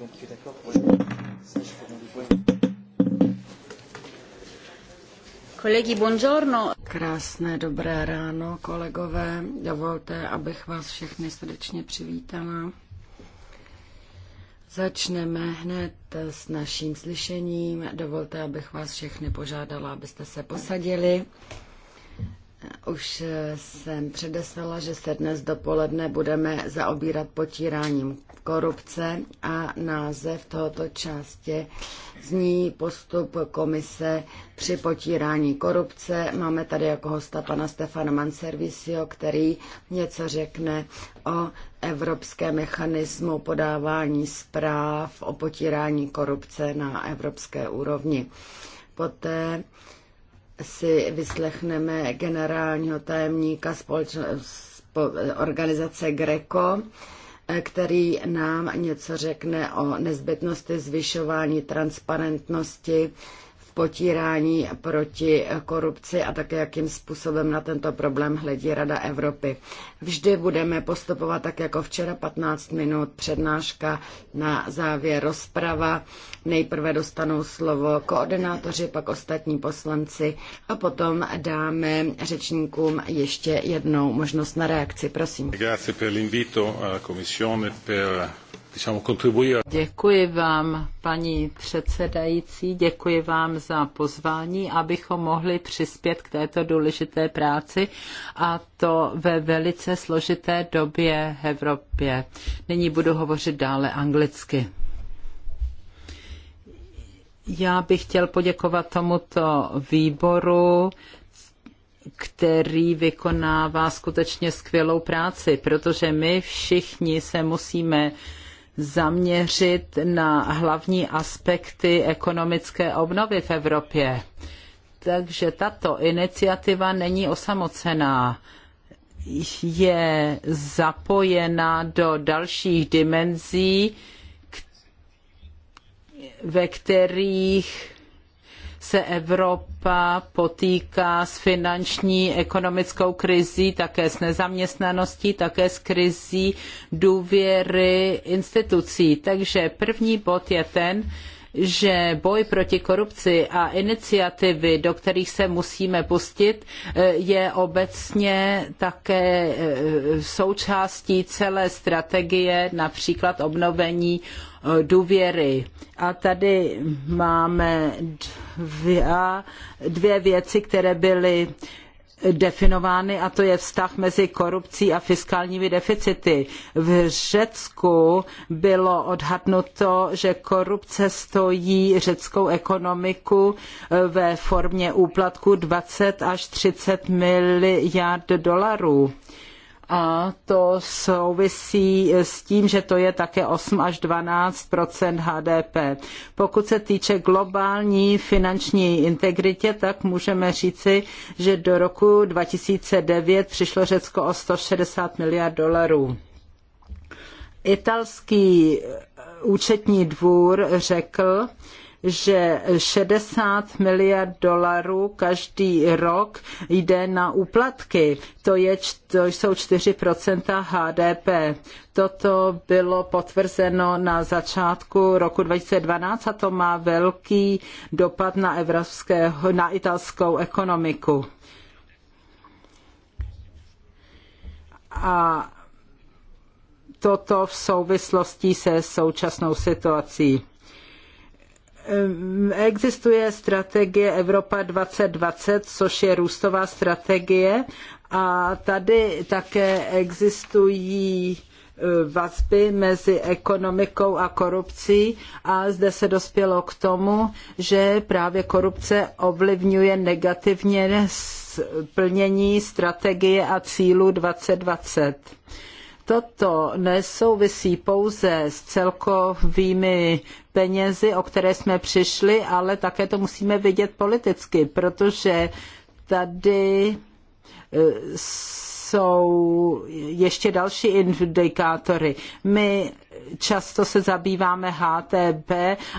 donc tu es d'accord pour buongiorno. Krásné dobré ráno, kolegové. Dovolte, abych vás všechny srdečně přivítala. Začneme hned s naším slyšením. Dovolte, abych vás všechny požádala, abyste se posadili. Už jsem předeslala, že se dnes dopoledne budeme zaobírat potíráním korupce a název tohoto části zní postup komise při potírání korupce. Máme tady jako hosta pana Stefana Manservisio, který něco řekne o evropské mechanismu podávání zpráv o potírání korupce na evropské úrovni. Poté si vyslechneme generálního tajemníka organizace Greco, eh, který nám něco řekne o nezbytnosti zvyšování transparentnosti potírání proti korupci a také jakým způsobem na tento problém hledí Rada Evropy. Vždy budeme postupovat tak jako včera 15 minut přednáška na závěr rozprava. Nejprve dostanou slovo koordinátoři, pak ostatní poslanci a potom dáme řečníkům ještě jednou možnost na reakci. Prosím. Grazie per l'invito alla Commissione per Děkuji vám, paní předsedající, děkuji vám za pozvání, abychom mohli přispět k této důležité práci a to ve velice složité době v Evropě. Nyní budu hovořit dále anglicky. Já bych chtěl poděkovat tomuto výboru, který vykonává skutečně skvělou práci, protože my všichni se musíme uh, zaměřit na hlavní aspekty ekonomické obnovy v Evropě. Takže tato iniciativa není osamocená. Je zapojena do dalších dimenzí, ve kterých se Evropa potýká s finanční ekonomickou krizí, také s nezaměstnaností, také s krizí důvěry institucí. Takže první bod je ten, že boj proti korupci a iniciativy, do kterých se musíme pustit, eh, je obecně také eh, součástí celé strategie, například obnovení eh, důvěry. A tady máme dvě dvě věci, které byly definovány a to je vztah mezi korupcí a fiskálními deficity. V Řecku bylo odhadnuto, že korupce stojí řeckou ekonomiku eh, ve formě úplatku 20 až 30 miliard dolarů a to souvisí s tím, že to je také 8 až 12 HDP. Pokud se týče globální finanční integritě, tak můžeme říci, že do roku 2009 přišlo Řecko o 160 miliard dolarů. Italský účetní dvůr řekl, že 60 miliard dolarů každý rok jde na úplatky. To, je, to jsou 4 HDP. Toto bylo potvrzeno na začátku roku 2012 a to má velký dopad na, evropské, na italskou ekonomiku. A toto v souvislosti se současnou situací. Existuje strategie Evropa 2020, což je růstová strategie a tady také existují eh, vazby mezi ekonomikou a korupcí a zde se dospělo k tomu, že právě korupce ovlivňuje negativně plnění strategie a cílu 2020 toto nesouvisí pouze s celkovými penězi, o které jsme přišli, ale také to musíme vidět politicky, protože tady e, jsou ještě další indikátory. My často se zabýváme HTB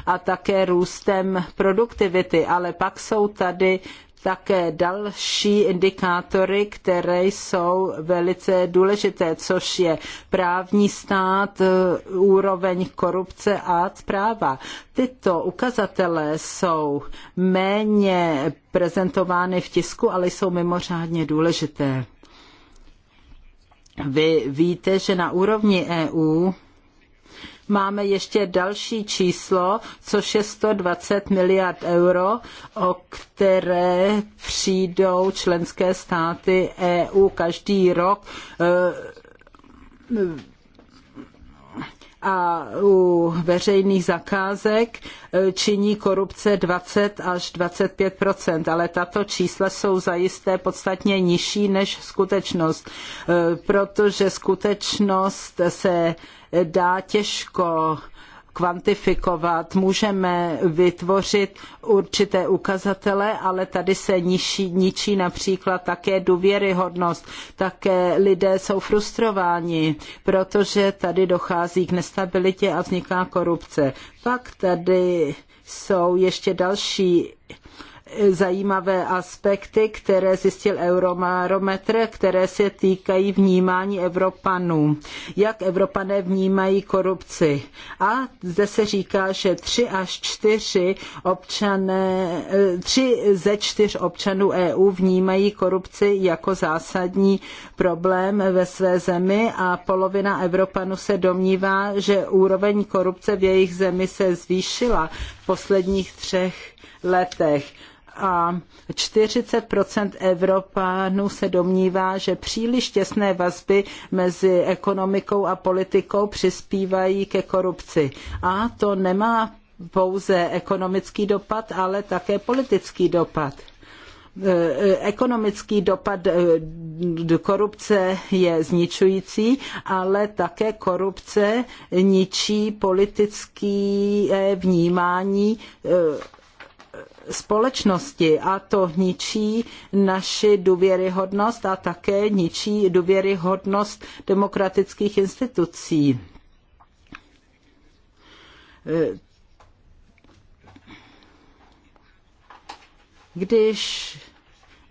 a také růstem produktivity, ale pak jsou tady také další indikátory, které jsou velice důležité, což je právní stát, e, úroveň korupce a zpráva. Tyto ukazatele jsou méně prezentovány v tisku, ale jsou mimořádně důležité. Vy víte, že na úrovni EU máme ještě další číslo, což je 120 miliard euro, o které přijdou členské státy EU každý rok eh, a u veřejných zakázek eh, činí korupce 20 až 25 ale tato čísla jsou zajisté podstatně nižší než skutečnost, eh, protože skutečnost se dá těžko kvantifikovat, můžeme vytvořit určité ukazatele, ale tady se ničí, ničí například také důvěryhodnost. Také lidé jsou frustrováni, protože tady dochází k nestabilitě a vzniká korupce. Pak tady jsou ještě další zajímavé aspekty, které zjistil Euromarometr, které se týkají vnímání Evropanů. Jak Evropané vnímají korupci. A zde se říká, že tři až čtyři občané, tři ze čtyř občanů EU vnímají korupci jako zásadní problém ve své zemi a polovina Evropanů se domnívá, že úroveň korupce v jejich zemi se zvýšila v posledních třech letech a 40 Evropanů se domnívá, že příliš těsné vazby mezi ekonomikou a politikou přispívají ke korupci. A to nemá pouze ekonomický dopad, ale také politický dopad e, ekonomický dopad e, korupce je zničující, ale také korupce ničí politické vnímání e, společnosti a to ničí naši důvěryhodnost a také ničí důvěryhodnost demokratických institucí. Když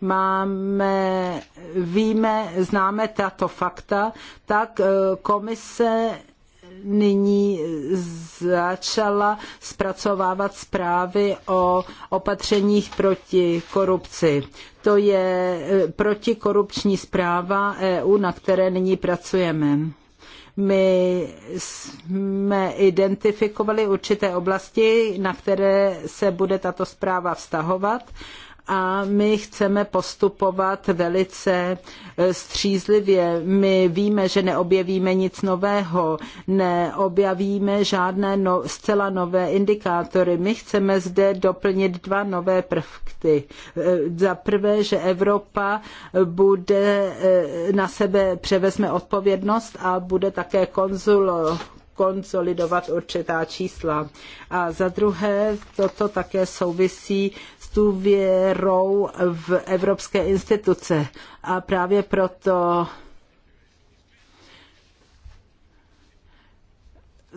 máme, víme, známe tato fakta, tak eh, komise nyní začala zpracovávat zprávy o opatřeních proti korupci. To je eh, protikorupční zpráva EU, na které nyní pracujeme my jsme identifikovali určité oblasti, na které se bude tato zpráva vztahovat a my chceme postupovat velice eh, střízlivě. My víme, že neobjevíme nic nového, neobjavíme žádné no, zcela nové indikátory. My chceme zde doplnit dva nové prvky. Eh, za prvé, že Evropa bude eh, na sebe převezme odpovědnost a bude také konzul, konsolidovat určitá čísla. A za druhé, toto také souvisí s důvěrou v evropské instituce. A právě proto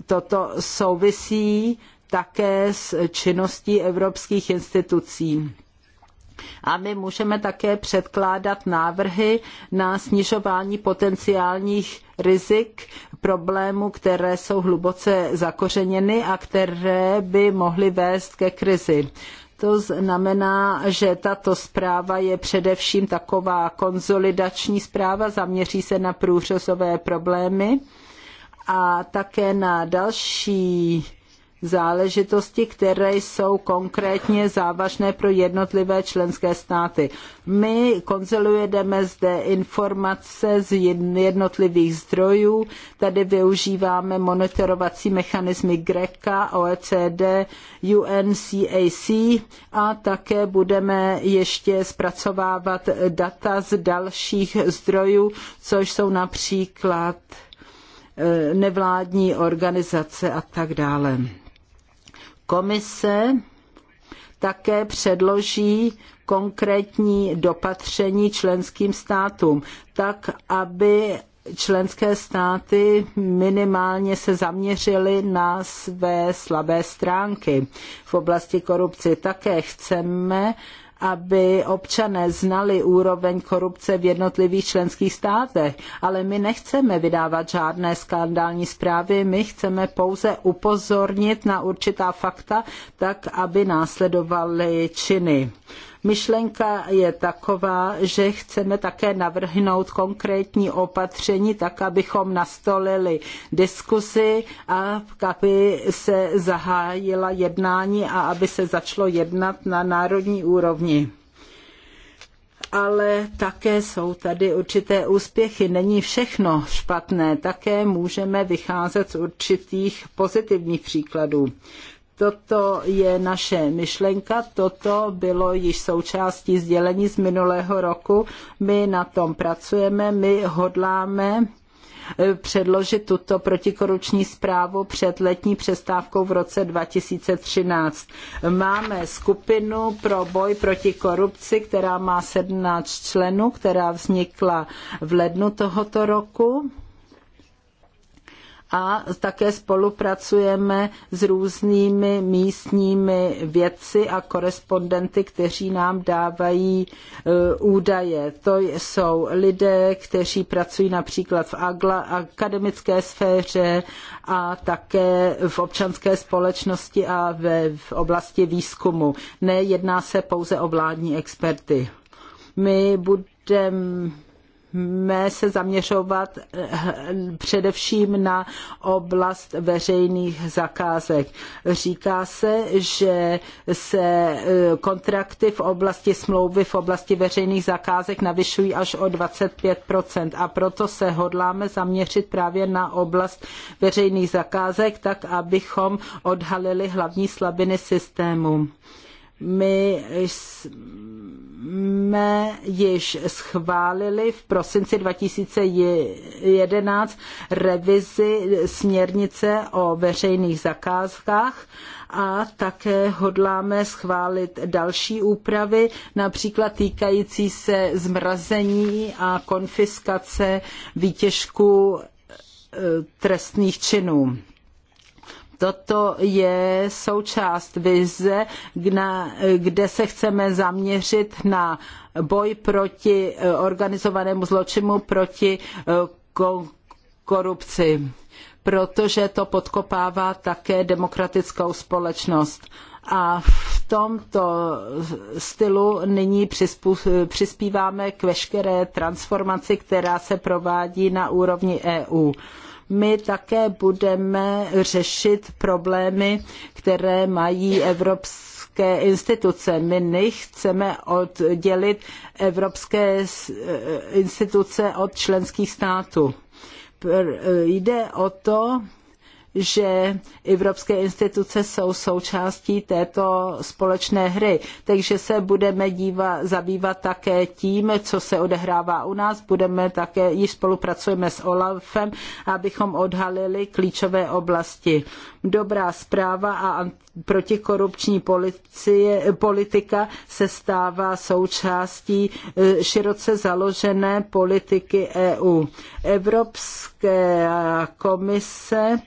toto souvisí také s činností evropských institucí. A my můžeme také předkládat návrhy na snižování potenciálních rizik problémů, které jsou hluboce zakořeněny a které by mohly vést ke krizi. To znamená, že tato zpráva je především taková konzolidační zpráva, zaměří se na průřezové problémy a také na další záležitosti, které jsou konkrétně závažné pro jednotlivé členské státy. My konzolidujeme zde informace z jednotlivých zdrojů, tady využíváme monitorovací mechanismy GRECA, OECD, UNCAC a také budeme ještě zpracovávat data z dalších zdrojů, což jsou například e, nevládní organizace a tak dále. Komise také předloží konkrétní dopatření členským státům, tak aby členské státy minimálně se zaměřily na své slabé stránky v oblasti korupce. Také chceme, aby občané znali úroveň korupce v jednotlivých členských státech. Ale my nechceme vydávat žádné skandální zprávy, my chceme pouze upozornit na určitá fakta, tak aby následovaly činy. Myšlenka je taková, že chceme také navrhnout konkrétní opatření, tak abychom nastolili diskusi a aby se zahájila jednání a aby se začalo jednat na národní úrovni ale také jsou tady určité úspěchy. Není všechno špatné, také můžeme vycházet z určitých pozitivních příkladů. Toto je naše myšlenka, toto bylo již součástí sdělení z minulého roku. My na tom pracujeme, my hodláme eh, předložit tuto protikorupční zprávu před letní přestávkou v roce 2013. Máme skupinu pro boj proti korupci, která má 17 členů, která vznikla v lednu tohoto roku a také spolupracujeme s různými místními vědci a korespondenty, kteří nám dávají eh, údaje. To jsou lidé, kteří pracují například v akademické sféře a také v občanské společnosti a ve, v oblasti výzkumu. Nejedná se pouze o vládní experty. My budeme musíme se zaměřovat eh, především na oblast veřejných zakázek. Říká se, že se eh, kontrakty v oblasti smlouvy, v oblasti veřejných zakázek navyšují až o 25 a proto se hodláme zaměřit právě na oblast veřejných zakázek, tak abychom odhalili hlavní slabiny systému. My jsme jsme již schválili v prosinci 2011 revizi směrnice o veřejných zakázkách a také hodláme schválit další úpravy, například týkající se zmrazení a konfiskace výtěžku eh, trestných činů. Toto je součást vize, kde se chceme zaměřit na boj proti eh, organizovanému zločinu, proti eh, korupci, protože to podkopává také demokratickou společnost. A v tomto stylu nyní přispíváme k veškeré transformaci, která se provádí na úrovni EU. My také budeme řešit problémy, které mají Evropské instituce. My nechceme oddělit evropské eh, instituce od členských států. Eh, jde o to, že evropské instituce jsou součástí této společné hry. Takže se budeme dívat, zabývat také tím, co se odehrává u nás. Budeme také, již spolupracujeme s OLAFem, abychom odhalili klíčové oblasti. Dobrá zpráva a protikorupční policie, politika se stává součástí e, široce založené politiky EU. Evropské komise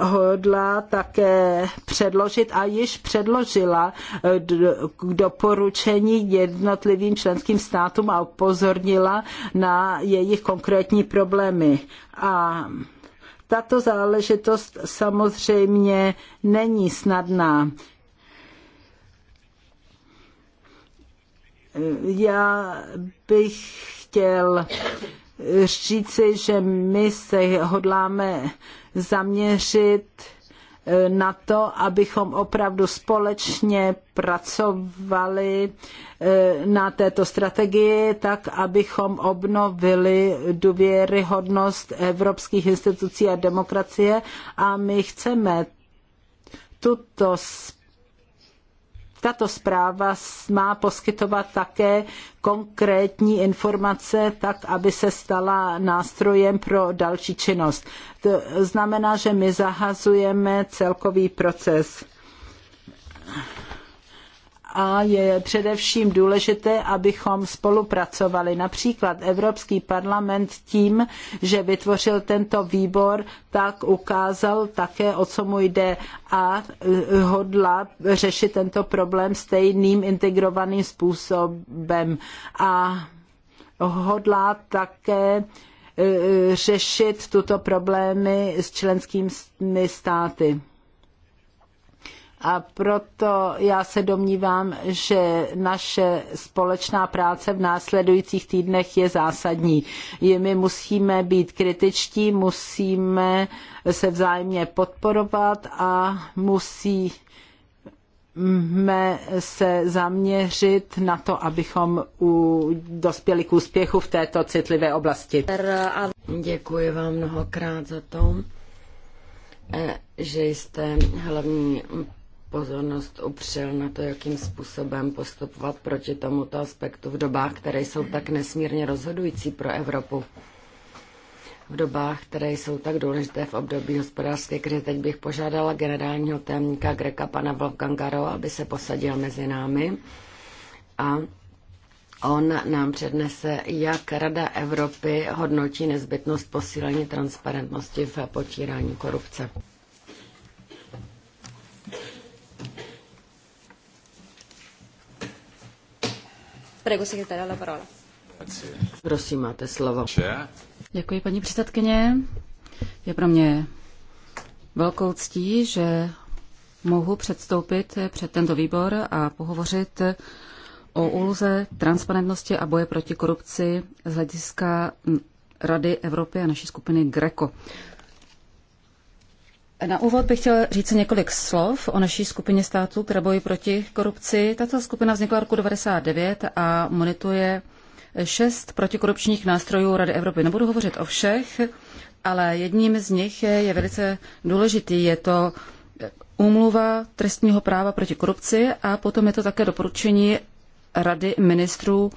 hodlá také předložit a již předložila eh, k doporučení jednotlivým členským státům a upozornila na jejich konkrétní problémy. A tato záležitost samozřejmě není snadná. Já bych chtěl říci, že my se hodláme zaměřit e, na to, abychom opravdu společně pracovali e, na této strategii, tak abychom obnovili důvěryhodnost evropských institucí a demokracie. A my chceme tuto tato zpráva má poskytovat také konkrétní informace, tak aby se stala nástrojem pro další činnost. To znamená, že my zahazujeme celkový proces a je především důležité, abychom spolupracovali. Například Evropský parlament tím, že vytvořil tento výbor, tak ukázal také, o co mu jde a hodla řešit tento problém stejným integrovaným způsobem. A hodlá také e, e, řešit tuto problémy s členskými státy. A proto já se domnívám, že naše společná práce v následujících týdnech je zásadní. My musíme být kritičtí, musíme se vzájemně podporovat a musíme se zaměřit na to, abychom u, dospěli k úspěchu v této citlivé oblasti. Děkuji vám mnohokrát za to, e, že jste hlavní pozornost upřel na to, jakým způsobem postupovat proti tomuto aspektu v dobách, které jsou tak nesmírně rozhodující pro Evropu. V dobách, které jsou tak důležité v období hospodářské krize, teď bych požádala generálního témníka Greka pana Wolfgangaro, aby se posadil mezi námi a On nám přednese, jak Rada Evropy hodnotí nezbytnost posílení transparentnosti v potírání korupce. Prego, segretaria, la parola. Prosím, máte slovo. Děkuji, paní předsedkyně. Je pro mě velkou ctí, že mohu předstoupit před tento výbor a pohovořit o úloze transparentnosti a boje proti korupci z hlediska Rady Evropy a naší skupiny GRECO. Na úvod bych chtěl říct několik slov o naší skupině států, které bojují proti korupci. Tato skupina vznikla roku 99 a monitoruje šest protikorupčních nástrojů Rady Evropy. Nebudu hovořit o všech, ale jedním z nich je, je velice důležitý. Je to úmluva trestního práva proti korupci a potom je to také doporučení Rady ministrů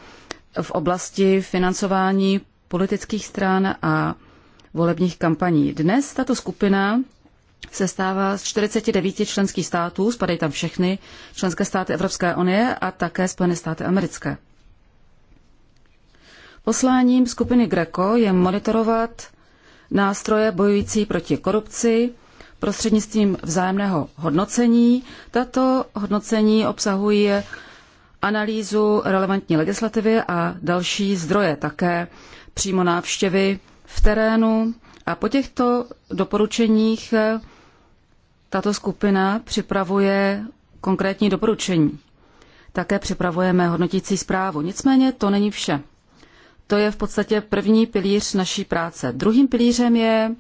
v oblasti financování politických stran a volebních kampaní. Dnes tato skupina se stává z 49 členských států, spadají tam všechny členské státy Evropské unie a také Spojené státy americké. Posláním skupiny Greco je monitorovat nástroje bojující proti korupci prostřednictvím vzájemného hodnocení. Tato hodnocení obsahují analýzu relevantní legislativy a další zdroje, také přímo návštěvy v terénu. A po těchto doporučeních tato skupina připravuje konkrétní doporučení. Také připravujeme hodnotící zprávu. Nicméně to není vše. To je v podstatě první pilíř naší práce. Druhým pilířem je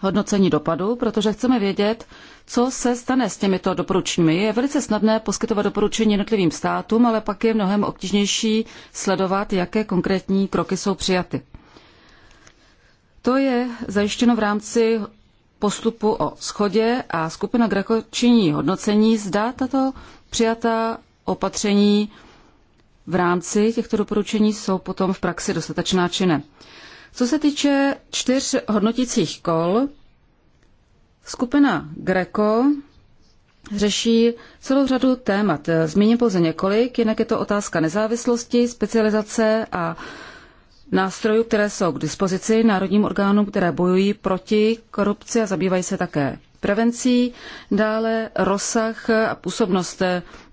hodnocení dopadu, protože chceme vědět, co se stane s těmito doporučeními. Je velice snadné poskytovat doporučení jednotlivým státům, ale pak je mnohem obtížnější sledovat, jaké konkrétní kroky jsou přijaty. To je zajištěno v rámci postupu o schodě a skupina Greco činí hodnocení, zda tato přijatá opatření v rámci těchto doporučení jsou potom v praxi dostatečná či ne. Co se týče čtyř hodnotících kol, skupina Greco řeší celou řadu témat. Zmíním pouze několik, jinak je to otázka nezávislosti, specializace a nástrojů, které jsou k dispozici národním orgánům, které bojují proti korupci a zabývají se také prevencí, dále rozsah a působnost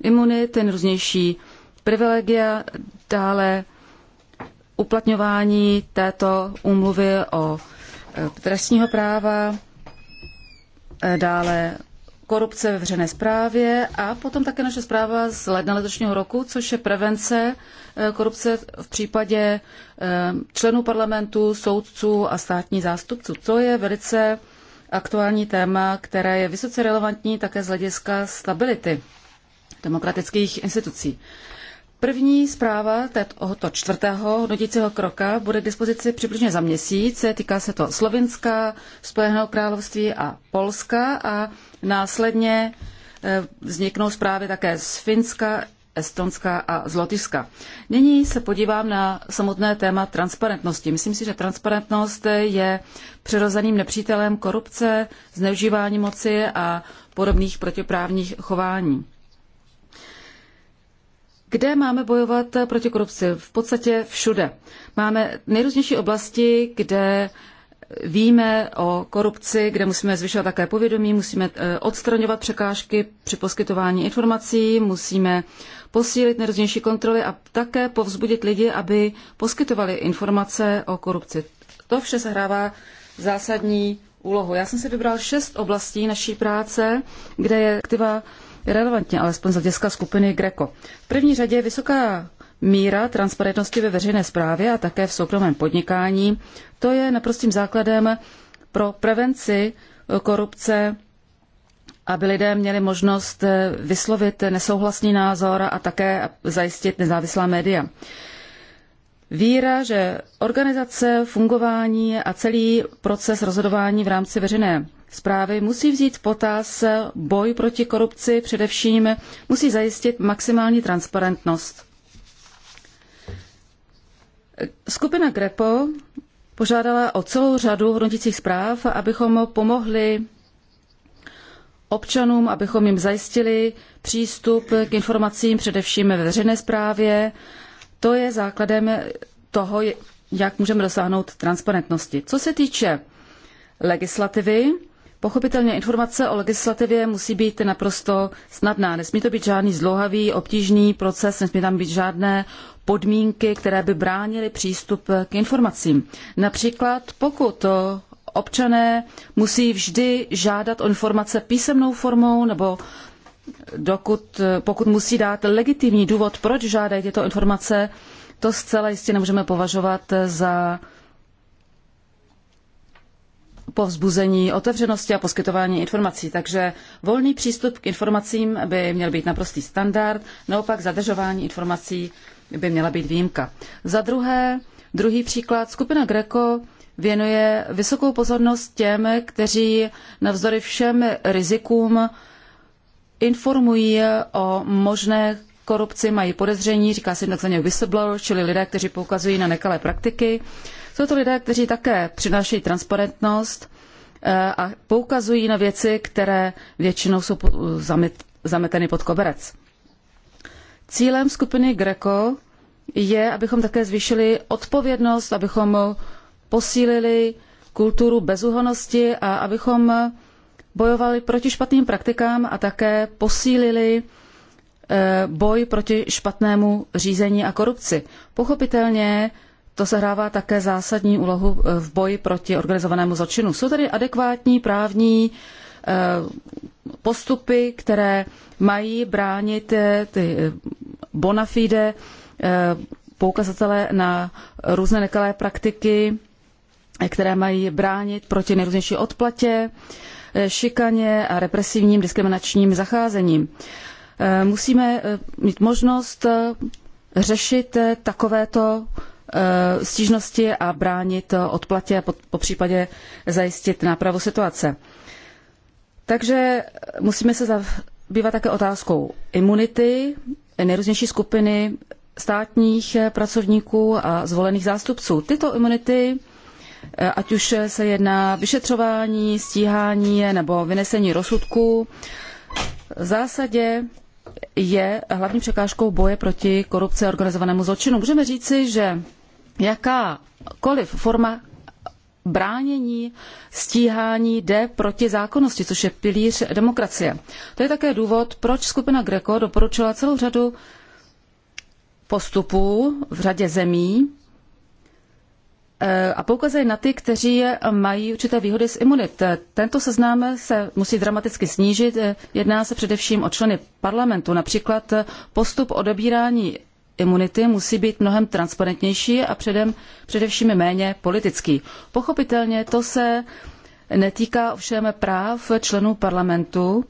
imunit, nejrůznější privilegia, dále uplatňování této úmluvy o eh, trestního práva, eh, dále korupce ve veřejné správě a potom také naše zpráva z ledna letošního roku, což je prevence eh, korupce v případě eh, členů parlamentu, soudců a státní zástupců. To je velice aktuální téma, které je vysoce relevantní také z hlediska stability demokratických institucí. První zpráva tohoto čtvrtého hodnotícího kroka bude k dispozici přibližně za měsíc. Týká se to Slovinska, Spojeného království a Polska a následně e, vzniknou zprávy také z Finska, Estonska a z Lotyšska. Nyní se podívám na samotné téma transparentnosti. Myslím si, že transparentnost je přirozeným nepřítelem korupce, zneužívání moci a podobných protiprávních chování. Kde máme bojovat proti korupci? V podstatě všude. Máme nejrůznější oblasti, kde víme o korupci, kde musíme zvyšovat také povědomí, musíme eh, odstraňovat překážky při poskytování informací, musíme posílit nejrůznější kontroly a také povzbudit lidi, aby poskytovali informace o korupci. To vše sehrává zásadní úlohu. Já jsem si vybral šest oblastí naší práce, kde je aktiva Relevantně, alespoň z hlediska skupiny Greco. V první řadě vysoká míra transparentnosti ve veřejné správě a také v soukromém podnikání, to je naprostým základem pro prevenci korupce, aby lidé měli možnost eh, vyslovit nesouhlasný názor a také zajistit nezávislá média. Víra, že organizace, fungování a celý proces rozhodování v rámci veřejné zprávy musí vzít v potaz boj proti korupci, především musí zajistit maximální transparentnost. Skupina Grepo požádala o celou řadu hodnotících zpráv, abychom pomohli občanům, abychom jim zajistili přístup k informacím, především ve veřejné správě. To je základem toho, jak můžeme dosáhnout transparentnosti. Co se týče legislativy, Pochopitelně informace o legislativě musí být naprosto snadná. Nesmí to být žádný zdlouhavý, obtížný proces, nesmí tam být žádné podmínky, které by bránily přístup k informacím. Například pokud to občané musí vždy žádat o informace písemnou formou nebo dokud, pokud musí dát legitimní důvod, proč žádají tyto informace, to zcela jistě nemůžeme považovat za povzbuzení otevřenosti a poskytování informací. Takže volný přístup k informacím by měl být naprostý standard, naopak zadržování informací by měla být výjimka. Za druhé, druhý příklad, skupina Greco věnuje vysokou pozornost těm, kteří navzdory všem rizikům informují o možné korupci, mají podezření, říká se takzvaně whistleblower, čili lidé, kteří poukazují na nekalé praktiky. Jsou to lidé, kteří také přinášejí transparentnost eh, a poukazují na věci, které většinou jsou zameteny pod koberec. Cílem skupiny Greco je, abychom také zvýšili odpovědnost, abychom posílili kulturu bezúhonosti a abychom bojovali proti špatným praktikám a také posílili eh, boj proti špatnému řízení a korupci. Pochopitelně to sehrává také zásadní úlohu eh, v boji proti organizovanému zločinu. Jsou tady adekvátní právní eh, postupy, které mají bránit eh, ty bona fide poukazatele na různé nekalé praktiky, které mají bránit proti nejrůznější odplatě, šikaně a represivním diskriminačním zacházením. Musíme mít možnost řešit takovéto Eh, stížnosti a bránit eh, odplatě a po případě zajistit nápravu situace. Takže eh, musíme se zabývat také otázkou imunity nejrůznější skupiny státních pracovníků a zvolených zástupců. Tyto imunity, ať už se jedná vyšetřování, stíhání nebo vynesení rozsudků, v zásadě je hlavní překážkou boje proti korupci a organizovanému zločinu. Můžeme říci, že jakákoliv forma bránění, stíhání jde proti zákonnosti, což je pilíř demokracie. To je také důvod, proč skupina Greco doporučila celou řadu postupů v řadě zemí, Eh, a poukazuje na ty, kteří mají určité výhody z imunit. Eh, tento seznam se musí dramaticky snížit. Eh, jedná se především o členy parlamentu. Například postup odebírání imunity musí být mnohem transparentnější a předem, především méně politický. Pochopitelně to se netýká ovšem práv členů parlamentu,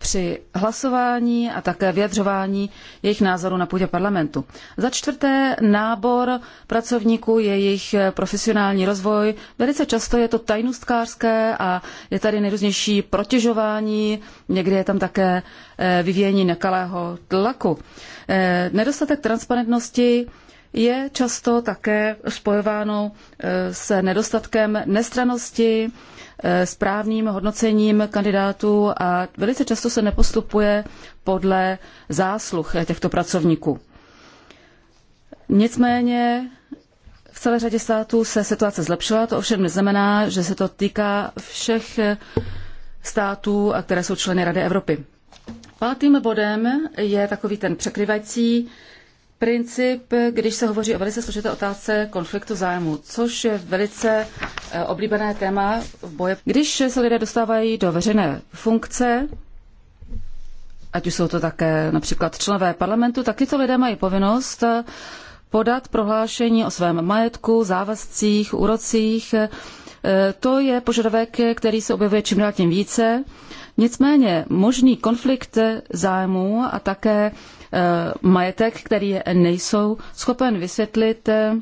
při hlasování a také vyjadřování jejich názoru na půdě parlamentu. Za čtvrté, nábor pracovníků, jejich profesionální rozvoj. Velice často je to tajnostkářské a je tady nejrůznější protěžování, někdy je tam také eh, vyvíjení nekalého tlaku. Eh, nedostatek transparentnosti je často také spojováno eh, s nedostatkem nestranosti, eh, správným hodnocením kandidátů a velice často se nepostupuje podle zásluh eh, těchto pracovníků. Nicméně v celé řadě států se situace zlepšila, to ovšem neznamená, že se to týká všech států, které jsou členy Rady Evropy. Pátým bodem je takový ten překrývající princip, když se hovoří o velice složité otázce konfliktu zájmu, což je velice eh, oblíbené téma v boji. Když se lidé dostávají do veřejné funkce, ať už jsou to také například členové parlamentu, tak tyto lidé mají povinnost eh, podat prohlášení o svém majetku, závazcích, úrocích. Eh, to je požadavek, který se objevuje čím dál tím více. Nicméně možný konflikt zájmů a také Eh, majetek, který nejsou schopen vysvětlit, eh,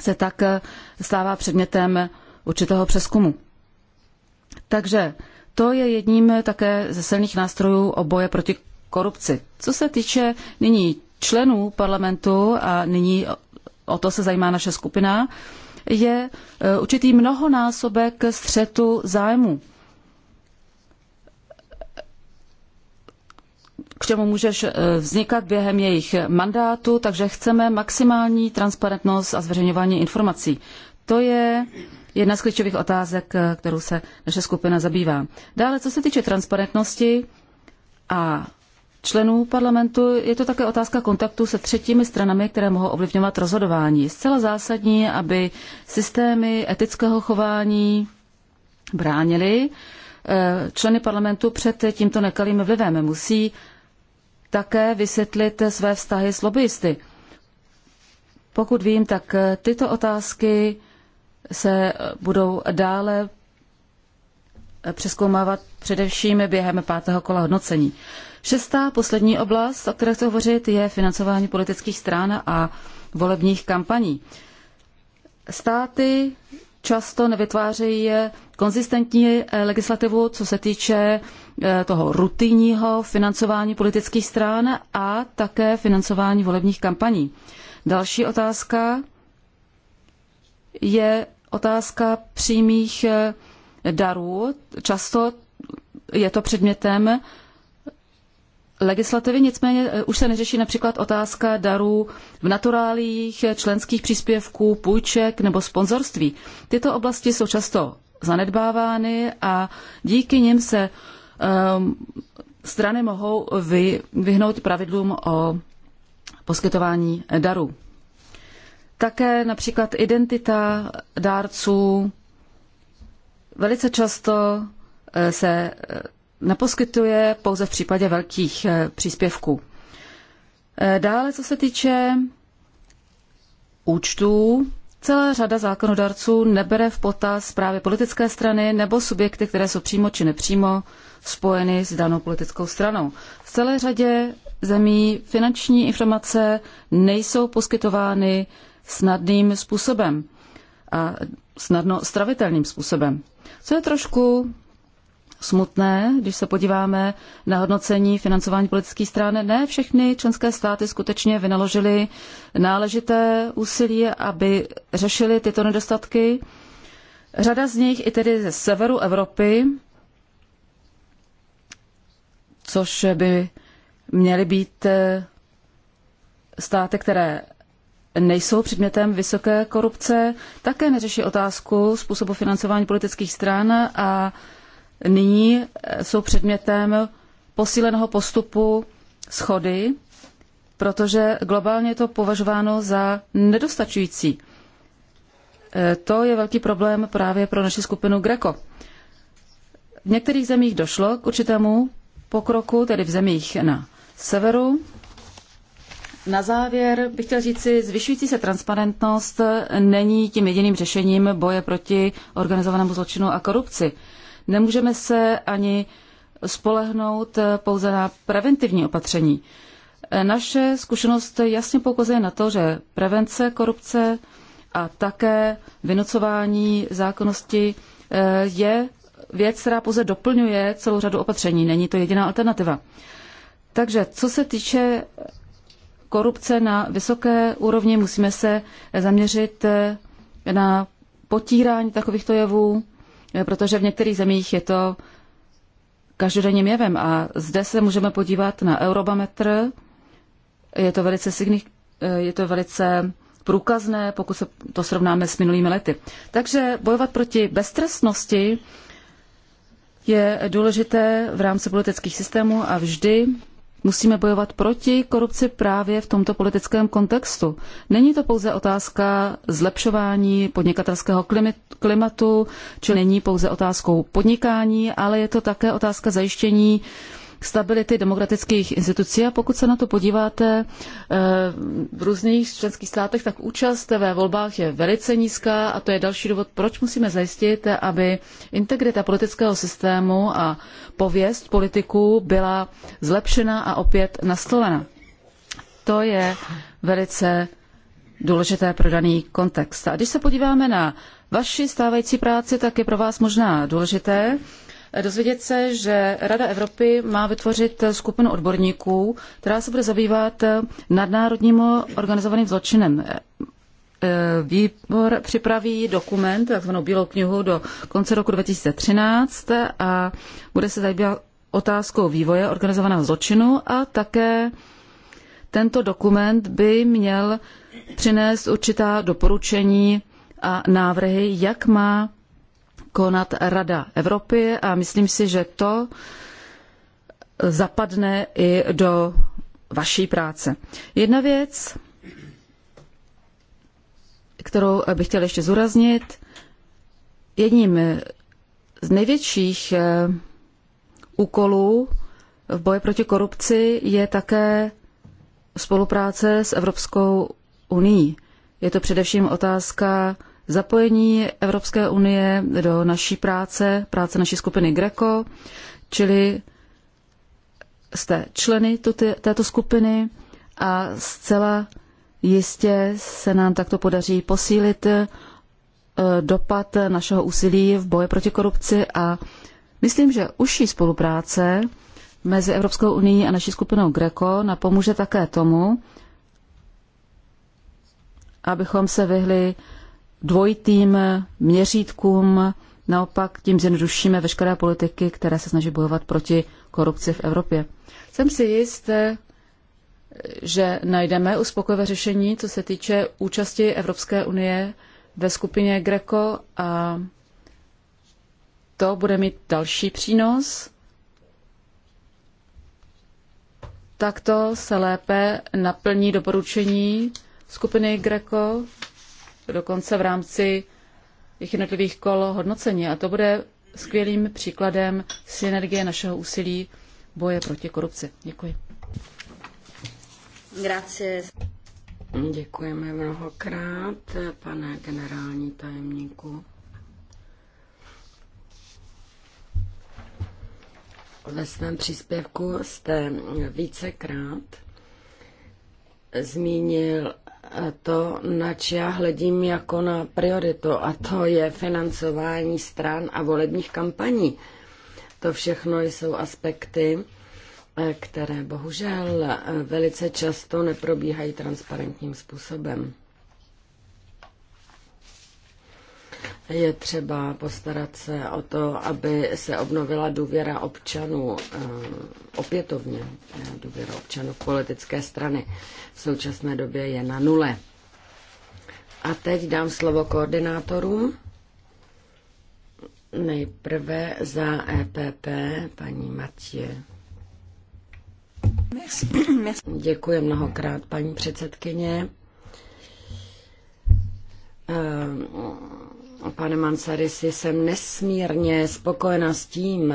se tak eh, stává předmětem určitého přeskumu. Takže to je jedním také ze silných nástrojů o boje proti korupci. Co se týče nyní členů parlamentu a nyní o to se zajímá naše skupina, je určitý mnohonásobek střetu zájmu. k čemu můžeš eh, vznikat během jejich mandátu, takže chceme maximální transparentnost a zveřejňování informací. To je jedna z klíčových otázek, eh, kterou se naše skupina zabývá. Dále, co se týče transparentnosti a členů parlamentu, je to také otázka kontaktu se třetími stranami, které mohou ovlivňovat rozhodování. Zcela zásadní, aby systémy etického chování bránily eh, členy parlamentu před tímto nekalým vlivem. Musí také vysvětlit své vztahy s lobbyisty. Pokud vím, tak tyto otázky se budou dále přeskoumávat především během pátého kola hodnocení. Šestá, poslední oblast, o které chci hovořit, je financování politických stran a volebních kampaní. Státy často nevytvářejí konzistentní legislativu, co se týče Eh, toho rutinního financování politických stran a také financování volebních kampaní. Další otázka je otázka přímých eh, darů. Často je to předmětem legislativy, nicméně eh, už se neřeší například otázka darů v naturálích, členských příspěvků, půjček nebo sponzorství. Tyto oblasti jsou často zanedbávány a díky nim se Ehm, strany mohou vy, vyhnout pravidlům o poskytování darů. Také například identita dárců velice často eh, se eh, neposkytuje pouze v případě velkých eh, příspěvků. Dále, co se týče účtů, Celá řada zákonodárců nebere v potaz právě politické strany nebo subjekty, které jsou přímo či nepřímo spojeny s danou politickou stranou. V celé řadě zemí finanční informace nejsou poskytovány snadným způsobem a snadno stravitelným způsobem. Co je trošku smutné, když se podíváme na hodnocení financování politických stran. Ne všechny členské státy skutečně vynaložily náležité úsilí, aby řešili tyto nedostatky. Řada z nich i tedy ze severu Evropy, což by měly být eh, státy, které nejsou předmětem vysoké korupce, také neřeší otázku způsobu financování politických stran a nyní eh, jsou předmětem posíleného postupu schody, protože globálně je to považováno za nedostačující. Eh, to je velký problém právě pro naši skupinu Greco. V některých zemích došlo k určitému pokroku, tedy v zemích na severu. Na závěr bych chtěl říci, zvyšující se transparentnost není tím jediným řešením boje proti organizovanému zločinu a korupci. Nemůžeme se ani spolehnout eh, pouze na preventivní opatření. Eh, naše zkušenost jasně poukazuje na to, že prevence korupce a také vynucování zákonnosti eh, je věc, která pouze doplňuje celou řadu opatření. Není to jediná alternativa. Takže co se týče korupce na vysoké úrovni, musíme se zaměřit na potírání takovýchto jevů, Eh, protože v některých zemích je to každodenním jevem. A zde se můžeme podívat na eurobametr. Je to velice, signi- eh, je to velice průkazné, pokud se to srovnáme s minulými lety. Takže bojovat proti beztrestnosti je důležité v rámci politických systémů a vždy Musíme bojovat proti korupci právě v tomto politickém kontextu. Není to pouze otázka zlepšování podnikatelského klimatu, či není pouze otázkou podnikání, ale je to také otázka zajištění stability demokratických institucí. A pokud se na to podíváte eh, v různých členských státech, tak účast ve volbách je velice nízká a to je další důvod, proč musíme zajistit, aby integrita politického systému a pověst politiků byla zlepšena a opět nastolena. To je velice důležité pro daný kontext. A když se podíváme na vaši stávající práci, tak je pro vás možná důležité dozvědět se, že Rada Evropy má vytvořit skupinu odborníků, která se bude zabývat nadnárodním organizovaným zločinem. E, výbor připraví dokument, takzvanou Bílou knihu, do konce roku 2013 a bude se zabývat otázkou vývoje organizovaného zločinu a také tento dokument by měl přinést určitá doporučení a návrhy, jak má konat Rada Evropy a myslím si, že to zapadne i do vaší práce. Jedna věc, kterou bych chtěl ještě zúraznit, jedním z největších eh, úkolů v boji proti korupci je také spolupráce s Evropskou unii. Je to především otázka zapojení Evropské unie do naší práce, práce naší skupiny Greco, čili jste členy tuty, této skupiny a zcela jistě se nám takto podaří posílit eh, dopad našeho úsilí v boji proti korupci a myslím, že užší spolupráce mezi Evropskou unii a naší skupinou Greco napomůže také tomu, abychom se vyhli dvojitým měřítkům, naopak tím zjednodušíme veškeré politiky, které se snaží bojovat proti korupci v Evropě. Jsem si jist, že najdeme uspokojivé řešení, co se týče účasti Evropské unie ve skupině Greco a to bude mít další přínos. Takto se lépe naplní doporučení skupiny Greco dokonce v rámci jednotlivých kol hodnocení. A to bude skvělým příkladem synergie našeho úsilí boje proti korupci. Děkuji. Grazie. Děkujeme mnohokrát, pane generální tajemníku. Ve svém příspěvku jste vícekrát zmínil to, na já hledím jako na prioritu, a to je financování stran a volebních kampaní. To všechno jsou aspekty, eh, které bohužel eh, velice často neprobíhají transparentním způsobem. Je třeba postarat se o to, aby se obnovila důvěra občanů eh, opětovně, eh, důvěra občanů v politické strany. V současné době je na nule. A teď dám slovo koordinátorům. Nejprve za EPP paní Matě. Děkuji mnohokrát, paní předsedkyně. Eh, Pane Mansarisi, jsem nesmírně spokojena s tím,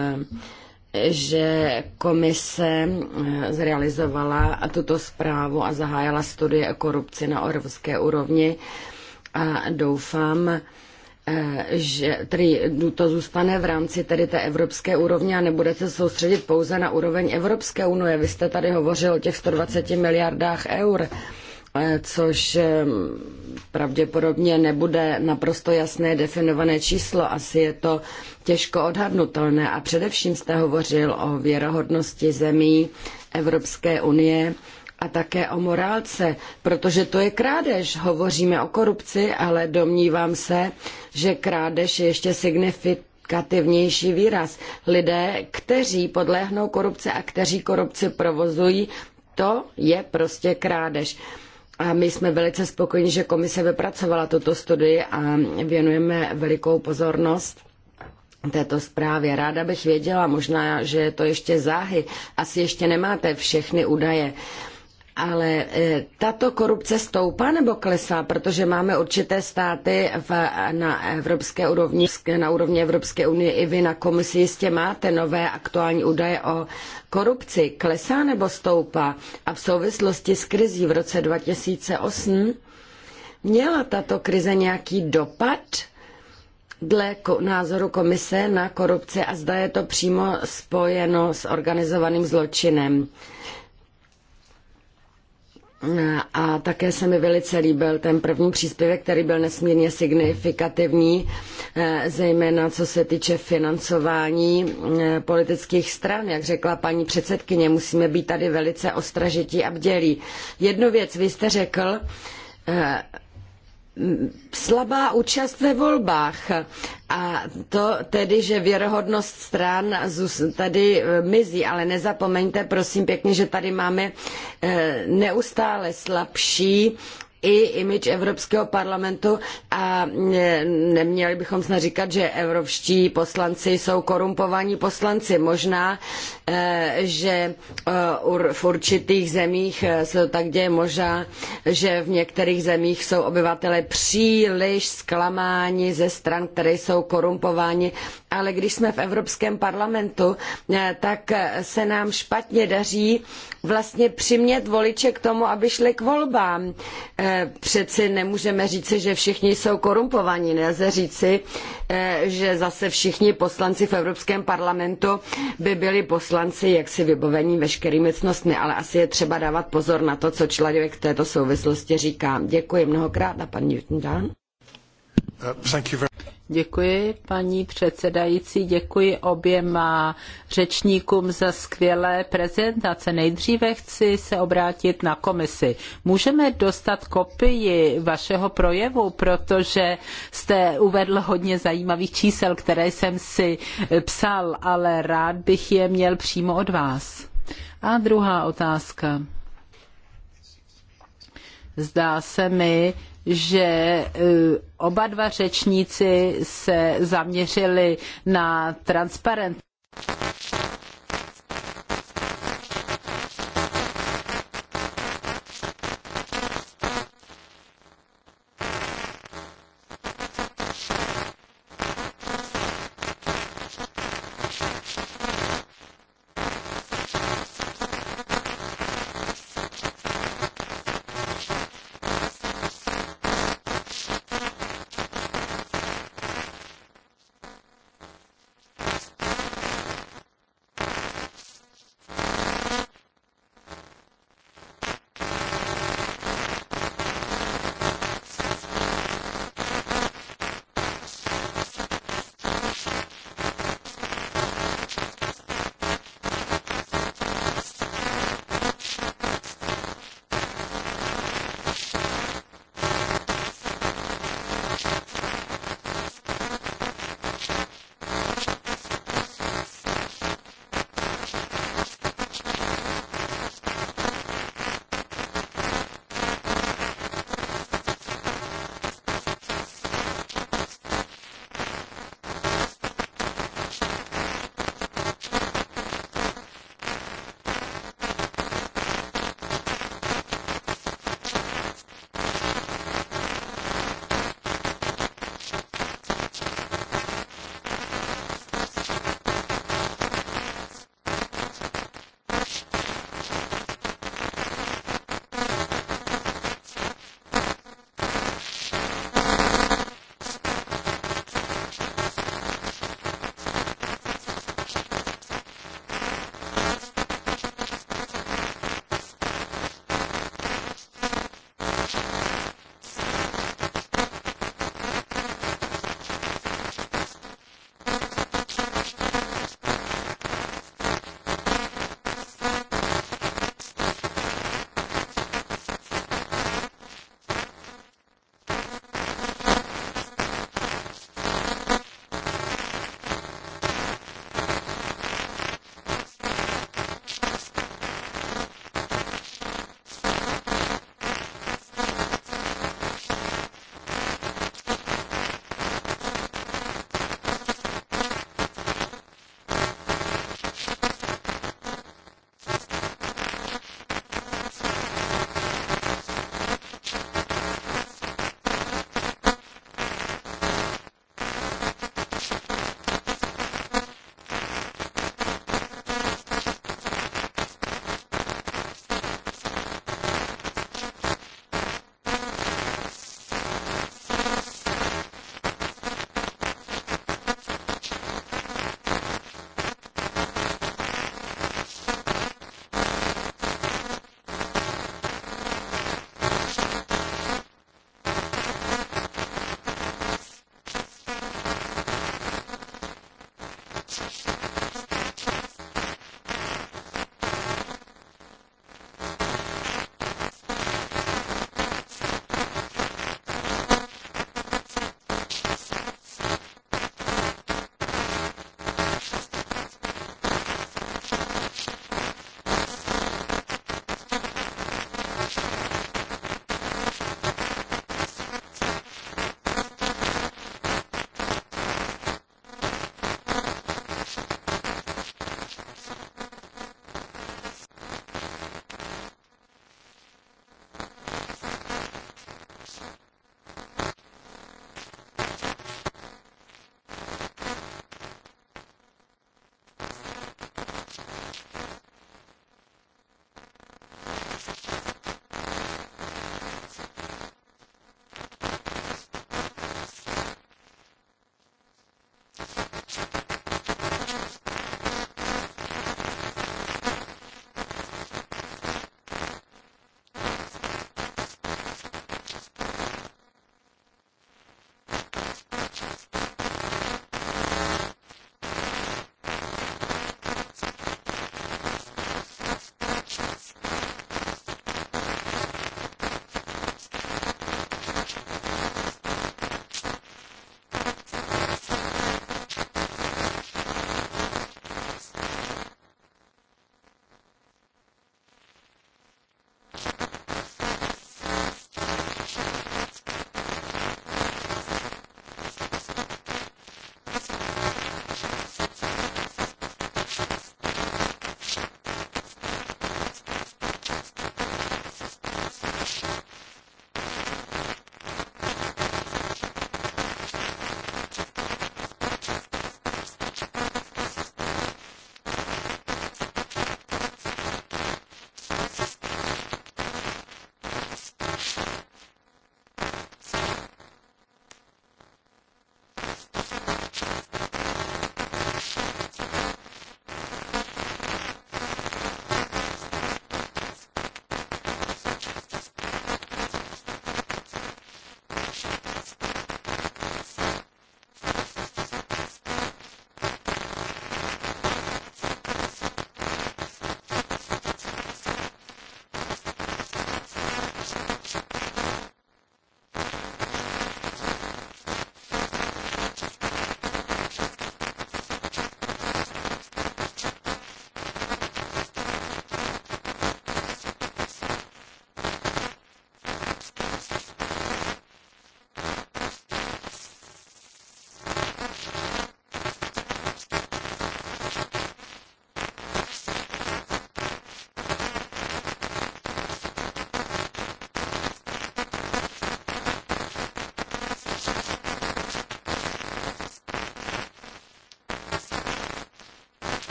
že komise eh, zrealizovala tuto zprávu a zahájila studie o korupci na evropské úrovni a doufám, eh, že tedy to zůstane v rámci tedy té evropské úrovně a nebude se soustředit pouze na úroveň Evropské unie. Vy jste tady hovořil o těch 120 miliardách eur. Eh, což eh, pravděpodobně nebude naprosto jasné definované číslo. Asi je to těžko odhadnutelné. A především jste hovořil o věrohodnosti zemí Evropské unie a také o morálce, protože to je krádež. Hovoříme o korupci, ale domnívám se, že krádež je ještě signifikativnější výraz. Lidé, kteří podléhnou korupci a kteří korupci provozují, to je prostě krádež. A my jsme velice spokojeni, že komise vypracovala tuto studii a věnujeme velikou pozornost této zprávě. Ráda bych věděla, možná, že je to ještě záhy. Asi ještě nemáte všechny údaje. Uh, ale e, tato korupce stoupá nebo klesá, protože máme určité státy v, na evropské úrovni, na úrovni Evropské unie i vy na komisi jistě máte nové aktuální údaje o korupci. Klesá nebo stoupá? A v souvislosti s krizí v roce 2008 měla tato krize nějaký dopad dle názoru komise na korupci a zda je to přímo spojeno s organizovaným zločinem. A také se mi velice líbil ten první příspěvek, který byl nesmírně signifikativní, eh, zejména co se týče financování eh, politických stran. Jak řekla paní předsedkyně, musíme být tady velice ostražití a bdělí. Jednu věc vy jste řekl, eh, slabá účast ve volbách a to tedy, že věrohodnost stran tady e, mizí, ale nezapomeňte prosím pěkně, že tady máme e, neustále slabší i image Evropského parlamentu a neměli bychom snad říkat, že evropští poslanci jsou korumpovaní poslanci. Možná, eh, že eh, v určitých zemích eh, se to tak děje, možná, že v některých zemích jsou obyvatelé příliš zklamáni ze stran, které jsou korumpováni ale když jsme v Evropském parlamentu, eh, tak eh, se nám špatně daří vlastně přimět voliče k tomu, aby šli k volbám. Eh, přeci nemůžeme říci, že všichni jsou korumpovaní. Nelze říci, že zase všichni poslanci v Evropském parlamentu by byli poslanci jaksi vybavení veškerými cnostmi, ale asi je třeba dávat pozor na to, co člověk v této souvislosti říká. Děkuji mnohokrát a pan Newton Děkuji, paní předsedající, děkuji oběma řečníkům za skvělé prezentace. Nejdříve chci se obrátit na komisi. Můžeme dostat kopii vašeho projevu, protože jste uvedl hodně zajímavých čísel, které jsem si psal, ale rád bych je měl přímo od vás. A druhá otázka. Zdá se mi, že eh, oba dva řečníci se zaměřili na transparentnost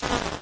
Varšavy.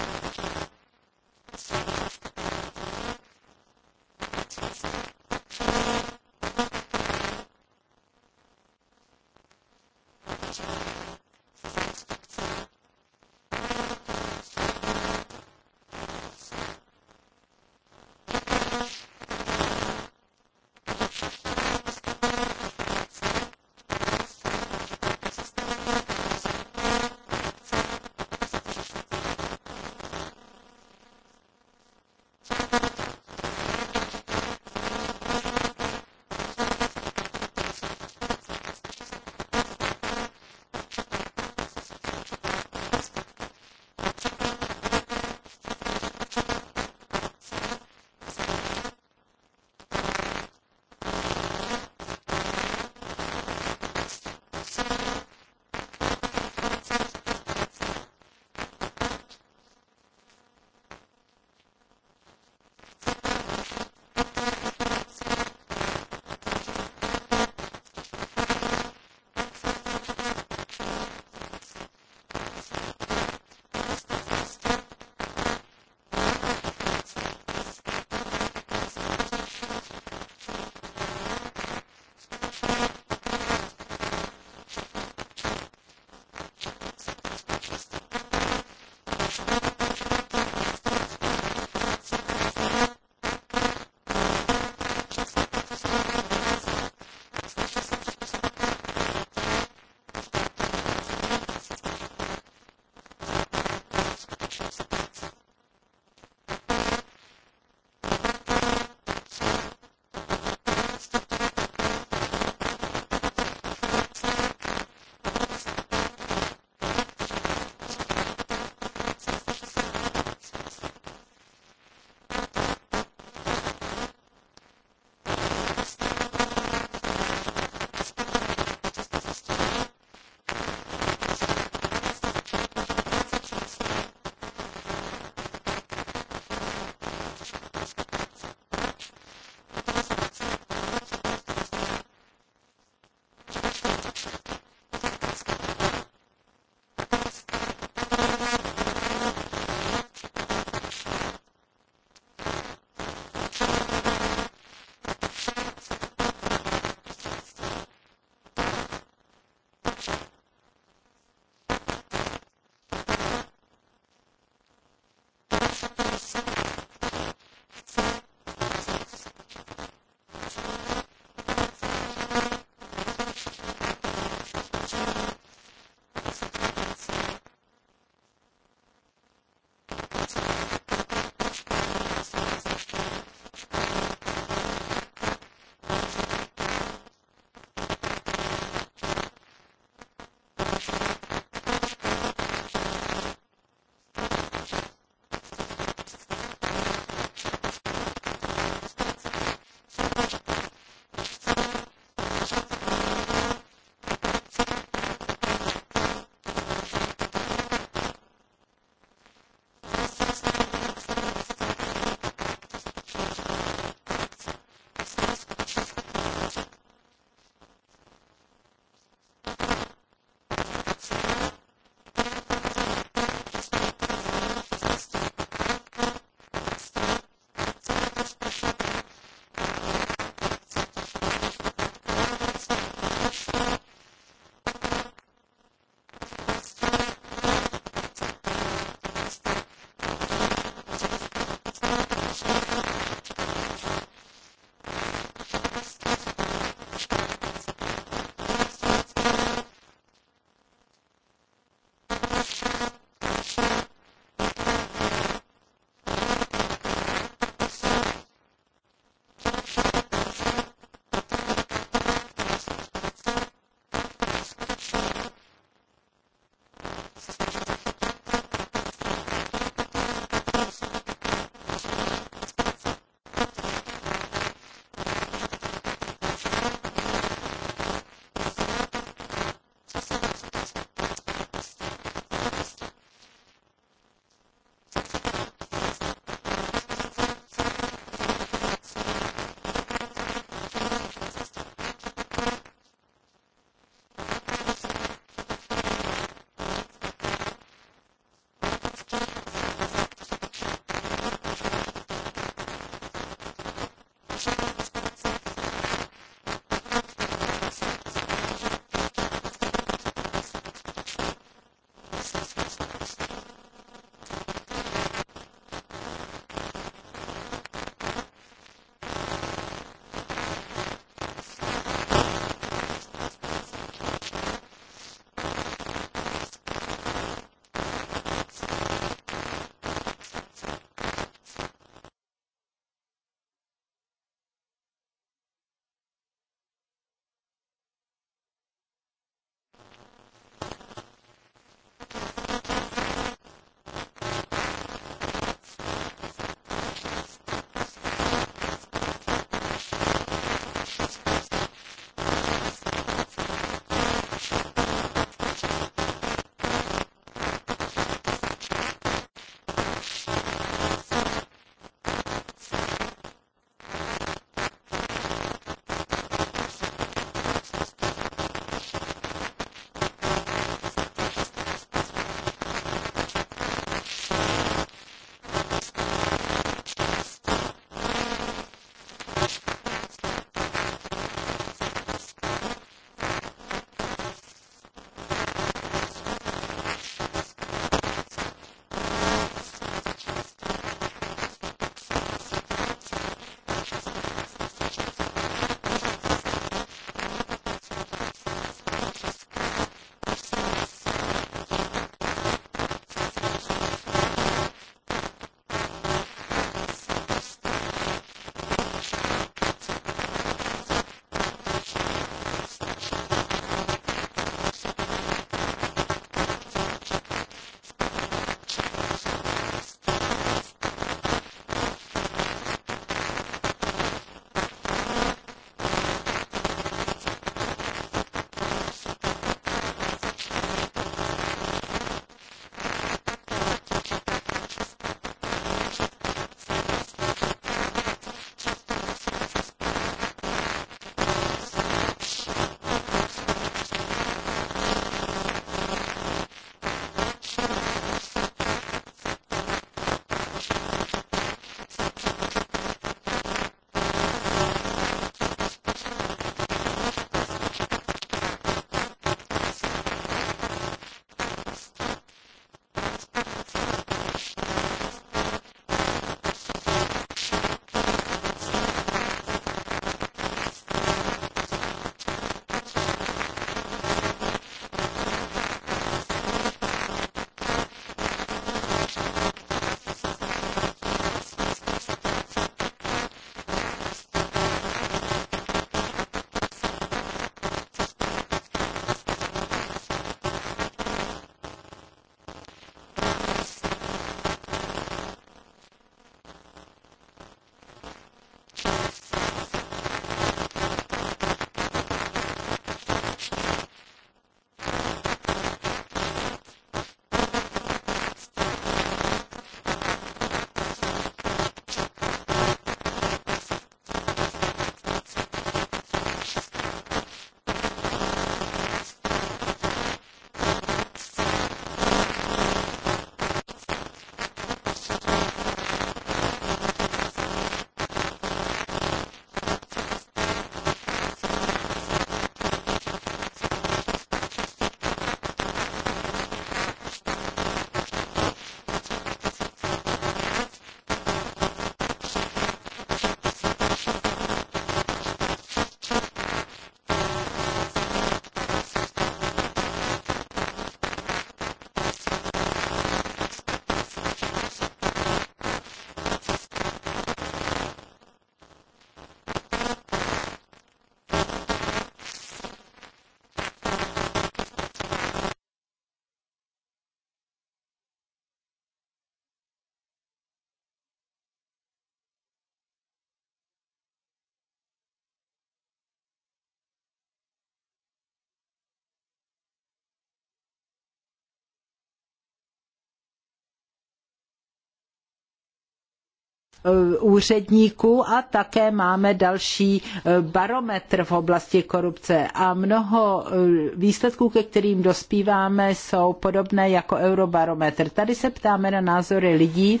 Eh, úředníků a také máme další eh, barometr v oblasti korupce. A mnoho eh, výsledků, ke kterým dospíváme, jsou podobné jako eurobarometr. Tady se ptáme na názory lidí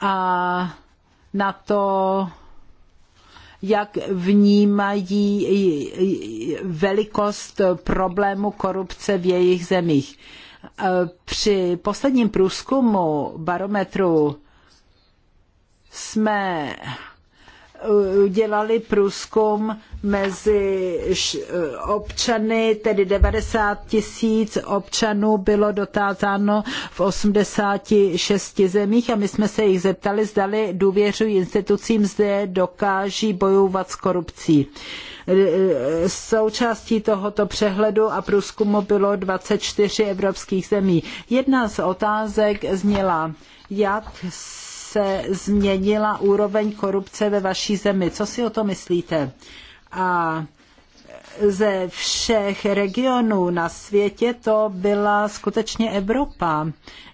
a na to, jak vnímají velikost problému korupce v jejich zemích. Při posledním průzkumu barometru jsme udělali eh, průzkum mezi eh, občany, tedy 90 tisíc občanů bylo dotázáno v 86 zemích a my jsme se jich zeptali, zdali důvěřují institucím, zde dokáží bojovat s korupcí. Eh, součástí tohoto přehledu a průzkumu bylo 24 evropských zemí. Jedna z otázek zněla, jak se změnila úroveň korupce ve vaší zemi. Co si o to myslíte? A ze všech regionů na světě to byla skutečně Evropa,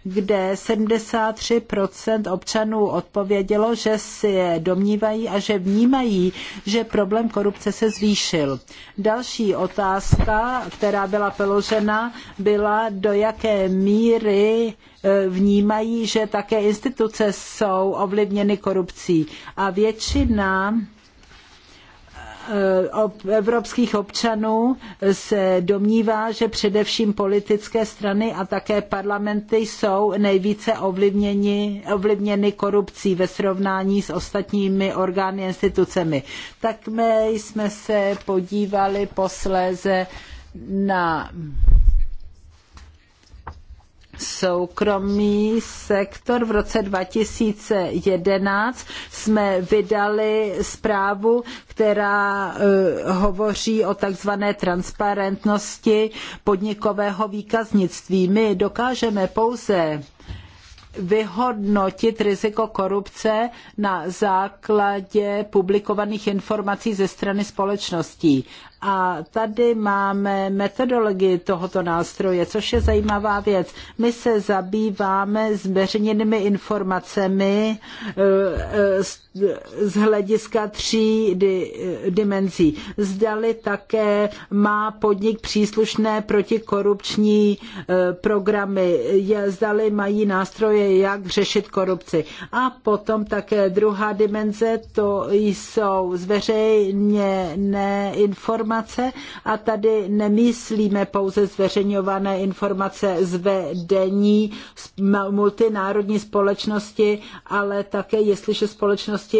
kde 73% občanů odpovědělo, že si domnívají a že vnímají, že problém korupce se zvýšil. Další otázka, která byla položena, byla do jaké míry e, vnímají, že také instituce jsou ovlivněny korupcí. A většina Eh, evropských občanů se domnívá, že především politické strany a také parlamenty jsou nejvíce ovlivněni, ovlivněny korupcí ve srovnání s ostatními orgány a institucemi. Tak my jsme se podívali posléze na soukromý sektor. V roce 2011 jsme vydali zprávu, která eh, hovoří o takzvané transparentnosti podnikového výkaznictví. My dokážeme pouze vyhodnotit riziko korupce na základě publikovaných informací ze strany společností. A tady máme metodologii tohoto nástroje, což je zajímavá věc. My se zabýváme zveřejněnými informacemi eh, eh, z hlediska tří dimenzí. Zdali také má podnik příslušné protikorupční eh, programy, zdali mají nástroje, jak řešit korupci. A potom také druhá dimenze, to jsou zveřejněné informace informace a tady nemyslíme pouze zveřejňované informace z vedení multinárodní společnosti, ale také jestliže společnosti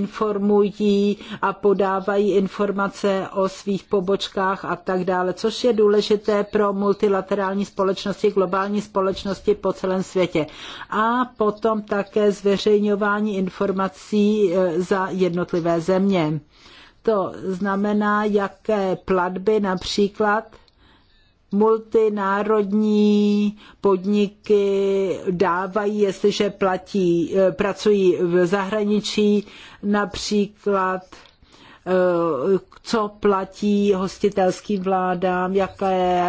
informují a podávají informace o svých pobočkách a tak dále, což je důležité pro multilaterální společnosti, globální společnosti po celém světě. A potom také zveřejňování informací e, za jednotlivé země. To znamená, jaké platby například multinárodní podniky dávají, jestliže platí, eh, pracují v zahraničí, například eh, co platí hostitelským vládám, jaké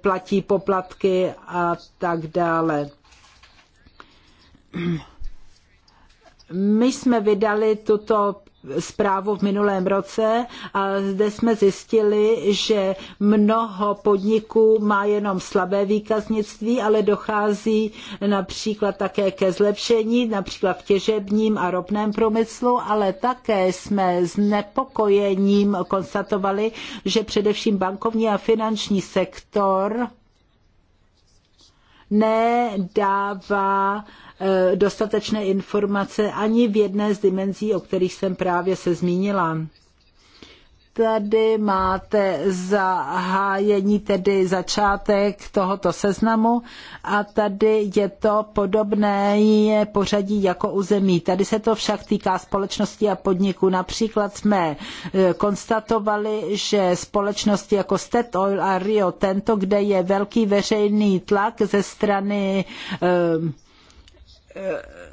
platí poplatky a tak dále. My jsme vydali tuto zprávu v minulém roce a zde jsme zjistili, že mnoho podniků má jenom slabé výkaznictví, ale dochází například také ke zlepšení, například v těžebním a ropném průmyslu, ale také jsme s nepokojením konstatovali, že především bankovní a finanční sektor nedává eh, dostatečné informace ani v jedné z dimenzí, o kterých jsem právě se zmínila. Tady máte zahájení, tedy začátek tohoto seznamu a tady je to podobné pořadí jako u zemí. Tady se to však týká společnosti a podniků. Například jsme eh, konstatovali, že společnosti jako Stet Oil a Rio Tento, kde je velký veřejný tlak ze strany eh, eh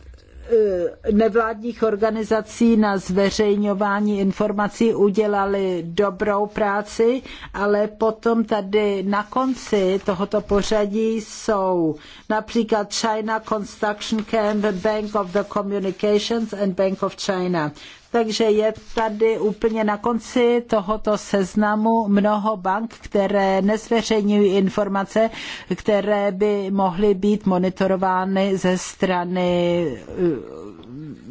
Eh, nevládních organizací na zveřejňování informací udělali dobrou práci, ale potom tady na konci tohoto pořadí jsou například China Construction Camp, Bank of the Communications and Bank of China takže je tady úplně na konci tohoto seznamu mnoho bank, které nezveřejňují informace, které by mohly být monitorovány ze strany eh,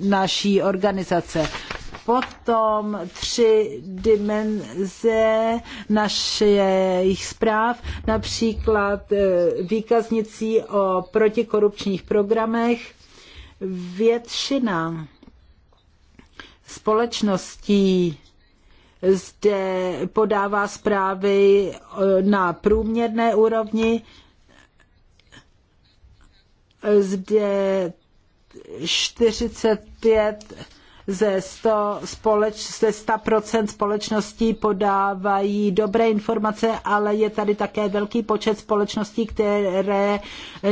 naší organizace potom tři dimenze našich zpráv, například eh, výkaznicí o protikorupčních programech. Většina společností zde podává zprávy e, na průměrné úrovni, zde 45 ze 100 společ, ze 100% společností podávají dobré informace, ale je tady také velký počet společností, které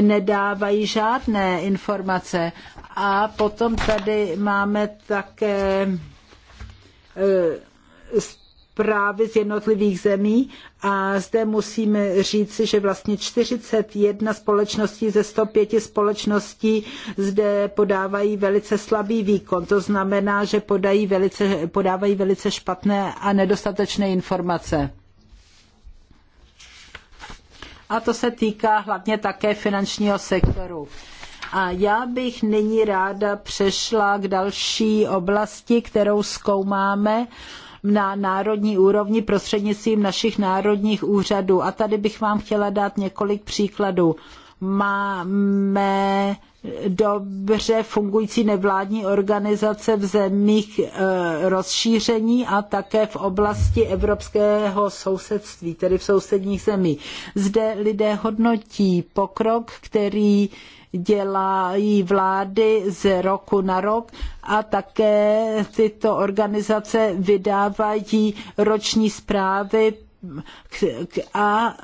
nedávají žádné informace. A potom tady máme také eh, právě z jednotlivých zemí a zde musíme říci, že vlastně 41 společností ze 105 společností zde podávají velice slabý výkon. To znamená, že podají velice, podávají velice špatné a nedostatečné informace. A to se týká hlavně také finančního sektoru. A já bych nyní ráda přešla k další oblasti, kterou zkoumáme. Uh, na národní úrovni prostřednictvím našich národních úřadů. A tady bych vám chtěla dát několik příkladů. Máme dobře fungující nevládní organizace v zemích e, rozšíření a také v oblasti evropského sousedství, tedy v sousedních zemích. Zde lidé hodnotí pokrok, který dělají vlády z roku na rok a také tyto organizace vydávají roční zprávy a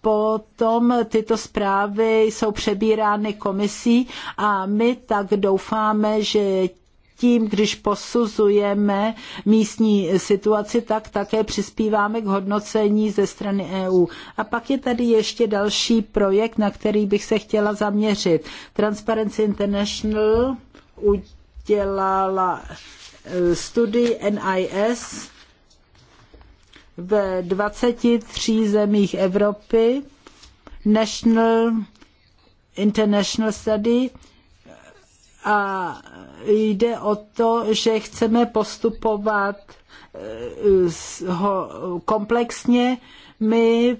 potom tyto zprávy jsou přebírány komisí a my tak doufáme, že tím, když posuzujeme místní situaci, tak také přispíváme k hodnocení ze strany EU. A pak je tady ještě další projekt, na který bych se chtěla zaměřit. Transparency International udělala eh, studii NIS v 23 zemích Evropy. National International Study a jde o to, že chceme postupovat eh, komplexně. My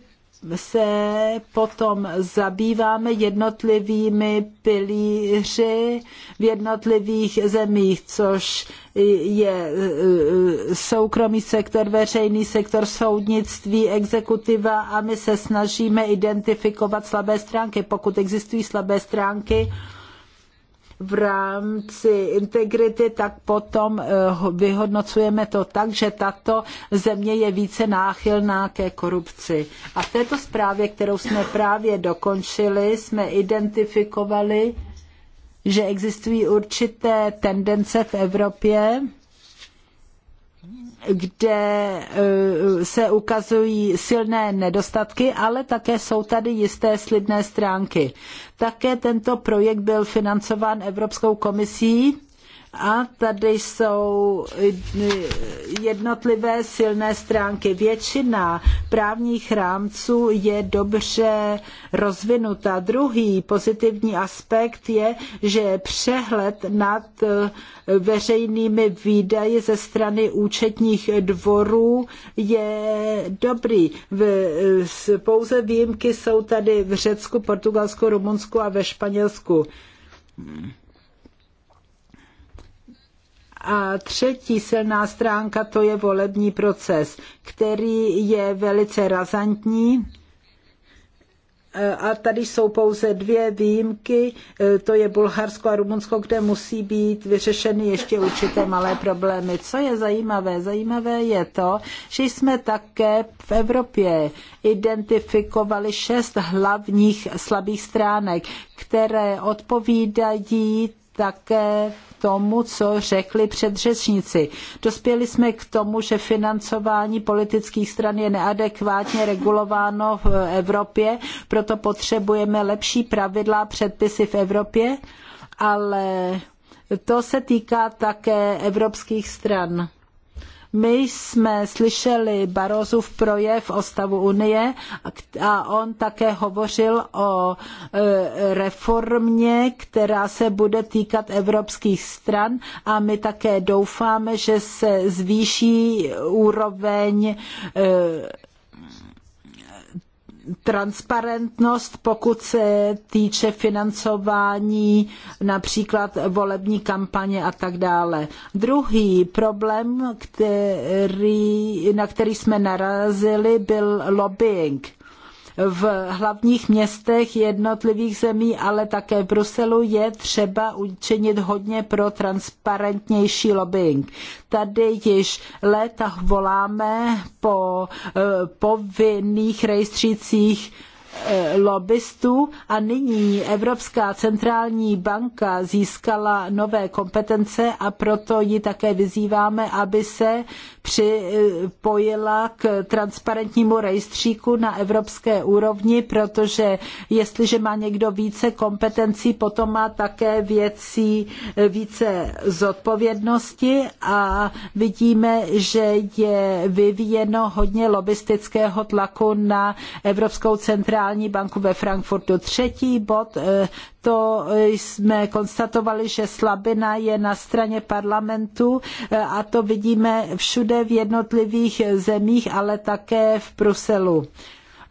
se potom zabýváme jednotlivými pilíři v jednotlivých zemích, což je eh, soukromý sektor, veřejný sektor, soudnictví, exekutiva a my se snažíme identifikovat slabé stránky. Pokud existují slabé stránky, v rámci integrity, tak potom eh, vyhodnocujeme to tak, že tato země je více náchylná ke korupci. A v této zprávě, kterou jsme právě dokončili, jsme identifikovali, že existují určité tendence v Evropě, kde eh, se ukazují silné nedostatky, ale také jsou tady jisté slibné stránky. Také tento projekt byl financován Evropskou komisí a tady jsou jednotlivé silné stránky. Většina právních rámců je dobře rozvinuta. Druhý pozitivní aspekt je, že přehled nad eh, veřejnými výdaji ze strany účetních dvorů je dobrý. Pouze výjimky jsou tady v Řecku, Portugalsku, Rumunsku a ve Španělsku. Hmm a třetí silná stránka to je volební proces, který je velice razantní. E, a tady jsou pouze dvě výjimky, e, to je Bulharsko a Rumunsko, kde musí být vyřešeny ještě určité malé problémy. Co je zajímavé? Zajímavé je to, že jsme také v Evropě identifikovali šest hlavních slabých stránek, které odpovídají také tomu, co řekli předřečníci. Dospěli jsme k tomu, že financování politických stran je neadekvátně regulováno v Evropě, proto potřebujeme lepší pravidla a předpisy v Evropě, ale to se týká také evropských stran. My jsme slyšeli Barozův projev o stavu Unie a on také hovořil o e, reformě, která se bude týkat evropských stran a my také doufáme, že se zvýší úroveň e, transparentnost, pokud se týče financování například volební kampaně a tak dále. Druhý problém, který, na který jsme narazili, byl lobbying v hlavních městech jednotlivých zemí, ale také v Bruselu je třeba učinit hodně pro transparentnější lobbying. Tady již léta voláme po eh, povinných rejstřících Eh, lobbystů a nyní Evropská centrální banka získala nové kompetence a proto ji také vyzýváme, aby se připojila k transparentnímu rejstříku na evropské úrovni, protože jestliže má někdo více kompetencí, potom má také věcí eh, více zodpovědnosti a vidíme, že je vyvíjeno hodně lobbystického tlaku na Evropskou centrální centrální banku ve Frankfurtu. Třetí bod, eh, to eh, jsme konstatovali, že slabina je na straně parlamentu eh, a to vidíme všude v jednotlivých zemích, ale také v Bruselu.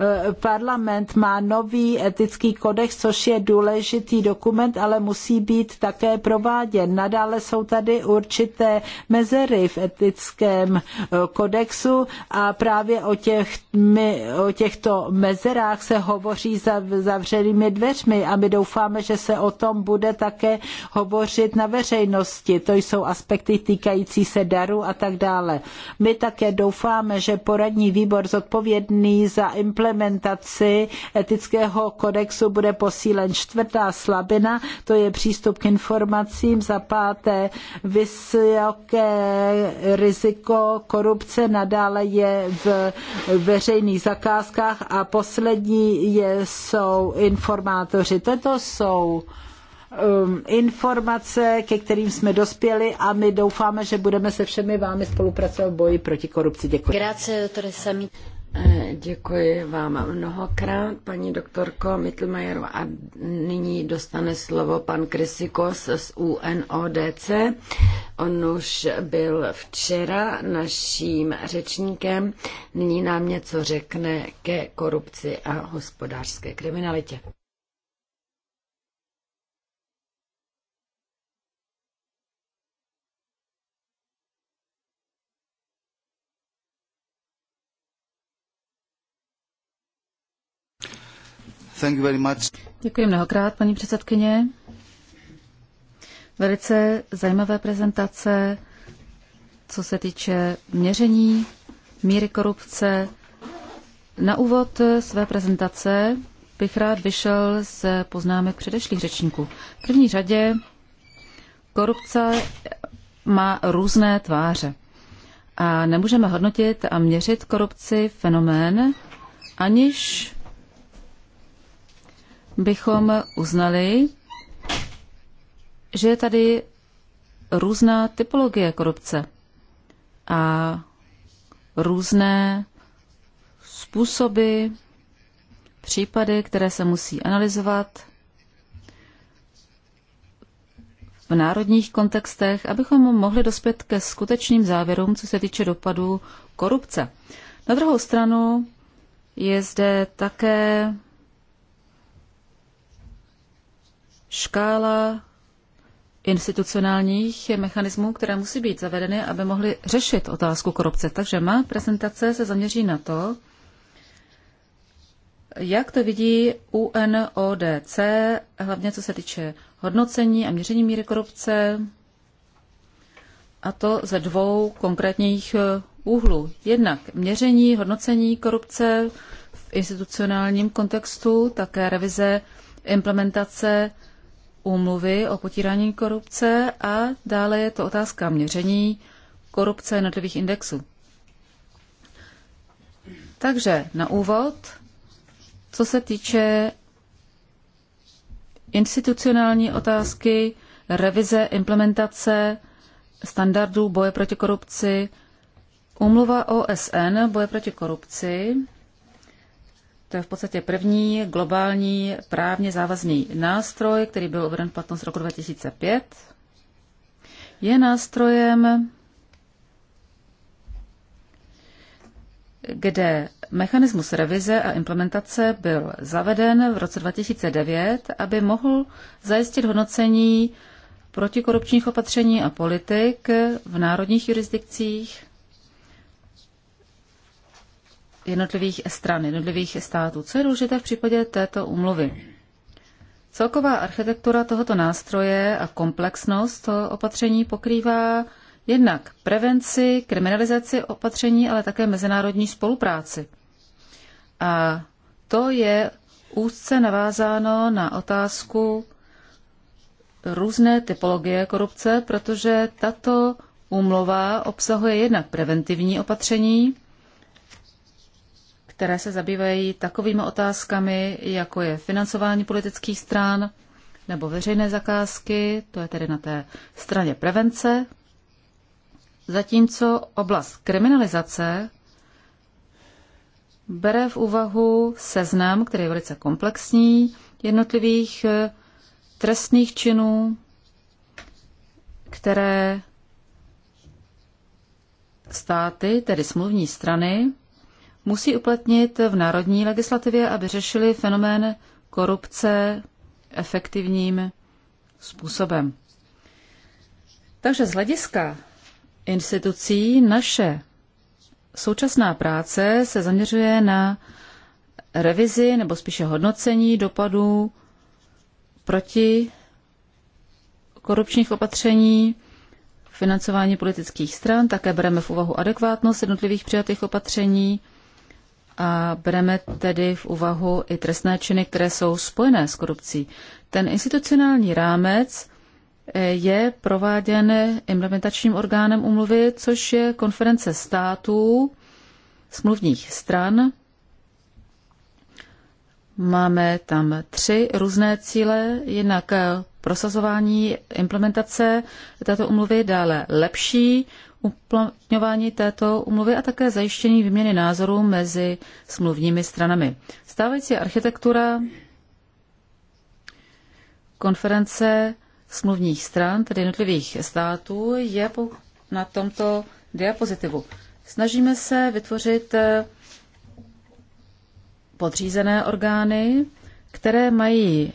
Eh, parlament má nový etický kodex, což je důležitý dokument, ale musí být také prováděn. Nadále jsou tady určité mezery v etickém eh, kodexu a právě o, těch, o těchto mezerách se hovoří za zavřenými dveřmi a my doufáme, že se o tom bude také hovořit na veřejnosti. To jsou aspekty týkající se darů a tak dále. My také doufáme, že poradní výbor zodpovědný za implementaci implementaci etického kodexu bude posílen čtvrtá slabina, to je přístup k informacím, za páté vysoké riziko korupce nadále je v veřejných zakázkách a poslední je, jsou informátoři. Toto jsou um, informace, ke kterým jsme dospěli a my doufáme, že budeme se všemi vámi spolupracovat v boji proti korupci. Děkuji. Eh, děkuji vám mnohokrát, paní doktorko Mittelmajerová. A nyní dostane slovo pan Krysikos z UNODC. On už byl včera naším řečníkem. Nyní nám něco řekne ke korupci a hospodářské kriminalitě. Thank you very much. Děkuji mnohokrát, paní předsedkyně. Velice zajímavé prezentace, co se týče měření míry korupce. Na úvod své prezentace bych rád vyšel z poznámek předešlých řečníků. V první řadě korupce má různé tváře a nemůžeme hodnotit a měřit korupci fenomén, aniž bychom uznali, že je tady různá typologie korupce a různé způsoby, případy, které se musí analyzovat v národních kontextech, abychom mohli dospět ke skutečným závěrům, co se týče dopadu korupce. Na druhou stranu je zde také škála institucionálních mechanismů, které musí být zavedeny, aby mohly řešit otázku korupce. Takže má prezentace se zaměří na to, jak to vidí UNODC, hlavně co se týče hodnocení a měření míry korupce, a to ze dvou konkrétních eh, úhlů. Jednak měření, hodnocení korupce v institucionálním kontextu, také revize implementace úmluvy o potírání korupce a dále je to otázka měření korupce jednotlivých indexů. Takže na úvod, co se týče institucionální otázky, revize, implementace standardů boje proti korupci, úmluva OSN boje proti korupci to je v podstatě první globální právně závazný nástroj, který byl uveden v platnost roku 2005. Je nástrojem, kde mechanismus revize a implementace byl zaveden v roce 2009, aby mohl zajistit hodnocení protikorupčních opatření a politik v národních jurisdikcích jednotlivých stran, jednotlivých států. Co je důležité v případě této úmluvy? Celková architektura tohoto nástroje a komplexnost toho opatření pokrývá jednak prevenci, kriminalizaci opatření, ale také mezinárodní spolupráci. A to je úzce navázáno na otázku různé typologie korupce, protože tato úmluva obsahuje jednak preventivní opatření, které se zabývají takovými otázkami, jako je financování politických stran nebo veřejné zakázky, to je tedy na té straně prevence, zatímco oblast kriminalizace bere v úvahu seznam, který je velice komplexní, jednotlivých eh, trestných činů, které státy, tedy smluvní strany, musí uplatnit v národní legislativě, aby řešili fenomén korupce efektivním způsobem. Takže z hlediska institucí naše současná práce se zaměřuje na revizi nebo spíše hodnocení dopadů proti korupčních opatření, financování politických stran, také bereme v úvahu adekvátnost jednotlivých přijatých opatření, a bereme tedy v úvahu i trestné činy, které jsou spojené s korupcí. Ten institucionální rámec eh, je prováděn implementačním orgánem umluvy, což je konference států, smluvních stran. Máme tam tři různé cíle, jednak eh, prosazování implementace této umluvy, dále lepší uplatňování této umluvy a také zajištění výměny názorů mezi smluvními stranami. Stávající architektura konference smluvních stran, tedy jednotlivých států, je na tomto diapozitivu. Snažíme se vytvořit eh, podřízené orgány, které mají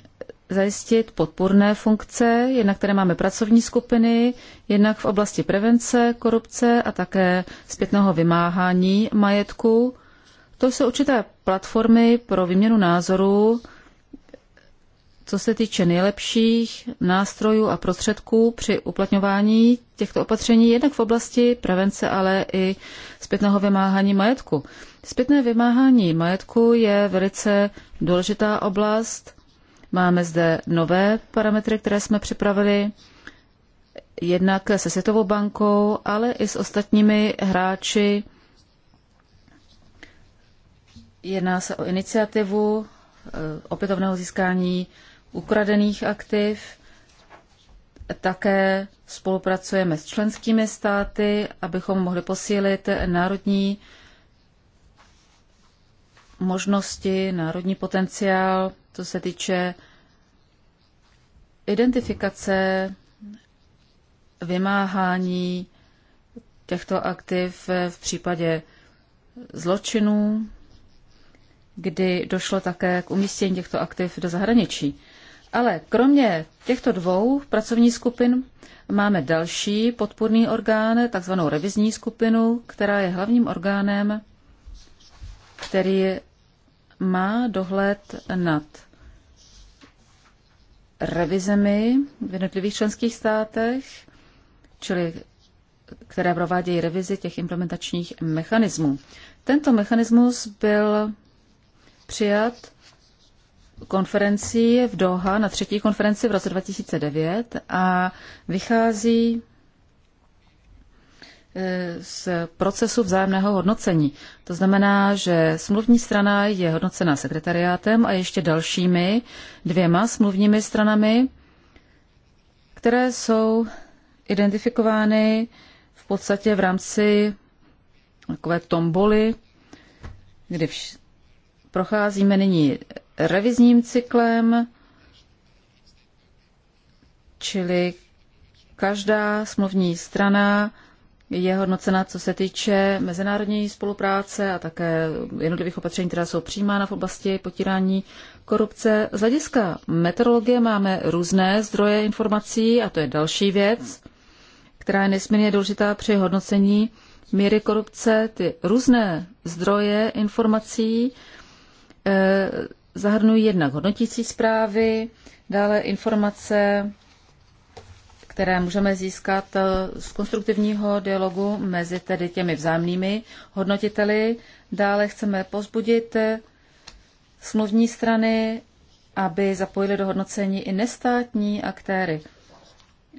zajistit podpůrné funkce, jednak které máme pracovní skupiny, jednak v oblasti prevence korupce a také zpětného vymáhání majetku. To jsou určité platformy pro výměnu názorů, co se týče nejlepších nástrojů a prostředků při uplatňování těchto opatření, jednak v oblasti prevence, ale i zpětného vymáhání majetku. Zpětné vymáhání majetku je velice důležitá oblast, Máme zde nové parametry, které jsme připravili, jednak se Světovou bankou, ale i s ostatními hráči. Jedná se o iniciativu eh, opětovného získání ukradených aktiv. Také spolupracujeme s členskými státy, abychom mohli posílit národní možnosti, národní potenciál, co se týče identifikace, vymáhání těchto aktiv v případě zločinů, kdy došlo také k umístění těchto aktiv do zahraničí. Ale kromě těchto dvou pracovních skupin máme další podpůrný orgán, takzvanou revizní skupinu, která je hlavním orgánem který má dohled nad revizemi v jednotlivých členských státech, čili které provádějí revizi těch implementačních mechanismů. Tento mechanismus byl přijat konferencí v Doha na třetí konferenci v roce 2009 a vychází z procesu vzájemného hodnocení. To znamená, že smluvní strana je hodnocena sekretariátem a ještě dalšími dvěma smluvními stranami, které jsou identifikovány v podstatě v rámci takové tomboly, kdy vš- procházíme nyní revizním cyklem, čili každá smluvní strana je hodnocena, co se týče mezinárodní spolupráce a také jednotlivých opatření, která jsou přijímána v oblasti potírání korupce. Z hlediska meteorologie máme různé zdroje informací a to je další věc, která je nesmírně důležitá při hodnocení míry korupce. Ty různé zdroje informací eh, zahrnují jednak hodnotící zprávy, dále informace které můžeme získat eh, z konstruktivního dialogu mezi tedy těmi vzájemnými hodnotiteli. Dále chceme pozbudit eh, smluvní strany, aby zapojili do hodnocení i nestátní aktéry.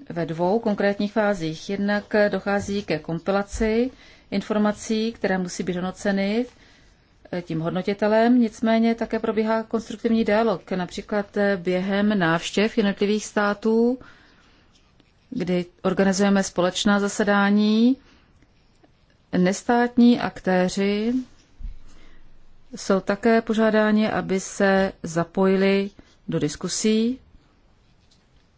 Ve dvou konkrétních fázích jednak eh, dochází ke kompilaci informací, které musí být hodnoceny tím hodnotitelem, nicméně také probíhá konstruktivní dialog, například během návštěv jednotlivých států kdy organizujeme společná zasedání. Nestátní aktéři jsou také požádáni, aby se zapojili do diskusí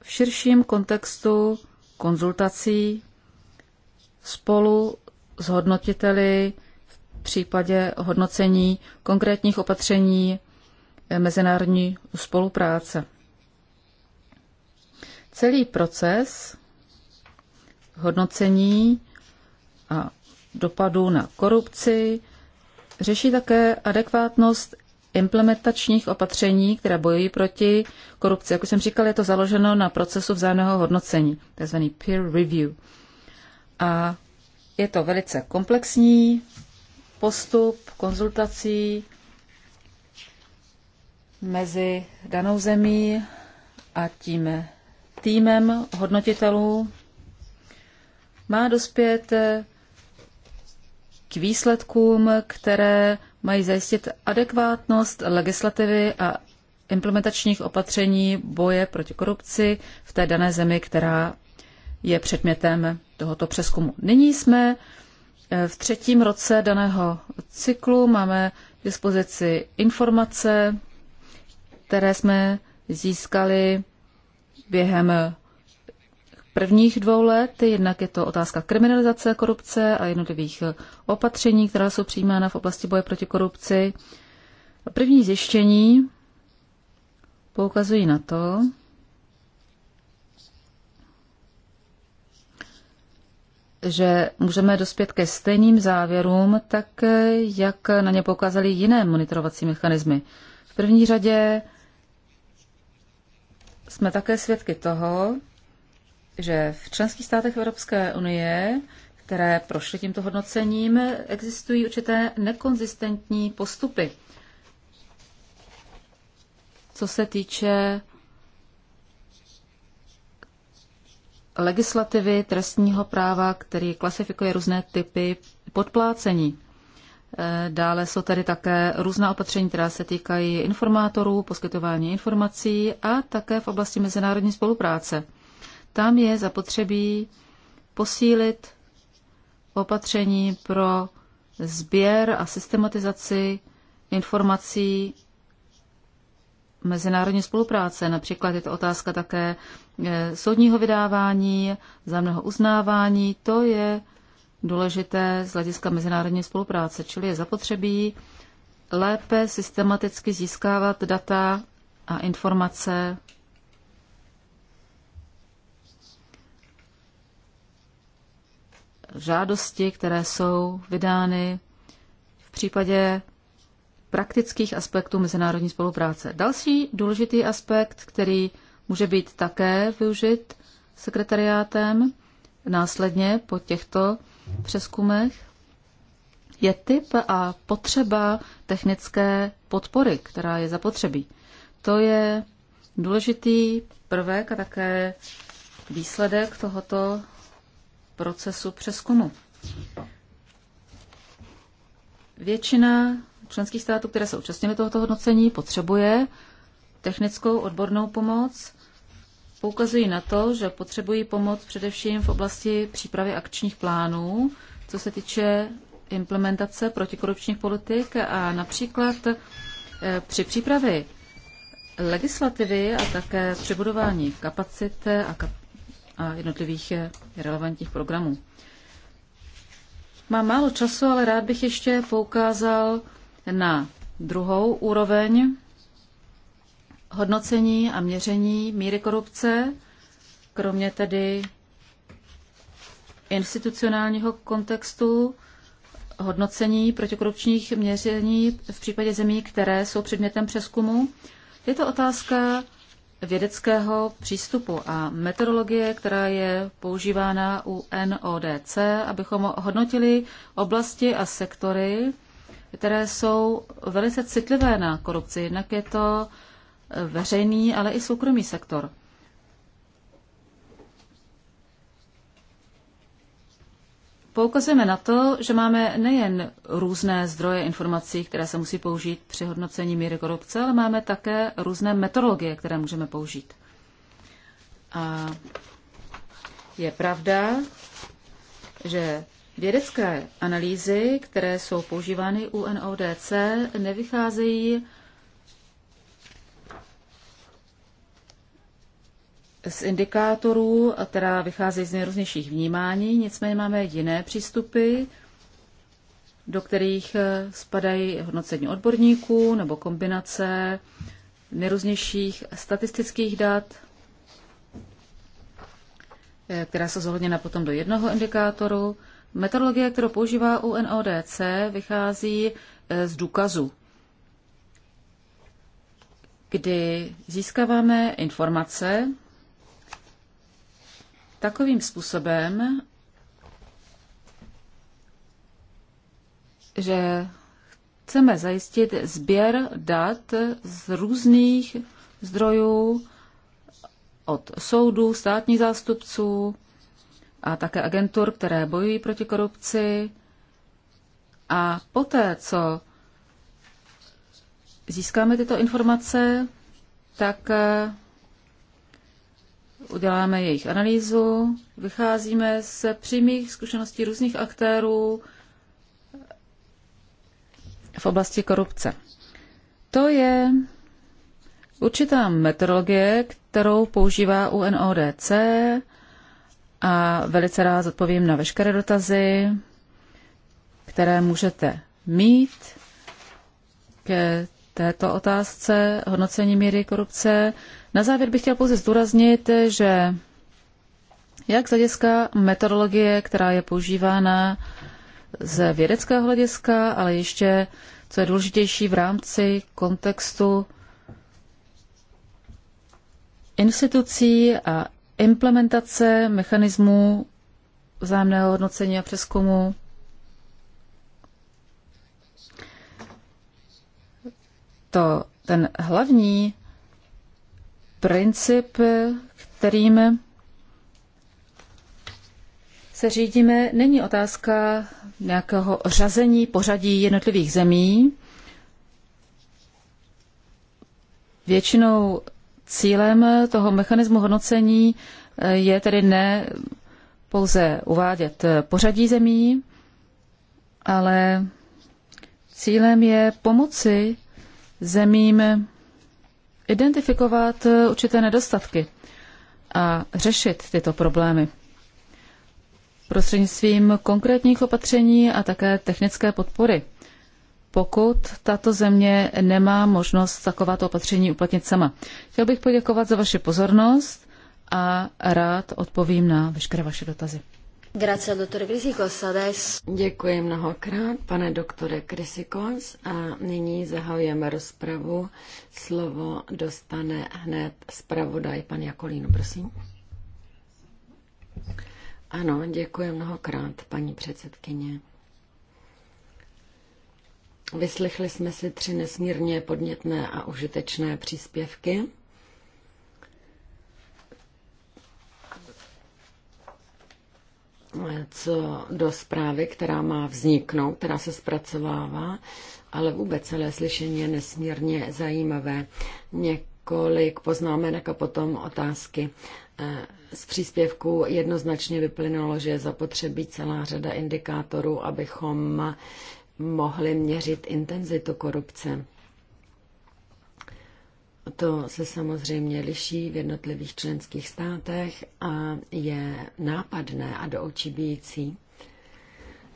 v širším kontextu konzultací spolu s hodnotiteli v případě hodnocení konkrétních opatření mezinárodní spolupráce. Celý proces hodnocení a dopadu na korupci, řeší také adekvátnost implementačních opatření, která bojují proti korupci. Jak už jsem říkal, je to založeno na procesu vzájemného hodnocení, tzv. peer review. A je to velice komplexní postup konzultací mezi danou zemí a tím týmem hodnotitelů má dospět eh, k výsledkům, které mají zajistit adekvátnost legislativy a implementačních opatření boje proti korupci v té dané zemi, která je předmětem tohoto přeskumu. Nyní jsme eh, v třetím roce daného cyklu, máme k dispozici informace, které jsme získali během prvních dvou let. Jednak je to otázka kriminalizace korupce a jednotlivých opatření, která jsou přijímána v oblasti boje proti korupci. První zjištění poukazují na to, že můžeme dospět ke stejným závěrům, tak jak na ně poukázaly jiné monitorovací mechanismy. V první řadě jsme také svědky toho, že v členských státech Evropské unie, které prošly tímto hodnocením, existují určité nekonzistentní postupy. Co se týče legislativy trestního práva, který klasifikuje různé typy podplácení. Eh, dále jsou tady také různá opatření, která se týkají informátorů, poskytování informací a také v oblasti mezinárodní spolupráce. Tam je zapotřebí posílit opatření pro sběr a systematizaci informací mezinárodní spolupráce. Například je to otázka také eh, soudního vydávání, zájemného uznávání. To je důležité z hlediska mezinárodní spolupráce, čili je zapotřebí lépe systematicky získávat data a informace žádosti, které jsou vydány v případě praktických aspektů mezinárodní spolupráce. Další důležitý aspekt, který může být také využit sekretariátem následně po těchto přeskumech, je typ a potřeba technické podpory, která je zapotřebí. To je důležitý prvek a také výsledek tohoto procesu přeskumu. Většina členských států, které se účastnily tohoto hodnocení, potřebuje technickou odbornou pomoc. Poukazují na to, že potřebují pomoc především v oblasti přípravy akčních plánů, co se týče implementace protikorupčních politik a například eh, při přípravě legislativy a také přebudování kapacit a kap- a jednotlivých eh, relevantních programů. Mám málo času, ale rád bych ještě poukázal na druhou úroveň hodnocení a měření míry korupce, kromě tedy institucionálního kontextu, hodnocení protikorupčních měření v případě zemí, které jsou předmětem přeskumu. Je to otázka vědeckého přístupu a meteorologie, která je používána u NODC, abychom hodnotili oblasti a sektory, které jsou velice citlivé na korupci. Jednak je to veřejný, ale i soukromý sektor. Poukazujeme na to, že máme nejen různé zdroje informací, které se musí použít při hodnocení míry korupce, ale máme také různé metodologie, které můžeme použít. A je pravda, že vědecké analýzy, které jsou používány u NODC, nevycházejí z indikátorů, která vycházejí z nejrůznějších vnímání, nicméně máme jiné přístupy, do kterých eh, spadají hodnocení odborníků nebo kombinace nejrůznějších statistických dat, eh, která jsou zohledněna potom do jednoho indikátoru. Metodologie, kterou používá UNODC, vychází eh, z důkazu, kdy získáváme informace takovým způsobem, že chceme zajistit sběr dat z různých zdrojů, od soudů, státních zástupců a také agentur, které bojují proti korupci. A poté, co získáme tyto informace, tak uděláme jejich analýzu, vycházíme z přímých zkušeností různých aktérů v oblasti korupce. To je určitá metodologie, kterou používá UNODC a velice rád odpovím na veškeré dotazy, které můžete mít ke této otázce hodnocení míry korupce. Na závěr bych chtěl pouze zdůraznit, že jak z hlediska metodologie, která je používána ze vědeckého hlediska, ale ještě, co je důležitější v rámci kontextu institucí a implementace mechanismů vzájemného hodnocení a přeskumu. To ten hlavní princip, kterým se řídíme, není otázka nějakého řazení pořadí jednotlivých zemí. Většinou cílem toho mechanismu hodnocení eh, je tedy ne pouze uvádět eh, pořadí zemí, ale cílem je pomoci zemím identifikovat eh, určité nedostatky a řešit tyto problémy prostřednictvím konkrétních opatření a také technické podpory, pokud tato země nemá možnost takováto opatření uplatnit sama. Chtěl bych poděkovat za vaši pozornost a rád odpovím na veškeré vaše dotazy. Grazie, dottore Adesso... Děkuji mnohokrát, pane doktore Krisikos. A nyní zahajujeme rozpravu. Slovo dostane hned zpravodaj pan Jakolín, prosím. Ano, děkuji mnohokrát, paní předsedkyně. Vyslechli jsme si tři nesmírně podnětné a užitečné příspěvky. co do zprávy, která má vzniknout, která se zpracovává, ale vůbec celé slyšení je nesmírně zajímavé. Několik poznámenek a potom otázky. Eh, z příspěvku jednoznačně vyplynulo, že je zapotřebí celá řada indikátorů, abychom mohli měřit intenzitu korupce. To se samozřejmě liší v jednotlivých členských státech a je nápadné a do očí bíjící,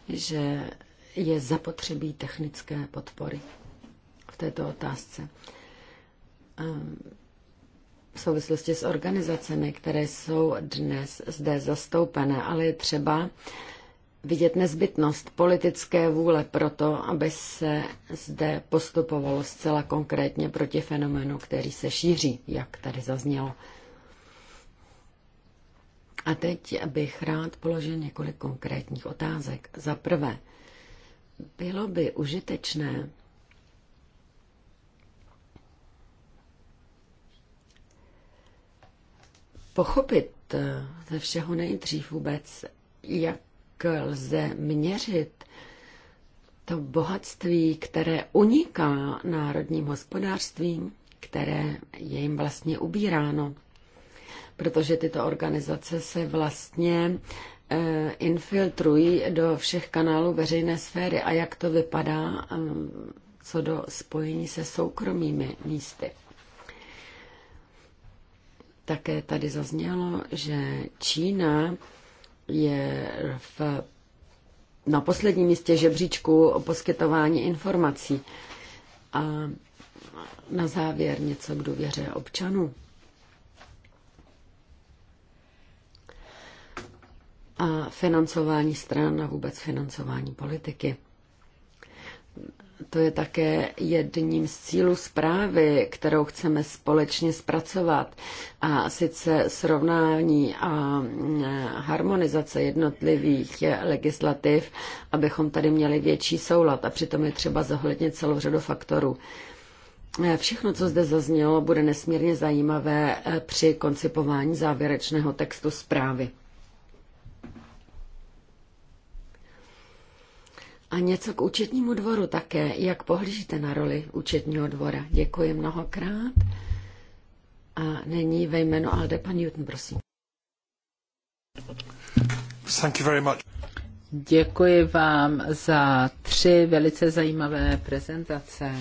že je zapotřebí technické podpory v této otázce. V souvislosti s organizacemi, které jsou dnes zde zastoupené, ale je třeba vidět nezbytnost politické vůle pro to, aby se zde postupovalo zcela konkrétně proti fenoménu, který se šíří, jak tady zaznělo. A teď bych rád položil několik konkrétních otázek. Za prvé, bylo by užitečné pochopit ze všeho nejdřív vůbec, jak lze měřit to bohatství, které uniká národním hospodářstvím, které je jim vlastně ubíráno. Protože tyto organizace se vlastně eh, infiltrují do všech kanálů veřejné sféry a jak to vypadá eh, co do spojení se soukromými místy. Také tady zaznělo, že Čína je v, na posledním místě žebříčku o poskytování informací. A na závěr něco k důvěře občanů. A financování stran a vůbec financování politiky. To je také jedním z cílů zprávy, kterou chceme společně zpracovat. A sice srovnání a mm, harmonizace jednotlivých legislativ, abychom tady měli větší soulad. A přitom je třeba zohlednit celou řadu faktorů. E, všechno, co zde zaznělo, bude nesmírně zajímavé e, při koncipování závěrečného textu zprávy. A něco k účetnímu dvoru také. Jak pohlížíte na roli účetního dvora? Děkuji mnohokrát. A nyní ve jménu Alde pan Newton, prosím. Thank you very much. Děkuji vám za tři velice zajímavé prezentace.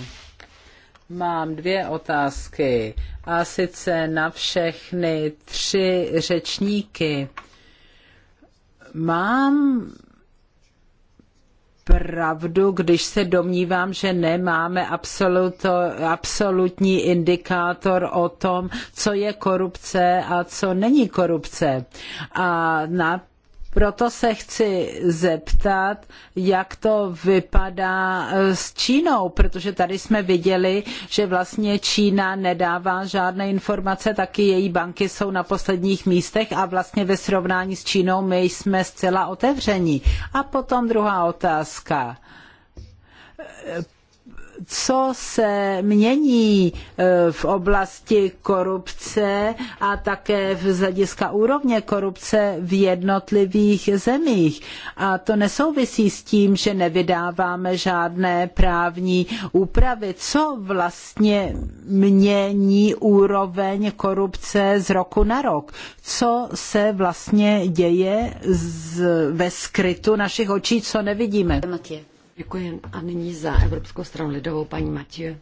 Mám dvě otázky a sice na všechny tři řečníky. Mám pravdu, když se domnívám, že nemáme absoluto, absolutní indikátor o tom, co je korupce a co není korupce. A na proto se chci zeptat, jak to vypadá eh, s Čínou, protože tady jsme viděli, že vlastně Čína nedává žádné informace, taky její banky jsou na posledních místech a vlastně ve srovnání s Čínou my jsme zcela otevření. A potom druhá otázka co se mění e, v oblasti korupce a také z hlediska úrovně korupce v jednotlivých zemích. A to nesouvisí s tím, že nevydáváme žádné právní úpravy. Co vlastně mění úroveň korupce z roku na rok? Co se vlastně děje z, ve skrytu našich očí, co nevidíme? Matěj. Děkuji a nyní za Evropskou stranu lidovou paní Matěje.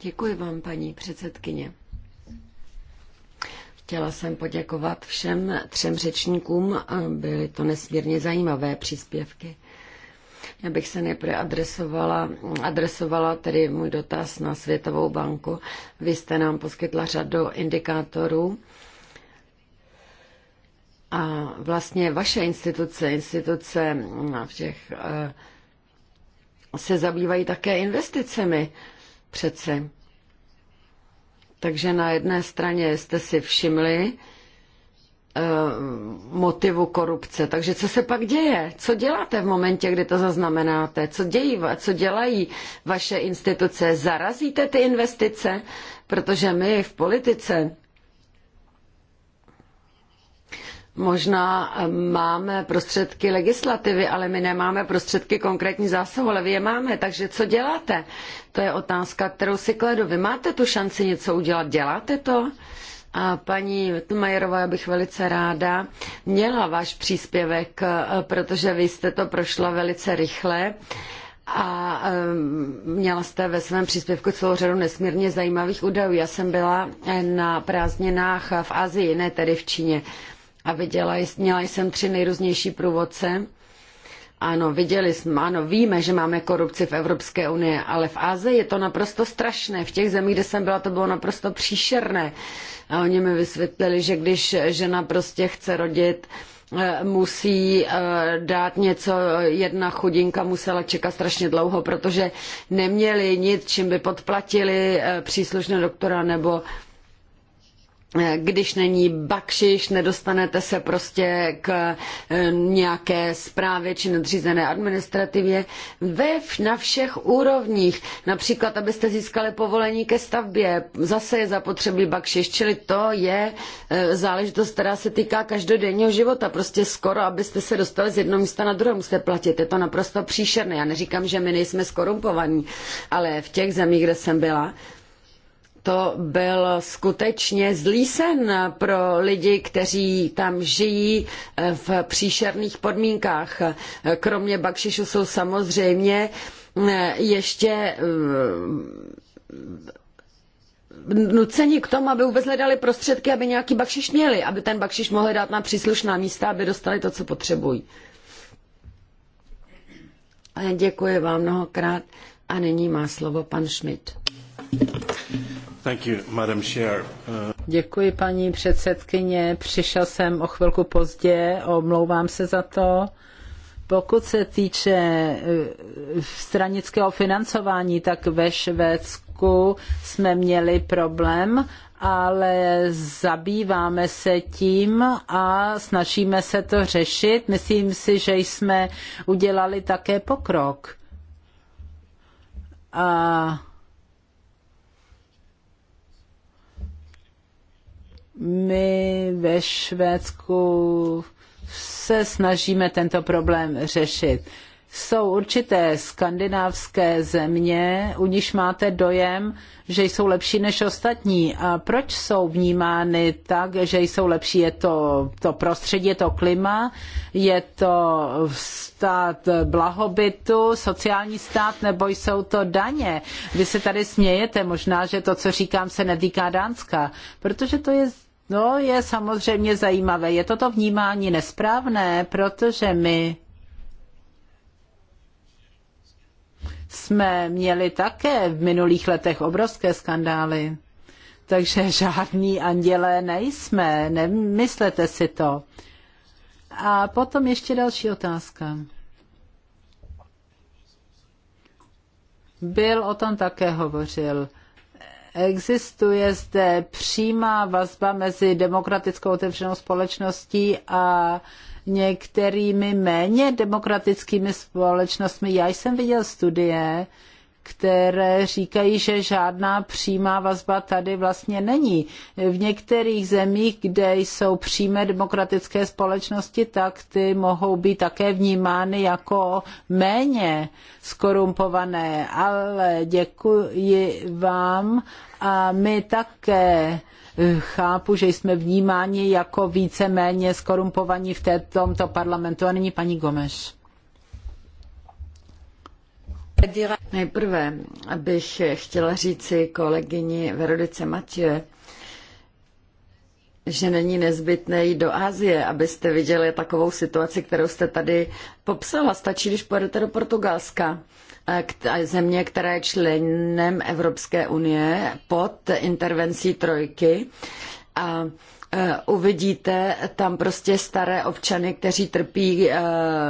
Děkuji vám, paní předsedkyně. Chtěla jsem poděkovat všem třem řečníkům, byly to nesmírně zajímavé příspěvky. Já bych se nejprve adresovala, adresovala tedy můj dotaz na Světovou banku. Vy jste nám poskytla řadu indikátorů. A vlastně vaše instituce, instituce všech se zabývají také investicemi přece. Takže na jedné straně jste si všimli eh, motivu korupce. Takže co se pak děje? Co děláte v momentě, kdy to zaznamenáte? Co, dějí, co dělají vaše instituce? Zarazíte ty investice? Protože my v politice Možná eh, máme prostředky legislativy, ale my nemáme prostředky konkrétní zásahu, ale vy je máme, takže co děláte? To je otázka, kterou si kladu. Vy máte tu šanci něco udělat, děláte to? A paní Majerová, já bych velice ráda měla váš příspěvek, eh, protože vy jste to prošla velice rychle a eh, měla jste ve svém příspěvku celou řadu nesmírně zajímavých údajů. Já jsem byla na prázdninách v Asii, ne tedy v Číně a viděla, měla jsem tři nejrůznější průvodce. Ano, viděli jsme, ano, víme, že máme korupci v Evropské unii, ale v Ázii je to naprosto strašné. V těch zemích, kde jsem byla, to bylo naprosto příšerné. A oni mi vysvětlili, že když žena prostě chce rodit, eh, musí eh, dát něco, jedna chudinka musela čekat strašně dlouho, protože neměli nic, čím by podplatili eh, příslušné doktora nebo Eh, když není bakšiš, nedostanete se prostě k eh, nějaké správě či nadřízené administrativě. Ve, na všech úrovních, například abyste získali povolení ke stavbě, zase je zapotřebí bakšiš, čili to je eh, záležitost, která se týká každodenního života. Prostě skoro, abyste se dostali z jednoho místa na druhé, musíte platit. Je to naprosto příšerné. Já neříkám, že my nejsme skorumpovaní, ale v těch zemích, kde jsem byla, to byl skutečně zlý sen pro lidi, kteří tam žijí eh, v příšerných podmínkách. Kromě bakšišu jsou samozřejmě eh, ještě eh, nuceni k tomu, aby vůbec hledali prostředky, aby nějaký bakšiš měli, aby ten bakšiš mohli dát na příslušná místa, aby dostali to, co potřebují. Děkuji vám mnohokrát a nyní má slovo pan Schmidt. Děkuji, paní předsedkyně. Přišel jsem o chvilku pozdě, omlouvám se za to. Pokud se týče eh, stranického financování, tak ve Švédsku jsme měli problém, ale zabýváme se tím a snažíme se to řešit. Myslím si, že jsme udělali také pokrok. A My ve Švédsku se snažíme tento problém řešit. Jsou určité skandinávské země, u níž máte dojem, že jsou lepší než ostatní. A proč jsou vnímány tak, že jsou lepší? Je to, to prostředí, je to klima, je to stát blahobytu, sociální stát, nebo jsou to daně? Vy se tady smějete, možná, že to, co říkám, se netýká Dánska, protože to je No, je samozřejmě zajímavé. Je toto vnímání nesprávné, protože my jsme měli také v minulých letech obrovské skandály. Takže žádní andělé nejsme, nemyslete si to. A potom ještě další otázka. Byl o tom také hovořil. Existuje zde přímá vazba mezi demokratickou otevřenou společností a některými méně demokratickými společnostmi. Já jsem viděl studie, které říkají, že žádná přímá vazba tady vlastně není. V některých zemích, kde jsou přímé demokratické společnosti, tak ty mohou být také vnímány jako méně skorumpované. Ale děkuji vám a my také chápu, že jsme vnímáni jako více méně skorumpovaní v tomto parlamentu. A nyní paní Gomeš. Nejprve bych chtěla říci kolegyni Verodice Matě, že není nezbytné jít do Asie, abyste viděli takovou situaci, kterou jste tady popsala. Stačí, když pojedete do Portugalska, eh, země, která je členem Evropské unie pod intervencí trojky. A Eh, uvidíte tam prostě staré občany, kteří trpí eh,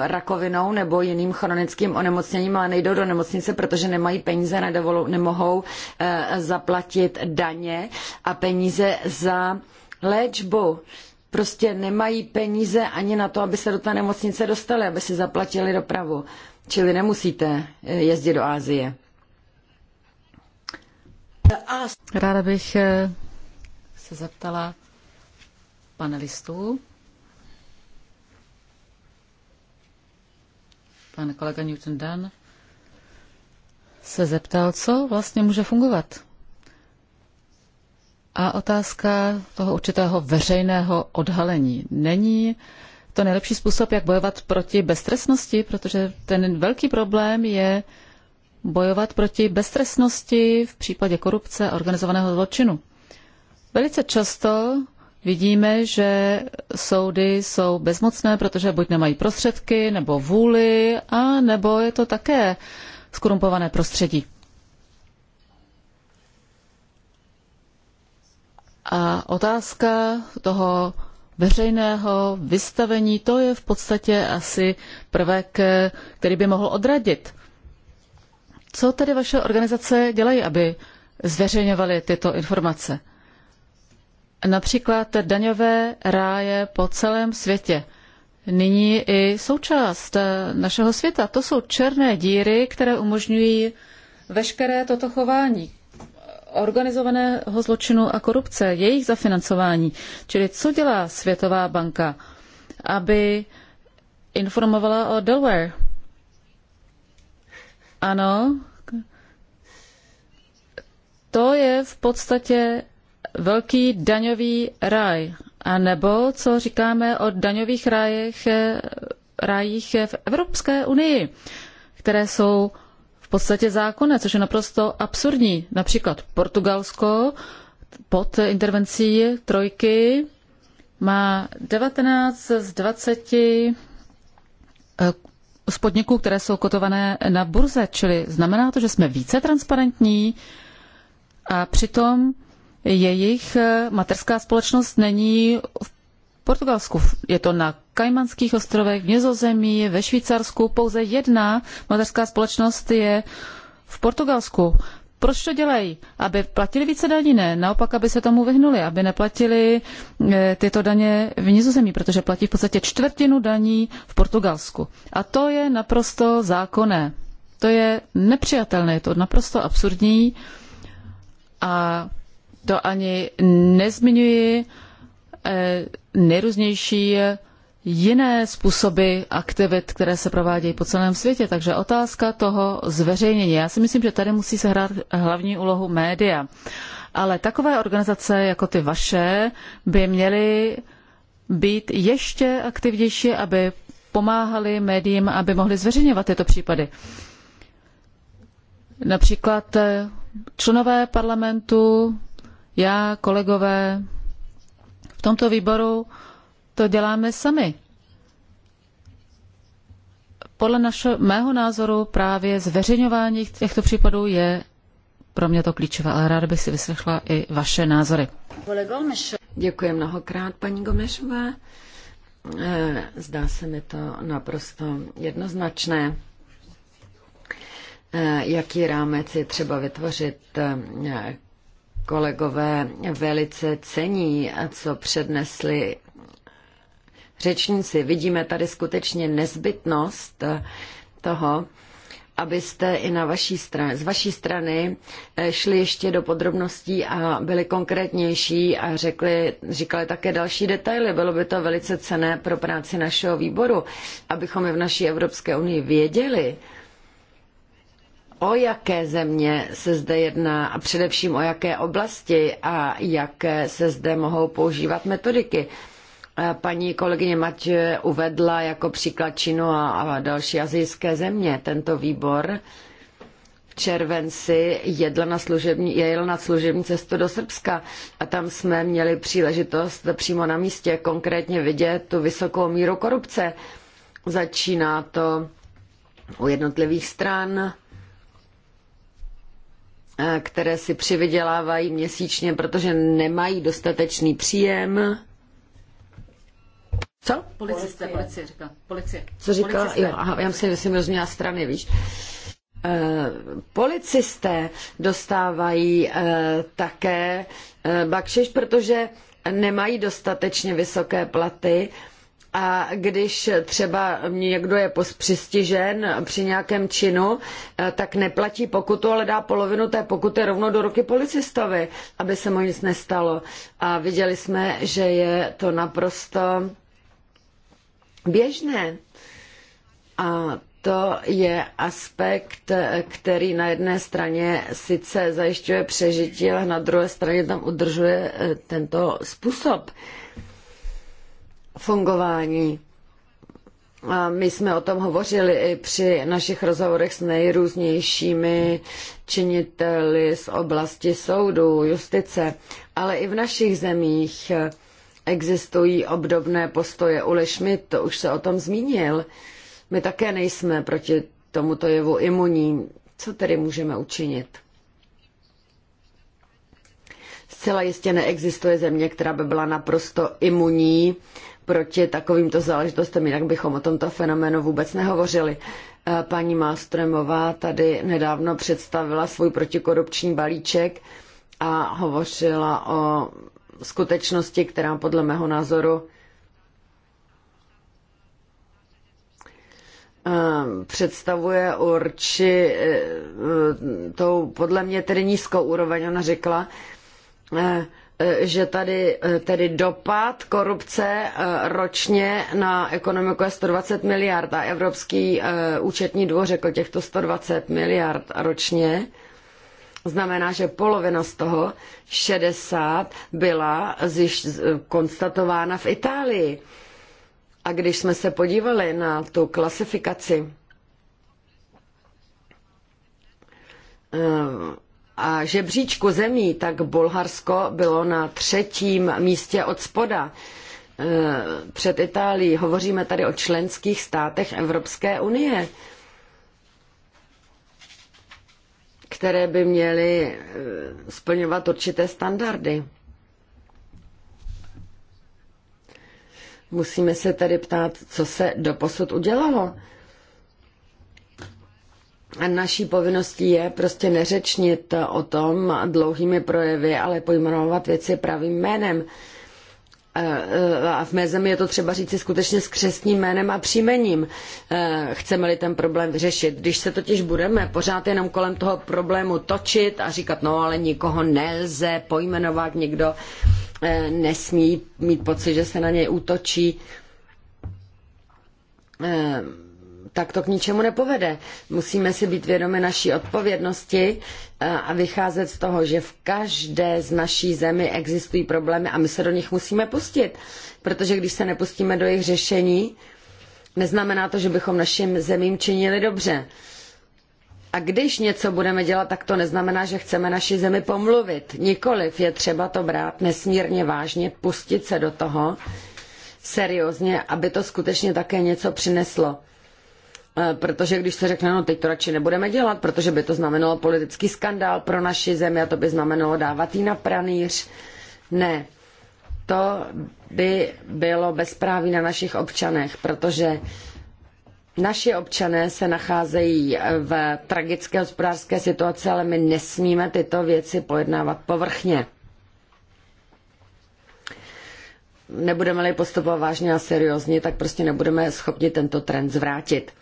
rakovinou nebo jiným chronickým onemocněním a nejdou do nemocnice, protože nemají peníze, nedovolu, nemohou eh, zaplatit daně a peníze za léčbu. Prostě nemají peníze ani na to, aby se do té nemocnice dostali, aby si zaplatili dopravu. Čili nemusíte jezdit do Asie. Ráda bych se zeptala, panelistů. Pan kolega Newton Dan se zeptal, co vlastně může fungovat. A otázka toho určitého veřejného odhalení. Není to nejlepší způsob, jak bojovat proti beztresnosti, protože ten velký problém je bojovat proti beztresnosti v případě korupce a organizovaného zločinu. Velice často vidíme, že soudy jsou bezmocné, protože buď nemají prostředky, nebo vůli, a nebo je to také skorumpované prostředí. A otázka toho veřejného vystavení, to je v podstatě asi prvek, který by mohl odradit. Co tedy vaše organizace dělají, aby zveřejňovaly tyto informace? například daňové ráje po celém světě. Nyní i součást eh, našeho světa. To jsou černé díry, které umožňují veškeré toto chování organizovaného zločinu a korupce, jejich zafinancování. Čili co dělá Světová banka, aby informovala o Delaware? Ano, to je v podstatě velký daňový ráj. A nebo co říkáme o daňových rájech, rájích v Evropské unii, které jsou v podstatě zákonné, což je naprosto absurdní. Například Portugalsko pod intervencí trojky má 19 z 20 z eh, podniků, které jsou kotované na burze, čili znamená to, že jsme více transparentní a přitom jejich eh, materská společnost není v Portugalsku. Je to na Kajmanských ostrovech, v Nězozemí, ve Švýcarsku. Pouze jedna materská společnost je v Portugalsku. Proč to dělají? Aby platili více daní? Ne, naopak, aby se tomu vyhnuli, aby neplatili eh, tyto daně v Nizozemí, protože platí v podstatě čtvrtinu daní v Portugalsku. A to je naprosto zákonné. To je nepřijatelné, je to naprosto absurdní a to ani nezmiňuji eh, nejrůznější jiné způsoby aktivit, které se provádějí po celém světě. Takže otázka toho zveřejnění. Já si myslím, že tady musí se hrát hlavní úlohu média. Ale takové organizace jako ty vaše by měly být ještě aktivnější, aby pomáhali médiím, aby mohli zveřejňovat tyto případy. Například eh, členové parlamentu já, kolegové, v tomto výboru to děláme sami. Podle našeho, mého názoru právě zveřejňování těchto případů je pro mě to klíčové, ale ráda bych si vyslechla i vaše názory. Děkuji mnohokrát, paní Gomešová. Eh, zdá se mi to naprosto jednoznačné eh, jaký rámec je třeba vytvořit eh, kolegové velice cení, a co přednesli řečníci. Vidíme tady skutečně nezbytnost toho, abyste i na vaší straně, z vaší strany eh, šli ještě do podrobností a byli konkrétnější a řekli, říkali také další detaily. Bylo by to velice cené pro práci našeho výboru, abychom je v naší Evropské unii věděli, o jaké země se zde jedná a především o jaké oblasti a jaké se zde mohou používat metodiky. Paní kolegyně Mať uvedla jako příklad Čínu a další azijské země tento výbor v červenci jedla na služební, jel na služební cestu do Srbska a tam jsme měli příležitost přímo na místě konkrétně vidět tu vysokou míru korupce. Začíná to u jednotlivých stran, které si přivydělávají měsíčně, protože nemají dostatečný příjem. Co? Policisté, policie, říká. Policie. Co říkal? Policisté. Jo, aha, já myslím, že jsem rozuměla strany, víš. Eh, policisté dostávají eh, také eh, bakšiš, protože nemají dostatečně vysoké platy a když třeba někdo je přistižen při nějakém činu, eh, tak neplatí pokutu, ale dá polovinu té pokuty rovnou do ruky policistovi, aby se mu nic nestalo. A viděli jsme, že je to naprosto běžné. A to je aspekt, který na jedné straně sice zajišťuje přežití, ale na druhé straně tam udržuje eh, tento způsob fungování. A my jsme o tom hovořili i při našich rozhovorech s nejrůznějšími činiteli z oblasti soudu, justice, ale i v našich zemích existují obdobné postoje. Ule Schmidt to už se o tom zmínil. My také nejsme proti tomuto jevu imunní. Co tedy můžeme učinit? Zcela jistě neexistuje země, která by byla naprosto imunní proti takovýmto záležitostem, jinak bychom o tomto fenoménu vůbec nehovořili. Eh, paní mástremová tady nedávno představila svůj protikorupční balíček a hovořila o skutečnosti, která podle mého názoru eh, představuje urči eh, tou podle mě tedy nízkou úroveň. Ona řekla, Eh, že tady eh, tedy dopad korupce eh, ročně na ekonomiku je 120 miliard a Evropský účetní dvůr řekl těchto 120 miliard ročně. Znamená, že polovina z toho, 60, byla zjiš, konstatována v Itálii. A když jsme se podívali na tu klasifikaci, žebříčku zemí, tak Bulharsko bylo na třetím místě od spoda e, před Itálií. Hovoříme tady o členských státech Evropské unie, které by měly e, splňovat určité standardy. Musíme se tedy ptát, co se doposud udělalo naší povinností je prostě neřečnit o tom dlouhými projevy, ale pojmenovat věci pravým jménem. E, e, a v mé zemi je to třeba říci skutečně s křesním jménem a příjmením, e, chceme-li ten problém vyřešit. Když se totiž budeme pořád jenom kolem toho problému točit a říkat, no ale nikoho nelze pojmenovat, někdo nesmí mít pocit, že se na něj útočí, tak to k ničemu nepovede. Musíme si být vědomi naší odpovědnosti eh, a vycházet z toho, že v každé z naší zemi existují problémy a my se do nich musíme pustit. Protože když se nepustíme do jejich řešení, neznamená to, že bychom našim zemím činili dobře. A když něco budeme dělat, tak to neznamená, že chceme naši zemi pomluvit. Nikoliv je třeba to brát nesmírně vážně, pustit se do toho seriózně, aby to skutečně také něco přineslo. Eh, protože když se řekne, no teď to radši nebudeme dělat, protože by to znamenalo politický skandál pro naši zemi a to by znamenalo dávat ji na pranýř. Ne, to by bylo bezpráví na našich občanech, protože naši občané se nacházejí v tragické hospodářské situaci, ale my nesmíme tyto věci pojednávat povrchně. Nebudeme-li postupovat vážně a seriózně, tak prostě nebudeme schopni tento trend zvrátit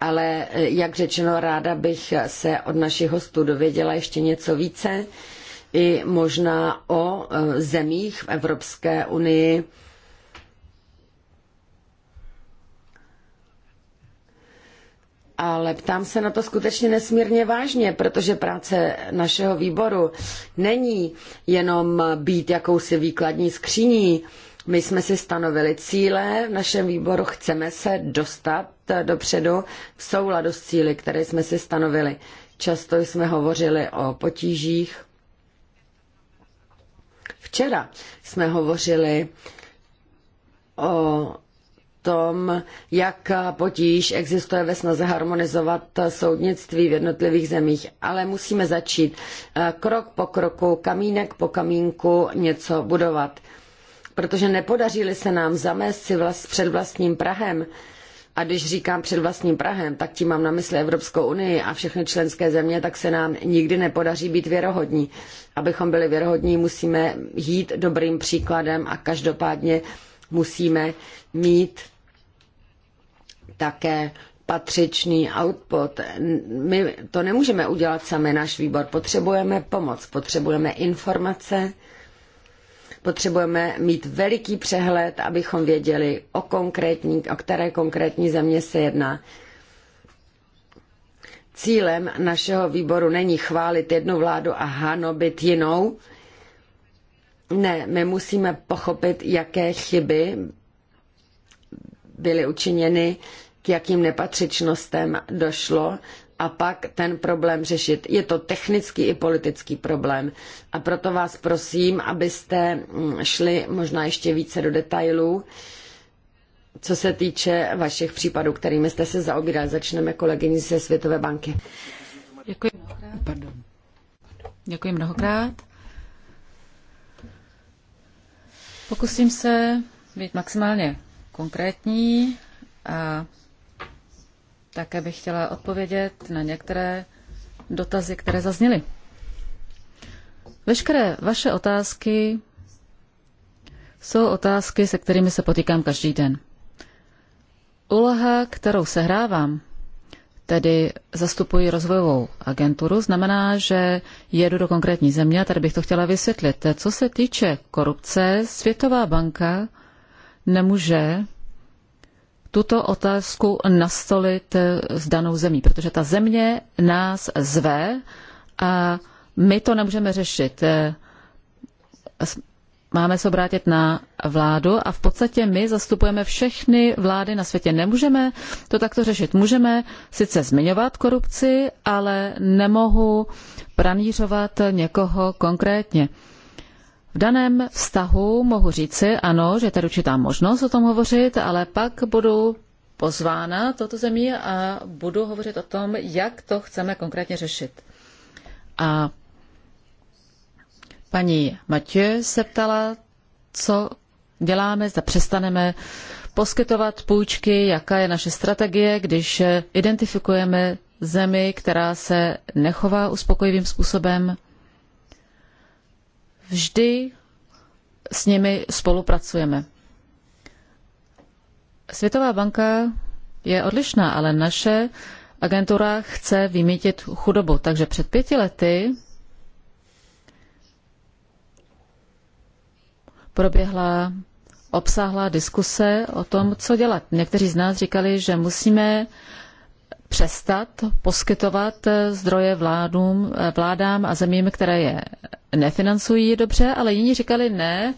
ale e, jak řečeno, ráda bych se od našich hostů dověděla ještě něco více i možná o e, zemích v Evropské unii, ale ptám se na to skutečně nesmírně vážně, protože práce našeho výboru není jenom být jakousi výkladní skříní, my jsme si stanovili cíle v našem výboru, chceme se dostat dopředu v souladu s cíly, které jsme si stanovili. Často jsme hovořili o potížích. Včera jsme hovořili o tom, jak potíž existuje ve snaze harmonizovat soudnictví v jednotlivých zemích. Ale musíme začít eh, krok po kroku, kamínek po kamínku něco budovat protože nepodařili se nám zamést si vlast, před vlastním Prahem, a když říkám před vlastním Prahem, tak tím mám na mysli Evropskou unii a všechny členské země, tak se nám nikdy nepodaří být věrohodní. Abychom byli věrohodní, musíme jít dobrým příkladem a každopádně musíme mít také patřičný output. My to nemůžeme udělat sami, náš výbor. Potřebujeme pomoc, potřebujeme informace, Potřebujeme mít veliký přehled, abychom věděli, o, konkrétní, o které konkrétní země se jedná. Cílem našeho výboru není chválit jednu vládu a hanobit jinou. Ne, my musíme pochopit, jaké chyby byly učiněny, k jakým nepatřičnostem došlo a pak ten problém řešit. Je to technický i politický problém. A proto vás prosím, abyste mm, šli možná ještě více do detailů, co se týče vašich případů, kterými jste se zaobírali. Začneme kolegyní ze Světové banky. Děkuji mnohokrát. Pardon. Děkuji mnohokrát. Pokusím se být maximálně konkrétní a také bych chtěla odpovědět na některé dotazy, které zazněly. Veškeré vaše otázky jsou otázky, se kterými se potýkám každý den. Úloha, kterou sehrávám, tedy zastupuji rozvojovou agenturu, znamená, že jedu do konkrétní země a tady bych to chtěla vysvětlit. Co se týče korupce, Světová banka nemůže tuto otázku nastolit eh, s danou zemí, protože ta země nás zve a my to nemůžeme řešit. Eh, máme se obrátit na vládu a v podstatě my zastupujeme všechny vlády na světě. Nemůžeme to takto řešit. Můžeme sice zmiňovat korupci, ale nemohu pranířovat někoho konkrétně. V daném vztahu mohu říci, ano, že je tady určitá možnost o tom hovořit, ale pak budu pozvána toto zemí a budu hovořit o tom, jak to chceme konkrétně řešit. A paní Matě se ptala, co děláme, zda přestaneme poskytovat půjčky, jaká je naše strategie, když identifikujeme zemi, která se nechová uspokojivým způsobem vždy s nimi spolupracujeme. Světová banka je odlišná, ale naše agentura chce vymítit chudobu. Takže před pěti lety proběhla obsáhlá diskuse o tom, co dělat. Někteří z nás říkali, že musíme přestat poskytovat eh, zdroje vládům, eh, vládám a zemím, které je nefinancují dobře, ale jiní říkali ne,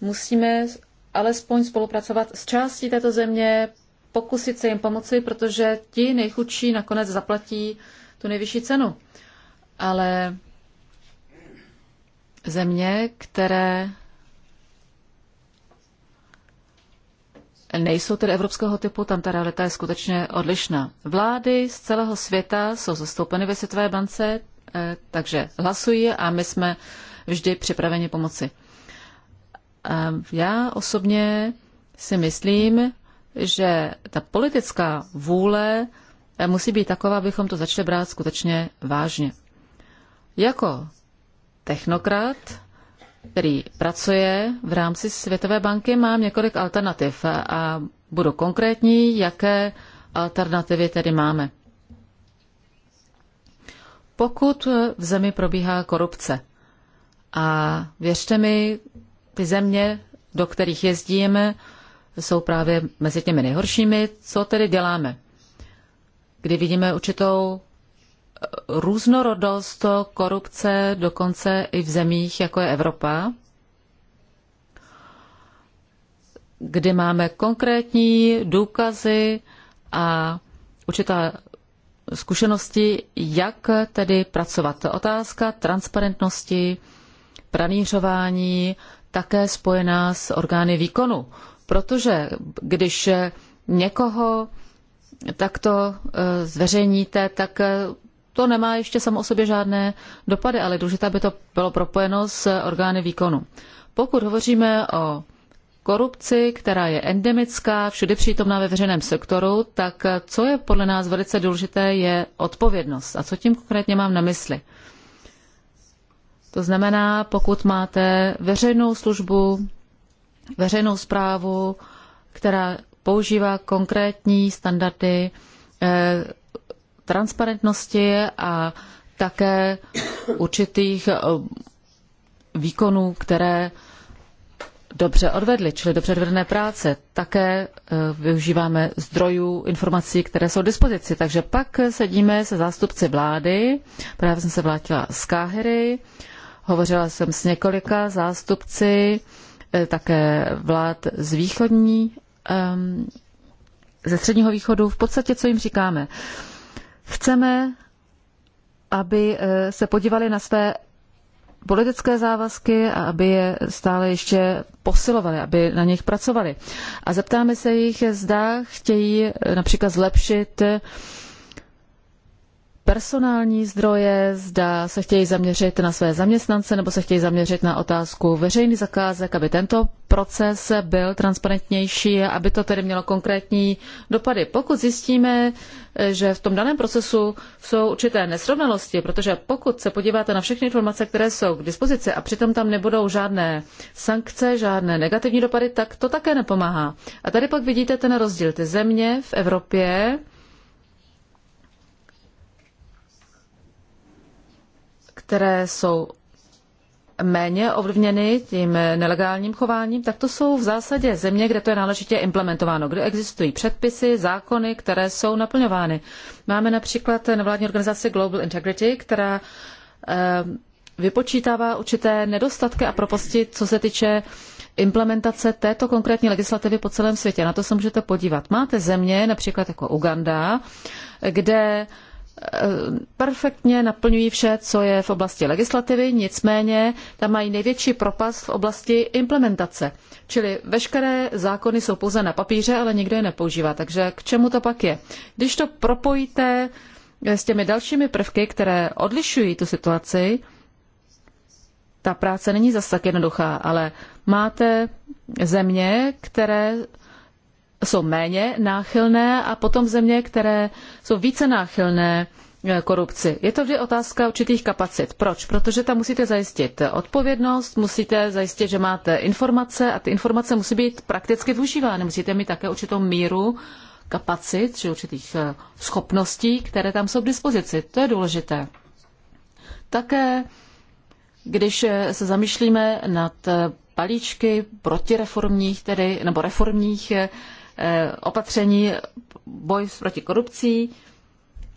musíme alespoň spolupracovat s částí této země, pokusit se jim pomoci, protože ti nejchudší nakonec zaplatí tu nejvyšší cenu. Ale země, které nejsou tedy evropského typu, tam ta realita je skutečně odlišná. Vlády z celého světa jsou zastoupeny ve Světové bance, eh, takže hlasují a my jsme vždy připraveni pomoci. Eh, já osobně si myslím, že ta politická vůle eh, musí být taková, abychom to začali brát skutečně vážně. Jako technokrat který pracuje v rámci Světové banky, mám několik alternativ a budu konkrétní, jaké alternativy tedy máme. Pokud v zemi probíhá korupce, a věřte mi, ty země, do kterých jezdíme, jsou právě mezi těmi nejhoršími. Co tedy děláme? Kdy vidíme určitou různorodost korupce dokonce i v zemích, jako je Evropa, kdy máme konkrétní důkazy a určitá zkušenosti, jak tedy pracovat. Otázka transparentnosti, pranířování, také spojená s orgány výkonu. Protože když někoho takto eh, zveřejníte, tak to nemá ještě samo o sobě žádné dopady, ale důležité, by to bylo propojeno s orgány výkonu. Pokud hovoříme o korupci, která je endemická, všude přítomná ve veřejném sektoru, tak co je podle nás velice důležité, je odpovědnost. A co tím konkrétně mám na mysli? To znamená, pokud máte veřejnou službu, veřejnou zprávu, která používá konkrétní standardy, eh, transparentnosti a také určitých eh, výkonů, které dobře odvedli, čili dobře odvedené práce. Také eh, využíváme zdrojů informací, které jsou k dispozici. Takže pak sedíme se zástupci vlády. Právě jsem se vrátila z Káhery. Hovořila jsem s několika zástupci eh, také vlád z východní, ehm, ze středního východu. V podstatě, co jim říkáme? Chceme, aby eh, se podívali na své politické závazky a aby je stále ještě posilovali, aby na nich pracovali. A zeptáme se jich, zda chtějí eh, například zlepšit personální zdroje, zda se chtějí zaměřit na své zaměstnance nebo se chtějí zaměřit na otázku veřejných zakázek, aby tento proces byl transparentnější a aby to tedy mělo konkrétní dopady. Pokud zjistíme, že v tom daném procesu jsou určité nesrovnalosti, protože pokud se podíváte na všechny informace, které jsou k dispozici a přitom tam nebudou žádné sankce, žádné negativní dopady, tak to také nepomáhá. A tady pak vidíte ten rozdíl. Ty země v Evropě které jsou méně ovlivněny tím nelegálním chováním, tak to jsou v zásadě země, kde to je náležitě implementováno, kde existují předpisy, zákony, které jsou naplňovány. Máme například nevládní organizaci Global Integrity, která eh, vypočítává určité nedostatky a propasti, co se týče implementace této konkrétní legislativy po celém světě. Na to se můžete podívat. Máte země, například jako Uganda, kde Eh, perfektně naplňují vše, co je v oblasti legislativy, nicméně tam mají největší propast v oblasti implementace. Čili veškeré zákony jsou pouze na papíře, ale nikdo je nepoužívá. Takže k čemu to pak je? Když to propojíte eh, s těmi dalšími prvky, které odlišují tu situaci, ta práce není zas tak jednoduchá, ale máte země, které jsou méně náchylné a potom země, které jsou více náchylné eh, korupci. Je to vždy otázka určitých kapacit. Proč? Protože tam musíte zajistit odpovědnost, musíte zajistit, že máte informace a ty informace musí být prakticky využívány. Musíte mít také určitou míru kapacit či určitých eh, schopností, které tam jsou k dispozici. To je důležité. Také, když eh, se zamýšlíme nad balíčky protireformních, tedy, nebo reformních Eh, opatření boj proti korupcí,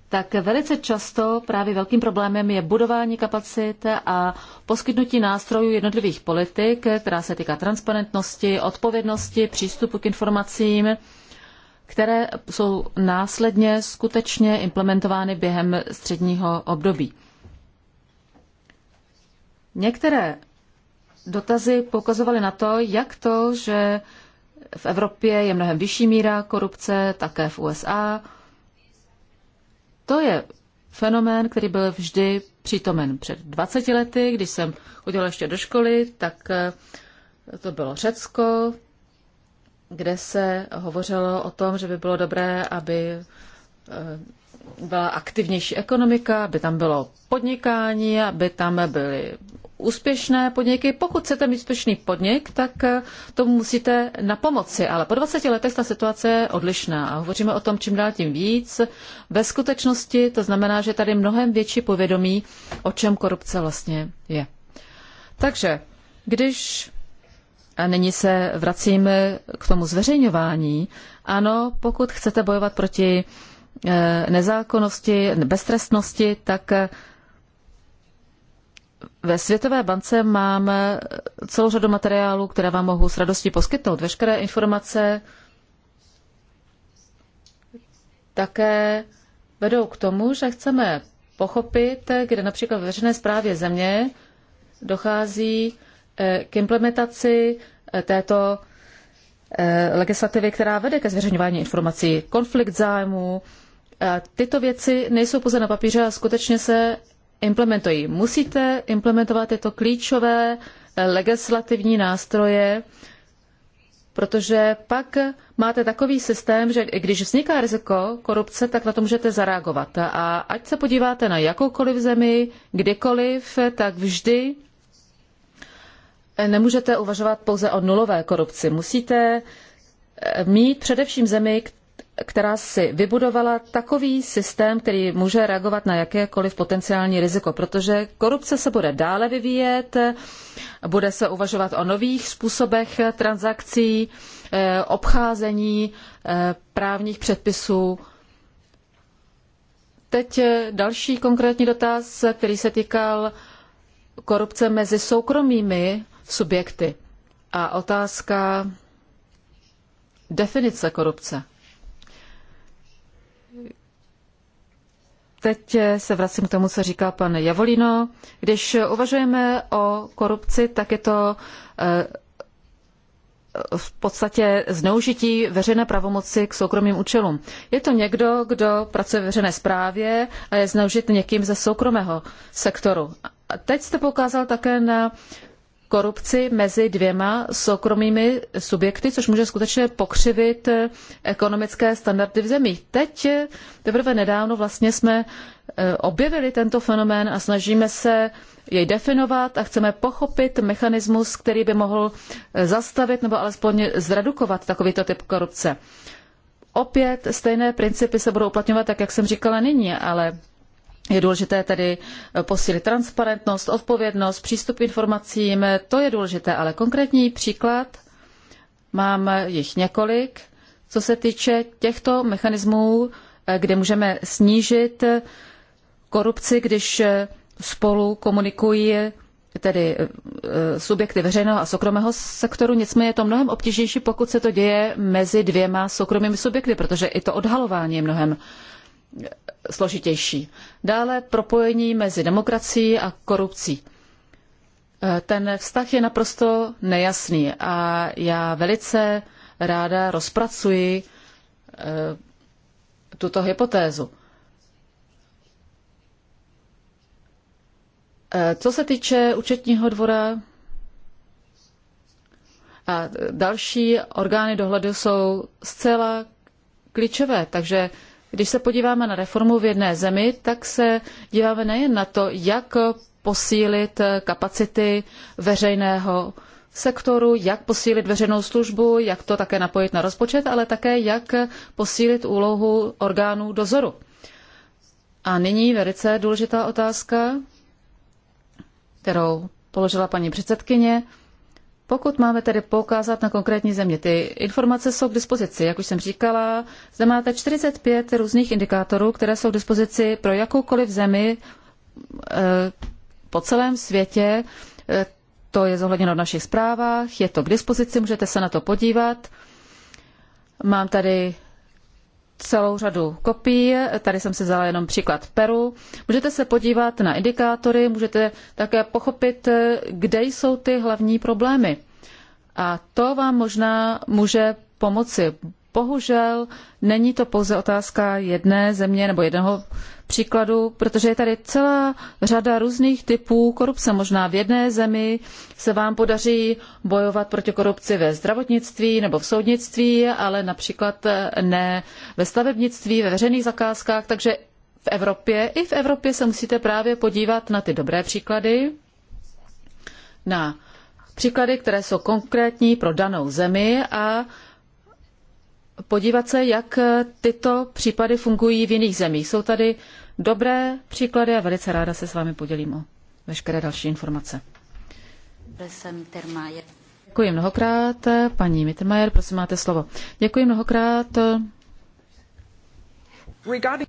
tak velice často právě velkým problémem je budování kapacit a poskytnutí nástrojů jednotlivých politik, která se týká transparentnosti, odpovědnosti, přístupu k informacím, které jsou následně skutečně implementovány během středního období. Některé dotazy poukazovaly na to, jak to, že v Evropě je mnohem vyšší míra korupce, také v USA. To je fenomén, který byl vždy přítomen před 20 lety, když jsem chodila ještě do školy, tak eh, to bylo Řecko, kde se hovořilo o tom, že by bylo dobré, aby eh, byla aktivnější ekonomika, aby tam bylo podnikání, aby tam byly úspěšné podniky. Pokud chcete mít úspěšný podnik, tak eh, tomu musíte na pomoci. Ale po 20 letech ta situace je odlišná a hovoříme o tom čím dál tím víc. Ve skutečnosti to znamená, že tady mnohem větší povědomí, o čem korupce vlastně je. Takže když a nyní se vracíme k tomu zveřejňování. Ano, pokud chcete bojovat proti eh, nezákonnosti, beztrestnosti, tak eh, ve Světové bance máme celou řadu materiálů, které vám mohu s radostí poskytnout. Veškeré informace také vedou k tomu, že chceme pochopit, kde například ve veřejné správě země dochází eh, k implementaci eh, této eh, legislativy, která vede ke zveřejňování informací, konflikt zájmů. Tyto věci nejsou pouze na papíře a skutečně se implementují. Musíte implementovat tyto klíčové eh, legislativní nástroje, protože pak máte takový systém, že když vzniká riziko korupce, tak na to můžete zareagovat. A ať se podíváte na jakoukoliv zemi, kdykoliv, tak vždy eh, nemůžete uvažovat pouze o nulové korupci. Musíte eh, mít především zemi, která si vybudovala takový systém, který může reagovat na jakékoliv potenciální riziko, protože korupce se bude dále vyvíjet, bude se uvažovat o nových způsobech transakcí, eh, obcházení eh, právních předpisů. Teď další konkrétní dotaz, který se týkal korupce mezi soukromými subjekty a otázka definice korupce. Teď se vracím k tomu, co říkal pan Javolino. Když uvažujeme o korupci, tak je to eh, v podstatě zneužití veřejné pravomoci k soukromým účelům. Je to někdo, kdo pracuje ve veřejné správě a je zneužit někým ze soukromého sektoru. A teď jste poukázal také na korupci mezi dvěma soukromými subjekty, což může skutečně pokřivit ekonomické standardy v zemích. Teď eh, teprve nedávno vlastně jsme eh, objevili tento fenomén a snažíme se jej definovat a chceme pochopit mechanismus, který by mohl eh, zastavit nebo alespoň zredukovat takovýto typ korupce. Opět stejné principy se budou uplatňovat, tak jak jsem říkala nyní, ale je důležité tedy eh, posílit transparentnost, odpovědnost, přístup k informacím, to je důležité, ale konkrétní příklad, mám jich několik, co se týče těchto mechanismů, eh, kde můžeme snížit eh, korupci, když spolu komunikují tedy subjekty veřejného a soukromého sektoru, nicméně je to mnohem obtížnější, pokud se to děje mezi dvěma soukromými subjekty, protože i to odhalování je mnohem složitější. Dále propojení mezi demokracií a korupcí. E, ten vztah je naprosto nejasný a já velice ráda rozpracuji e, tuto hypotézu. E, co se týče účetního dvora, a další orgány dohledu jsou zcela klíčové, takže když se podíváme na reformu v jedné zemi, tak se díváme nejen na to, jak posílit kapacity veřejného sektoru, jak posílit veřejnou službu, jak to také napojit na rozpočet, ale také jak posílit úlohu orgánů dozoru. A nyní velice důležitá otázka, kterou položila paní předsedkyně. Pokud máme tedy poukázat na konkrétní země, ty informace jsou k dispozici, jak už jsem říkala. Zde máte 45 různých indikátorů, které jsou k dispozici pro jakoukoliv zemi eh, po celém světě. Eh, to je zohledněno v našich zprávách, je to k dispozici, můžete se na to podívat. Mám tady celou řadu kopií. Tady jsem si vzala jenom příklad Peru. Můžete se podívat na indikátory, můžete také pochopit, kde jsou ty hlavní problémy. A to vám možná může pomoci. Bohužel není to pouze otázka jedné země nebo jednoho příkladů, protože je tady celá řada různých typů korupce. Možná v jedné zemi se vám podaří bojovat proti korupci ve zdravotnictví nebo v soudnictví, ale například eh, ne ve stavebnictví, ve veřejných zakázkách, takže v Evropě, i v Evropě se musíte právě podívat na ty dobré příklady, na příklady, které jsou konkrétní pro danou zemi a podívat se, jak eh, tyto případy fungují v jiných zemích. Jsou tady dobré příklady a velice ráda se s vámi podělím o veškeré další informace. Děkuji mnohokrát, eh, paní Mittermeier, prosím, máte slovo. Děkuji mnohokrát. Eh. Regarding...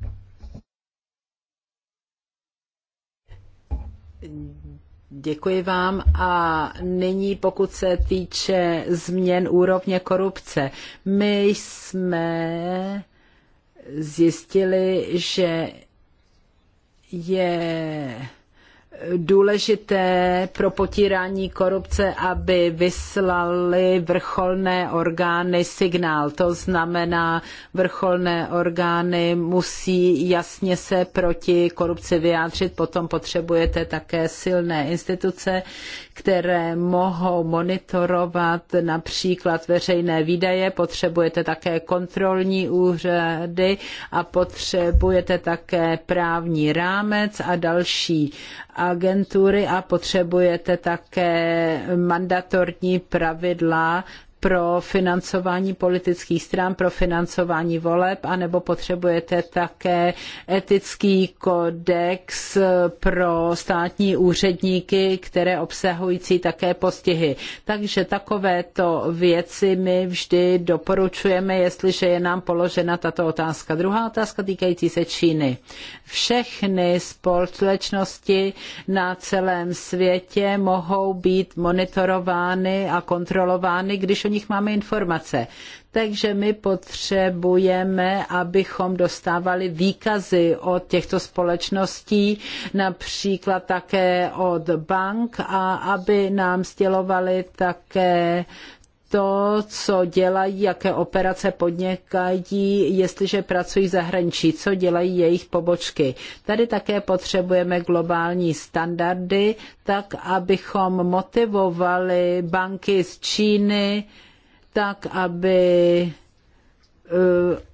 Děkuji vám. A nyní, pokud se týče změn úrovně korupce, my jsme zjistili, že je důležité pro potírání korupce, aby vyslali vrcholné orgány signál. To znamená, vrcholné orgány musí jasně se proti korupci vyjádřit, potom potřebujete také silné instituce, které mohou monitorovat například veřejné výdaje, potřebujete také kontrolní úřady a potřebujete také právní rámec a další agentury a potřebujete také mandatorní pravidla pro financování politických stran, pro financování voleb, anebo potřebujete také etický kodex pro státní úředníky, které obsahující také postihy. Takže takovéto věci my vždy doporučujeme, jestliže je nám položena tato otázka. Druhá otázka týkající se Číny. Všechny společnosti na celém světě mohou být monitorovány a kontrolovány, když oni nich máme informace. Takže my potřebujeme, abychom dostávali výkazy od těchto společností, například také od bank a aby nám stělovali také to, co dělají, jaké operace podnikají, jestliže pracují v zahraničí, co dělají jejich pobočky. Tady také potřebujeme globální standardy, tak abychom motivovali banky z Číny, tak, aby eh,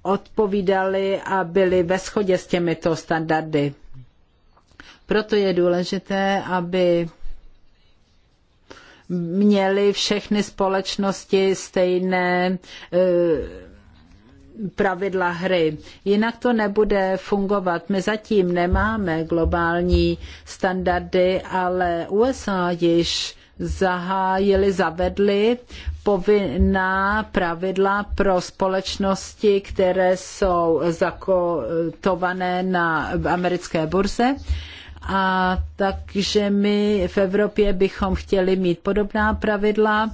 odpovídali a byli ve shodě s těmito standardy. Proto je důležité, aby měly všechny společnosti stejné eh, pravidla hry. Jinak to nebude fungovat. My zatím nemáme globální standardy, ale USA již zahájili, zavedli povinná pravidla pro společnosti, které jsou zakotované na americké burze. A takže my v Evropě bychom chtěli mít podobná pravidla.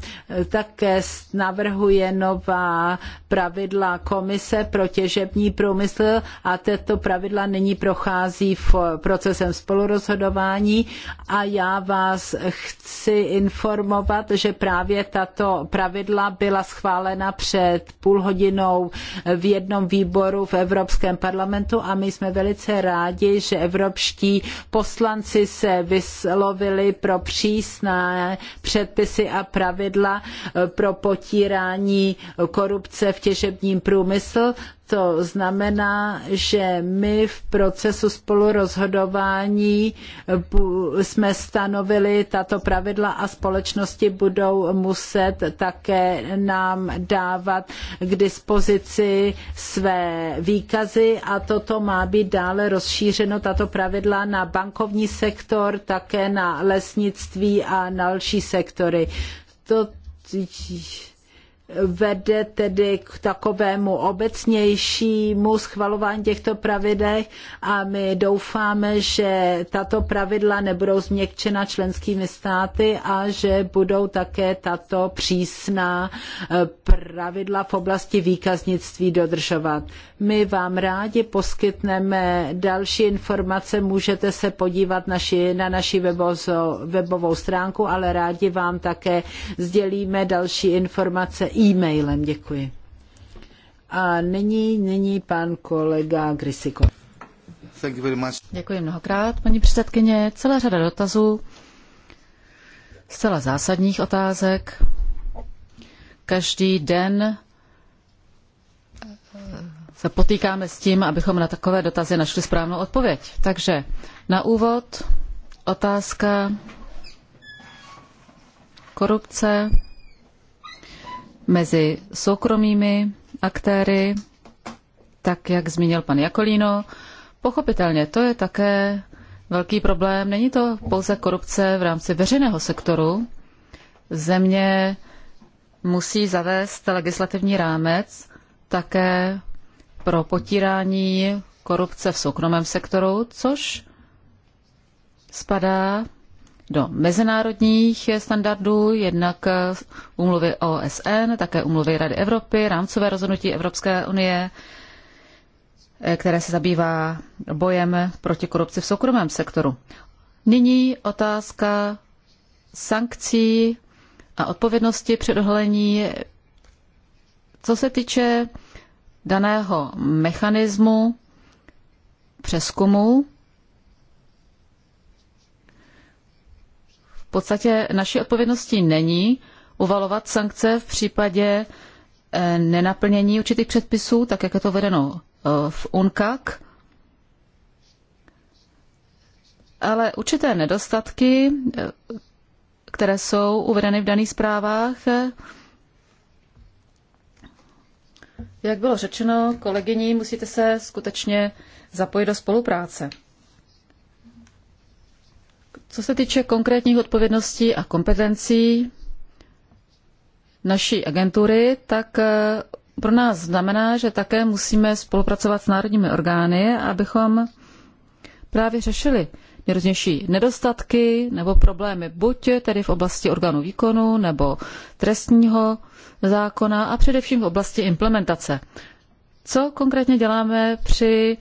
Také navrhuje nová pravidla komise pro těžební průmysl a tato pravidla nyní prochází v procesem spolurozhodování a já vás chci informovat, že právě tato pravidla byla schválena před půl hodinou v jednom výboru v Evropském parlamentu a my jsme velice rádi, že evropští poslanci se vyslovili pro přísné předpisy a pravidla eh, pro potírání korupce v těžebním průmyslu, to znamená, že my v procesu spolurozhodování jsme stanovili tato pravidla a společnosti budou muset také nám dávat k dispozici své výkazy a toto má být dále rozšířeno, tato pravidla na bankovní sektor, také na lesnictví a na další sektory. To vede tedy k takovému obecnějšímu schvalování těchto pravidel a my doufáme, že tato pravidla nebudou změkčena členskými státy a že budou také tato přísná eh, pravidla v oblasti výkaznictví dodržovat. My vám rádi poskytneme další informace, můžete se podívat naši, na naši webovou stránku, ale rádi vám také sdělíme další informace e-mailem. Děkuji. A nyní, nyní pan kolega Grisiko. Děkuji mnohokrát, paní předsedkyně. Celá řada dotazů, zcela zásadních otázek. Každý den eh, se potýkáme s tím, abychom na takové dotazy našli správnou odpověď. Takže na úvod otázka korupce, mezi soukromými aktéry, tak jak zmínil pan Jakolíno. Pochopitelně to je také velký problém. Není to pouze korupce v rámci veřejného sektoru. Země musí zavést legislativní rámec také pro potírání korupce v soukromém sektoru, což spadá do mezinárodních standardů, jednak umluvy OSN, také umluvy Rady Evropy, rámcové rozhodnutí Evropské unie, eh, které se zabývá bojem proti korupci v soukromém sektoru. Nyní otázka sankcí a odpovědnosti při dohlení. Co se týče daného mechanismu přeskumu, V podstatě naší odpovědností není uvalovat sankce v případě eh, nenaplnění určitých předpisů, tak jak je to vedeno eh, v UNCAC, ale určité nedostatky, eh, které jsou uvedeny v daných zprávách, jak bylo řečeno, kolegyní, musíte se skutečně zapojit do spolupráce. Co se týče konkrétních odpovědností a kompetencí naší agentury, tak eh, pro nás znamená, že také musíme spolupracovat s národními orgány, abychom právě řešili nejrůznější nedostatky nebo problémy, buď tedy v oblasti orgánů výkonu nebo trestního zákona a především v oblasti implementace. Co konkrétně děláme při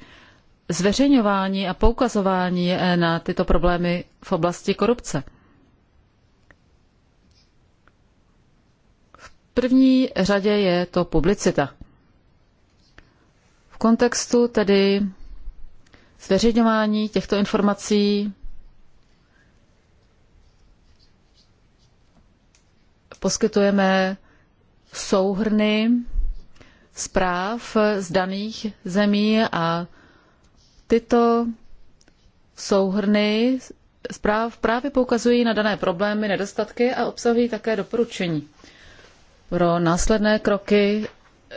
zveřejňování a poukazování eh, na tyto problémy v oblasti korupce. V první řadě je to publicita. V kontextu tedy zveřejňování těchto informací poskytujeme souhrny zpráv z daných zemí a Tyto souhrny zpráv právě poukazují na dané problémy, nedostatky a obsahují také doporučení pro následné kroky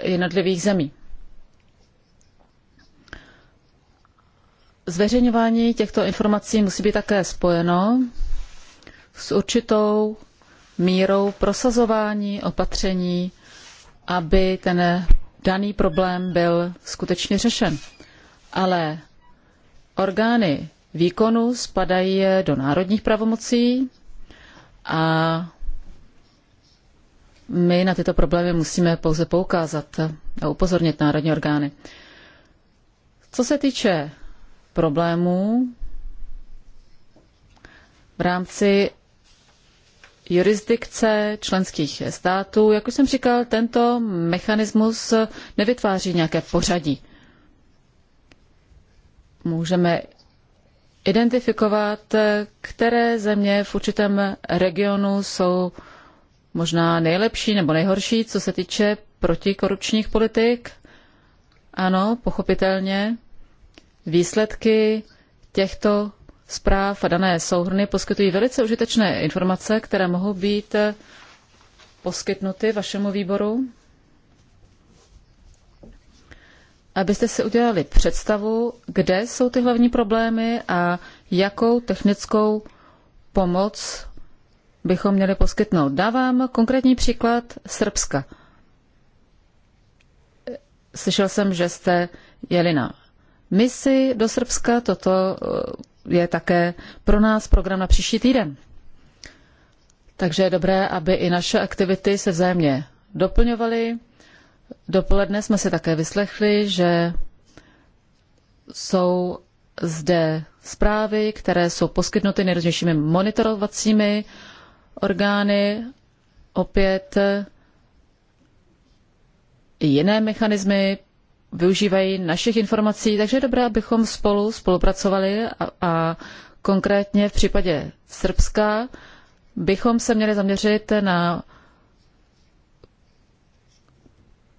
jednotlivých zemí. Zveřejňování těchto informací musí být také spojeno s určitou mírou prosazování opatření, aby ten daný problém byl skutečně řešen. Ale orgány výkonu spadají do národních pravomocí a my na tyto problémy musíme pouze poukázat a upozornit národní orgány. Co se týče problémů v rámci jurisdikce členských států, jak už jsem říkal, tento mechanismus nevytváří nějaké pořadí můžeme identifikovat, které země v určitém regionu jsou možná nejlepší nebo nejhorší, co se týče protikorupčních politik. Ano, pochopitelně. Výsledky těchto zpráv a dané souhrny poskytují velice užitečné informace, které mohou být poskytnuty vašemu výboru. abyste si udělali představu, kde jsou ty hlavní problémy a jakou technickou pomoc bychom měli poskytnout. Dávám konkrétní příklad Srbska. Slyšel jsem, že jste jeli na misi do Srbska, toto eh, je také pro nás program na příští týden. Takže je dobré, aby i naše aktivity se vzájemně doplňovaly. Dopoledne jsme se také vyslechli, že jsou zde zprávy, které jsou poskytnuty nejrůznějšími monitorovacími orgány, opět jiné mechanismy využívají našich informací, takže je dobré, abychom spolu spolupracovali a, a konkrétně v případě Srbska bychom se měli zaměřit na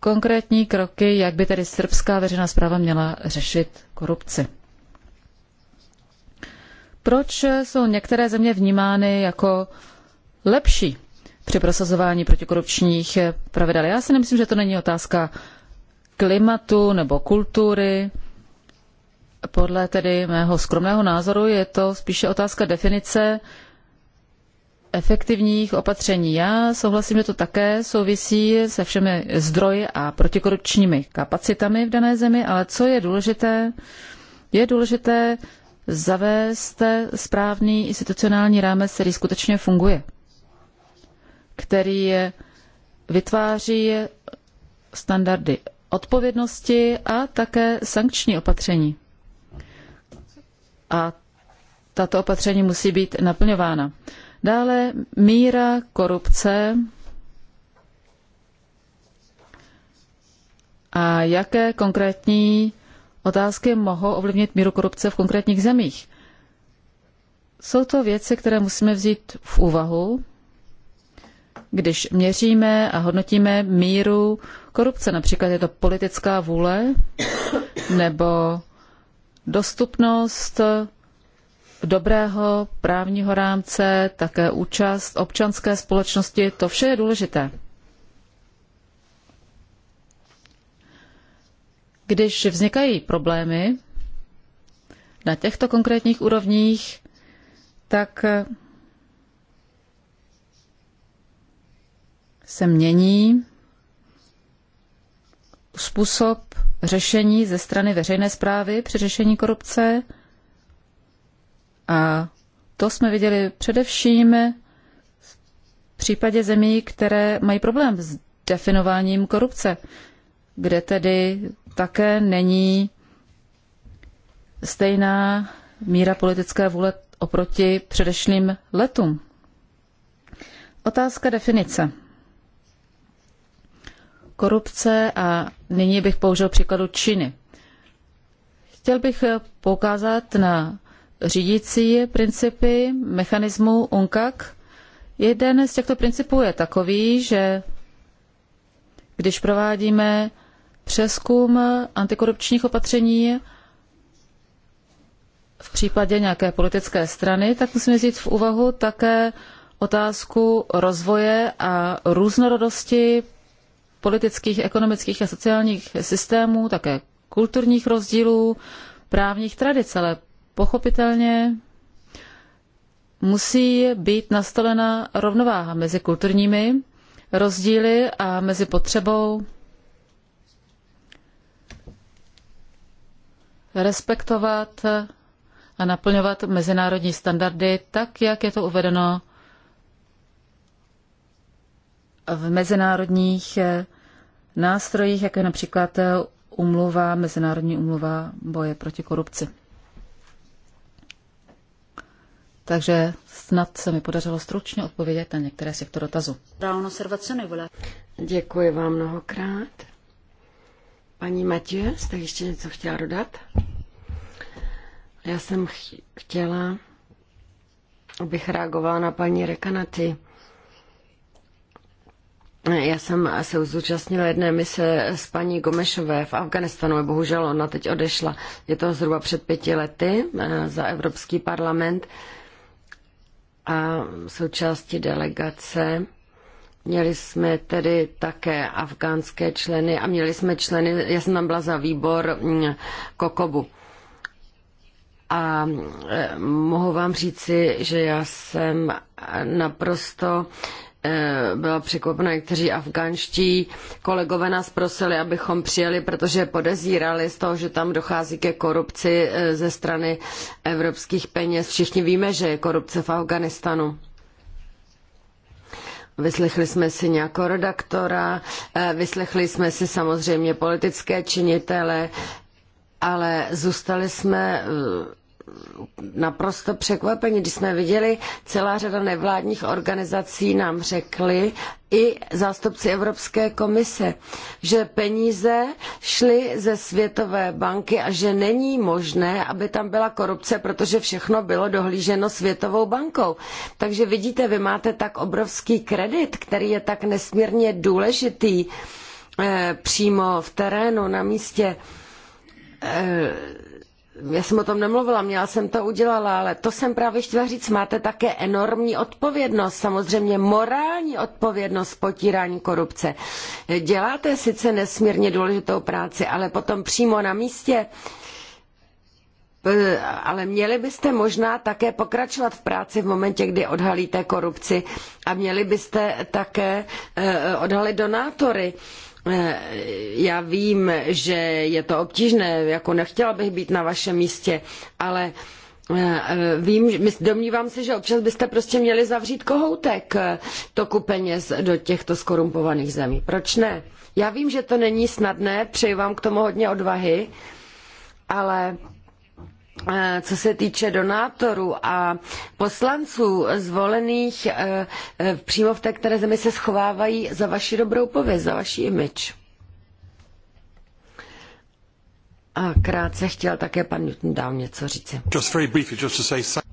konkrétní kroky, jak by tedy srbská veřejná zpráva měla řešit korupci. Proč jsou některé země vnímány jako lepší při prosazování protikorupčních pravidel? Já si nemyslím, že to není otázka klimatu nebo kultury. Podle tedy mého skromného názoru je to spíše otázka definice efektivních opatření. Já souhlasím, že to také souvisí se všemi zdroji a protikorupčními kapacitami v dané zemi, ale co je důležité, je důležité zavést správný institucionální rámec, který skutečně funguje, který vytváří standardy odpovědnosti a také sankční opatření. A tato opatření musí být naplňována. Dále míra korupce a jaké konkrétní otázky mohou ovlivnit míru korupce v konkrétních zemích. Jsou to věci, které musíme vzít v úvahu, když měříme a hodnotíme míru korupce. Například je to politická vůle nebo dostupnost dobrého právního rámce, také účast občanské společnosti, to vše je důležité. Když vznikají problémy na těchto konkrétních úrovních, tak se mění způsob řešení ze strany veřejné zprávy při řešení korupce. A to jsme viděli především v případě zemí, které mají problém s definováním korupce, kde tedy také není stejná míra politické vůle oproti předešlým letům. Otázka definice. Korupce a nyní bych použil příkladu Číny. Chtěl bych poukázat na řídící principy mechanismu UNCAC. Jeden z těchto principů je takový, že když provádíme přeskum antikorupčních opatření v případě nějaké politické strany, tak musíme vzít v úvahu také otázku rozvoje a různorodosti politických, ekonomických a sociálních systémů, také kulturních rozdílů, právních tradic, ale pochopitelně musí být nastolena rovnováha mezi kulturními rozdíly a mezi potřebou respektovat a naplňovat mezinárodní standardy tak, jak je to uvedeno v mezinárodních nástrojích, jako je například umluva, mezinárodní umluva boje proti korupci. Takže snad se mi podařilo stručně odpovědět na některé z těchto dotazů. Děkuji vám mnohokrát. Paní Matěje, jste ještě něco chtěla dodat? Já jsem ch- chtěla, abych reagovala na paní Rekanaty. Já jsem se zúčastnila jedné mise s paní Gomešové v Afganistanu, bohužel ona teď odešla. Je to zhruba před pěti lety eh, za Evropský parlament a součástí delegace. Měli jsme tedy také afgánské členy a měli jsme členy, já jsem tam byla za výbor mm, Kokobu. A eh, mohu vám říci, že já jsem naprosto Eh, byla překvapena, někteří afgánští kolegové nás prosili, abychom přijeli, protože podezírali z toho, že tam dochází ke korupci eh, ze strany evropských peněz. Všichni víme, že je korupce v Afghánistánu. Vyslechli jsme si nějakého redaktora, eh, vyslechli jsme si samozřejmě politické činitele, ale zůstali jsme naprosto překvapeni, když jsme viděli, celá řada nevládních organizací nám řekli, i zástupci Evropské komise, že peníze šly ze Světové banky a že není možné, aby tam byla korupce, protože všechno bylo dohlíženo Světovou bankou. Takže vidíte, vy máte tak obrovský kredit, který je tak nesmírně důležitý eh, přímo v terénu, na místě. E, já jsem o tom nemluvila, měla jsem to udělala, ale to jsem právě chtěla říct, máte také enormní odpovědnost, samozřejmě morální odpovědnost potírání korupce. Děláte sice nesmírně důležitou práci, ale potom přímo na místě eh, ale měli byste možná také pokračovat v práci v momentě, kdy odhalíte korupci a měli byste také eh, odhalit donátory Eh, já vím, že je to obtížné, jako nechtěla bych být na vašem místě, ale eh, eh, Vím, domnívám se, že občas byste prostě měli zavřít kohoutek toku peněz do těchto skorumpovaných zemí. Proč ne? Já vím, že to není snadné, přeji vám k tomu hodně odvahy, ale Eh, co se týče donátorů a poslanců zvolených eh, eh, přímo v té které zemi se schovávají za vaši dobrou pověst, za vaši image. A krátce chtěl také pan Newton Down něco říci.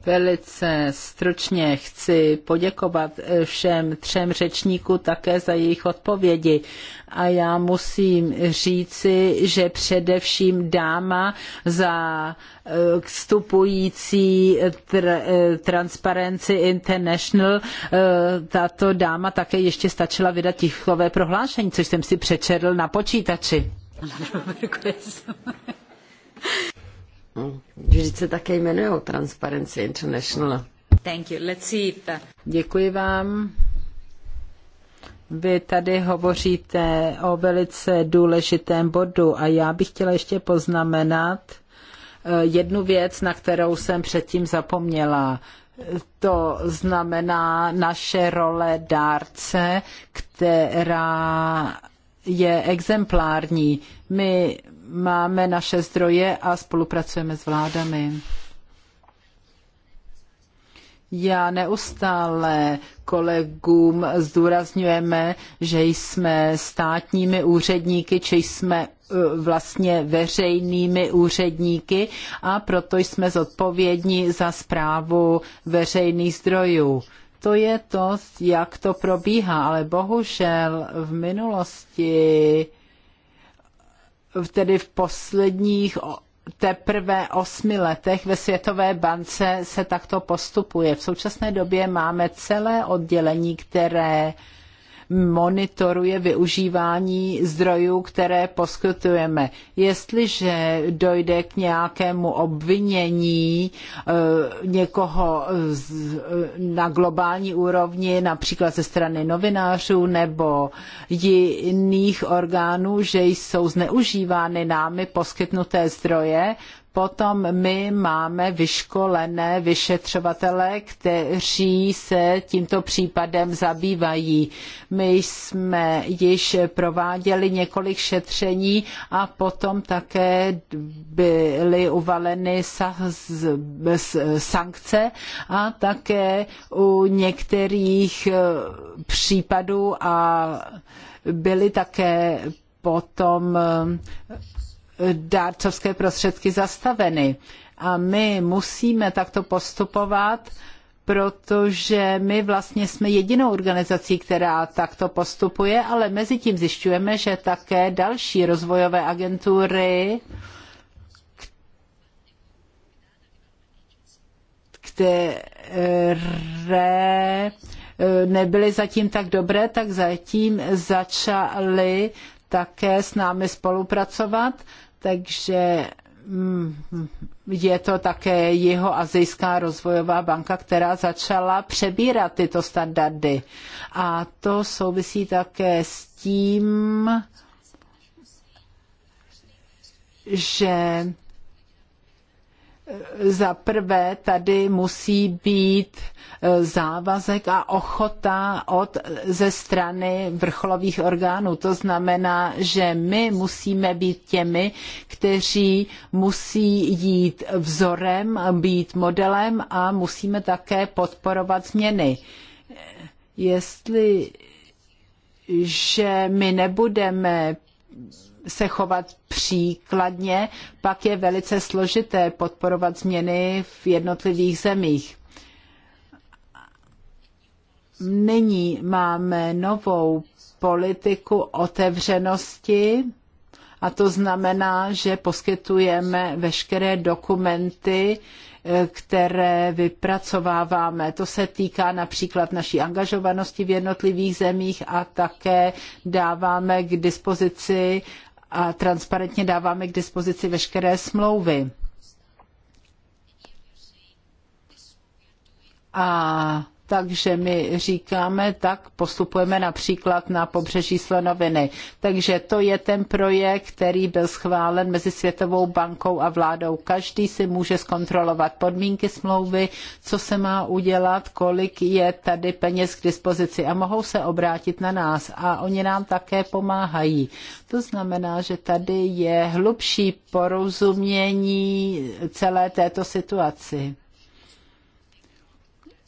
Velice stručně chci poděkovat eh, všem třem řečníkům také za jejich odpovědi. A já musím říci, že především dáma za eh, vstupující tr- eh, Transparency International, tato dáma také ještě stačila vydat tichové prohlášení, což jsem si přečetl na počítači. No. Vždyť se také jmenují Transparency International. Thank you. Let's see uh, Děkuji vám. Vy tady hovoříte o velice důležitém bodu a já bych chtěla ještě poznamenat eh, jednu věc, na kterou jsem předtím zapomněla. To znamená naše role dárce, která je exemplární. My máme naše zdroje a spolupracujeme s vládami. Já neustále kolegům zdůrazňujeme, že jsme státními úředníky, či jsme e, vlastně veřejnými úředníky a proto jsme zodpovědní za správu veřejných zdrojů to je to, jak to probíhá, ale bohužel v minulosti, tedy v posledních teprve osmi letech ve Světové bance se takto postupuje. V současné době máme celé oddělení, které monitoruje využívání zdrojů, které poskytujeme. Jestliže dojde k nějakému obvinění eh, někoho na globální úrovni, například ze strany novinářů nebo jiných orgánů, že jsou zneužívány námi poskytnuté zdroje, potom my máme vyškolené vyšetřovatele, kteří se tímto případem zabývají. My jsme již prováděli několik šetření a potom také byly uvaleny sankce a také u některých eh, případů a byly také potom eh, dárcovské prostředky zastaveny. A my musíme takto postupovat, protože my vlastně jsme jedinou organizací, která takto postupuje, ale mezi tím zjišťujeme, že také další rozvojové agentury, které eh, nebyly zatím tak dobré, tak zatím začaly také s námi spolupracovat takže mm, mm, je to také jeho azijská rozvojová banka, která začala přebírat tyto standardy. A to souvisí také s tím, že za prvé tady musí být e, závazek a ochota od, ze strany vrcholových orgánů. To znamená, že my musíme být těmi, kteří musí jít vzorem, být modelem a musíme také podporovat změny. Jestli že my nebudeme se chovat příkladně, pak je velice složité podporovat změny v jednotlivých zemích. Nyní máme novou politiku otevřenosti a to znamená, že poskytujeme veškeré dokumenty, které vypracováváme. To se týká například naší angažovanosti v jednotlivých zemích a také dáváme k dispozici a transparentně dáváme k dispozici veškeré smlouvy. A takže my říkáme, tak postupujeme například na pobřeží Slonoviny. Takže to je ten projekt, který byl schválen mezi Světovou bankou a vládou. Každý si může zkontrolovat podmínky smlouvy, co se má udělat, kolik je tady peněz k dispozici a mohou se obrátit na nás a oni nám také pomáhají. To znamená, že tady je hlubší porozumění celé této situaci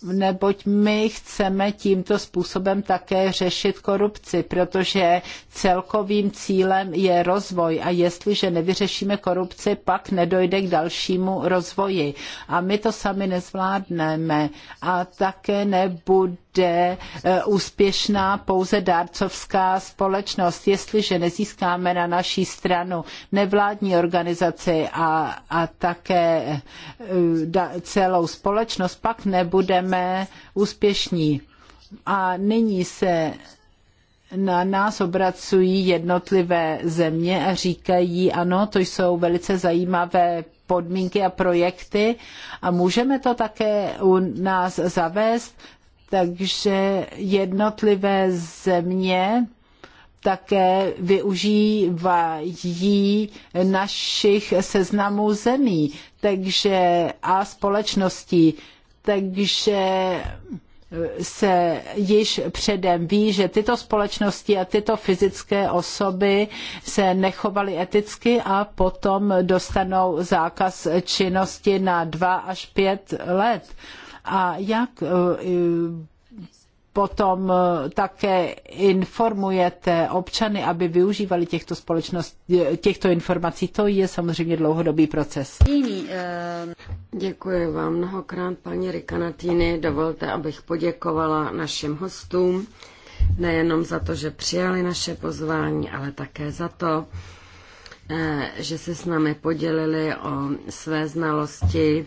neboť my chceme tímto způsobem také řešit korupci, protože celkovým cílem je rozvoj a jestliže nevyřešíme korupci, pak nedojde k dalšímu rozvoji. A my to sami nezvládneme a také nebude bude eh, úspěšná pouze dárcovská společnost. Jestliže nezískáme na naší stranu nevládní organizaci a, a také eh, celou společnost, pak nebudeme úspěšní. A nyní se na nás obracují jednotlivé země a říkají, ano, to jsou velice zajímavé podmínky a projekty a můžeme to také u nás zavést takže jednotlivé země také využívají našich seznamů zemí takže, a společností. Takže se již předem ví, že tyto společnosti a tyto fyzické osoby se nechovaly eticky a potom dostanou zákaz činnosti na dva až pět let a jak e, potom e, také informujete občany, aby využívali těchto společnost, e, těchto informací. To je samozřejmě dlouhodobý proces. Děkuji vám mnohokrát, paní Rikanatýny. Dovolte, abych poděkovala našim hostům, nejenom za to, že přijali naše pozvání, ale také za to, že se s námi podělili o své znalosti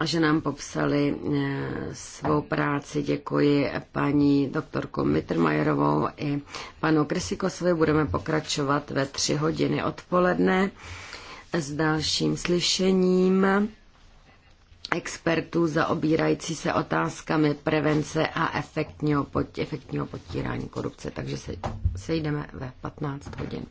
a že nám popsali eh, svou práci. Děkuji paní doktorku Mittermajerovou i panu Krysikosovi. Budeme pokračovat ve tři hodiny odpoledne s dalším slyšením expertů zaobírající se otázkami prevence a efektního, pot, efektního potírání korupce. Takže se, sejdeme ve 15 hodin.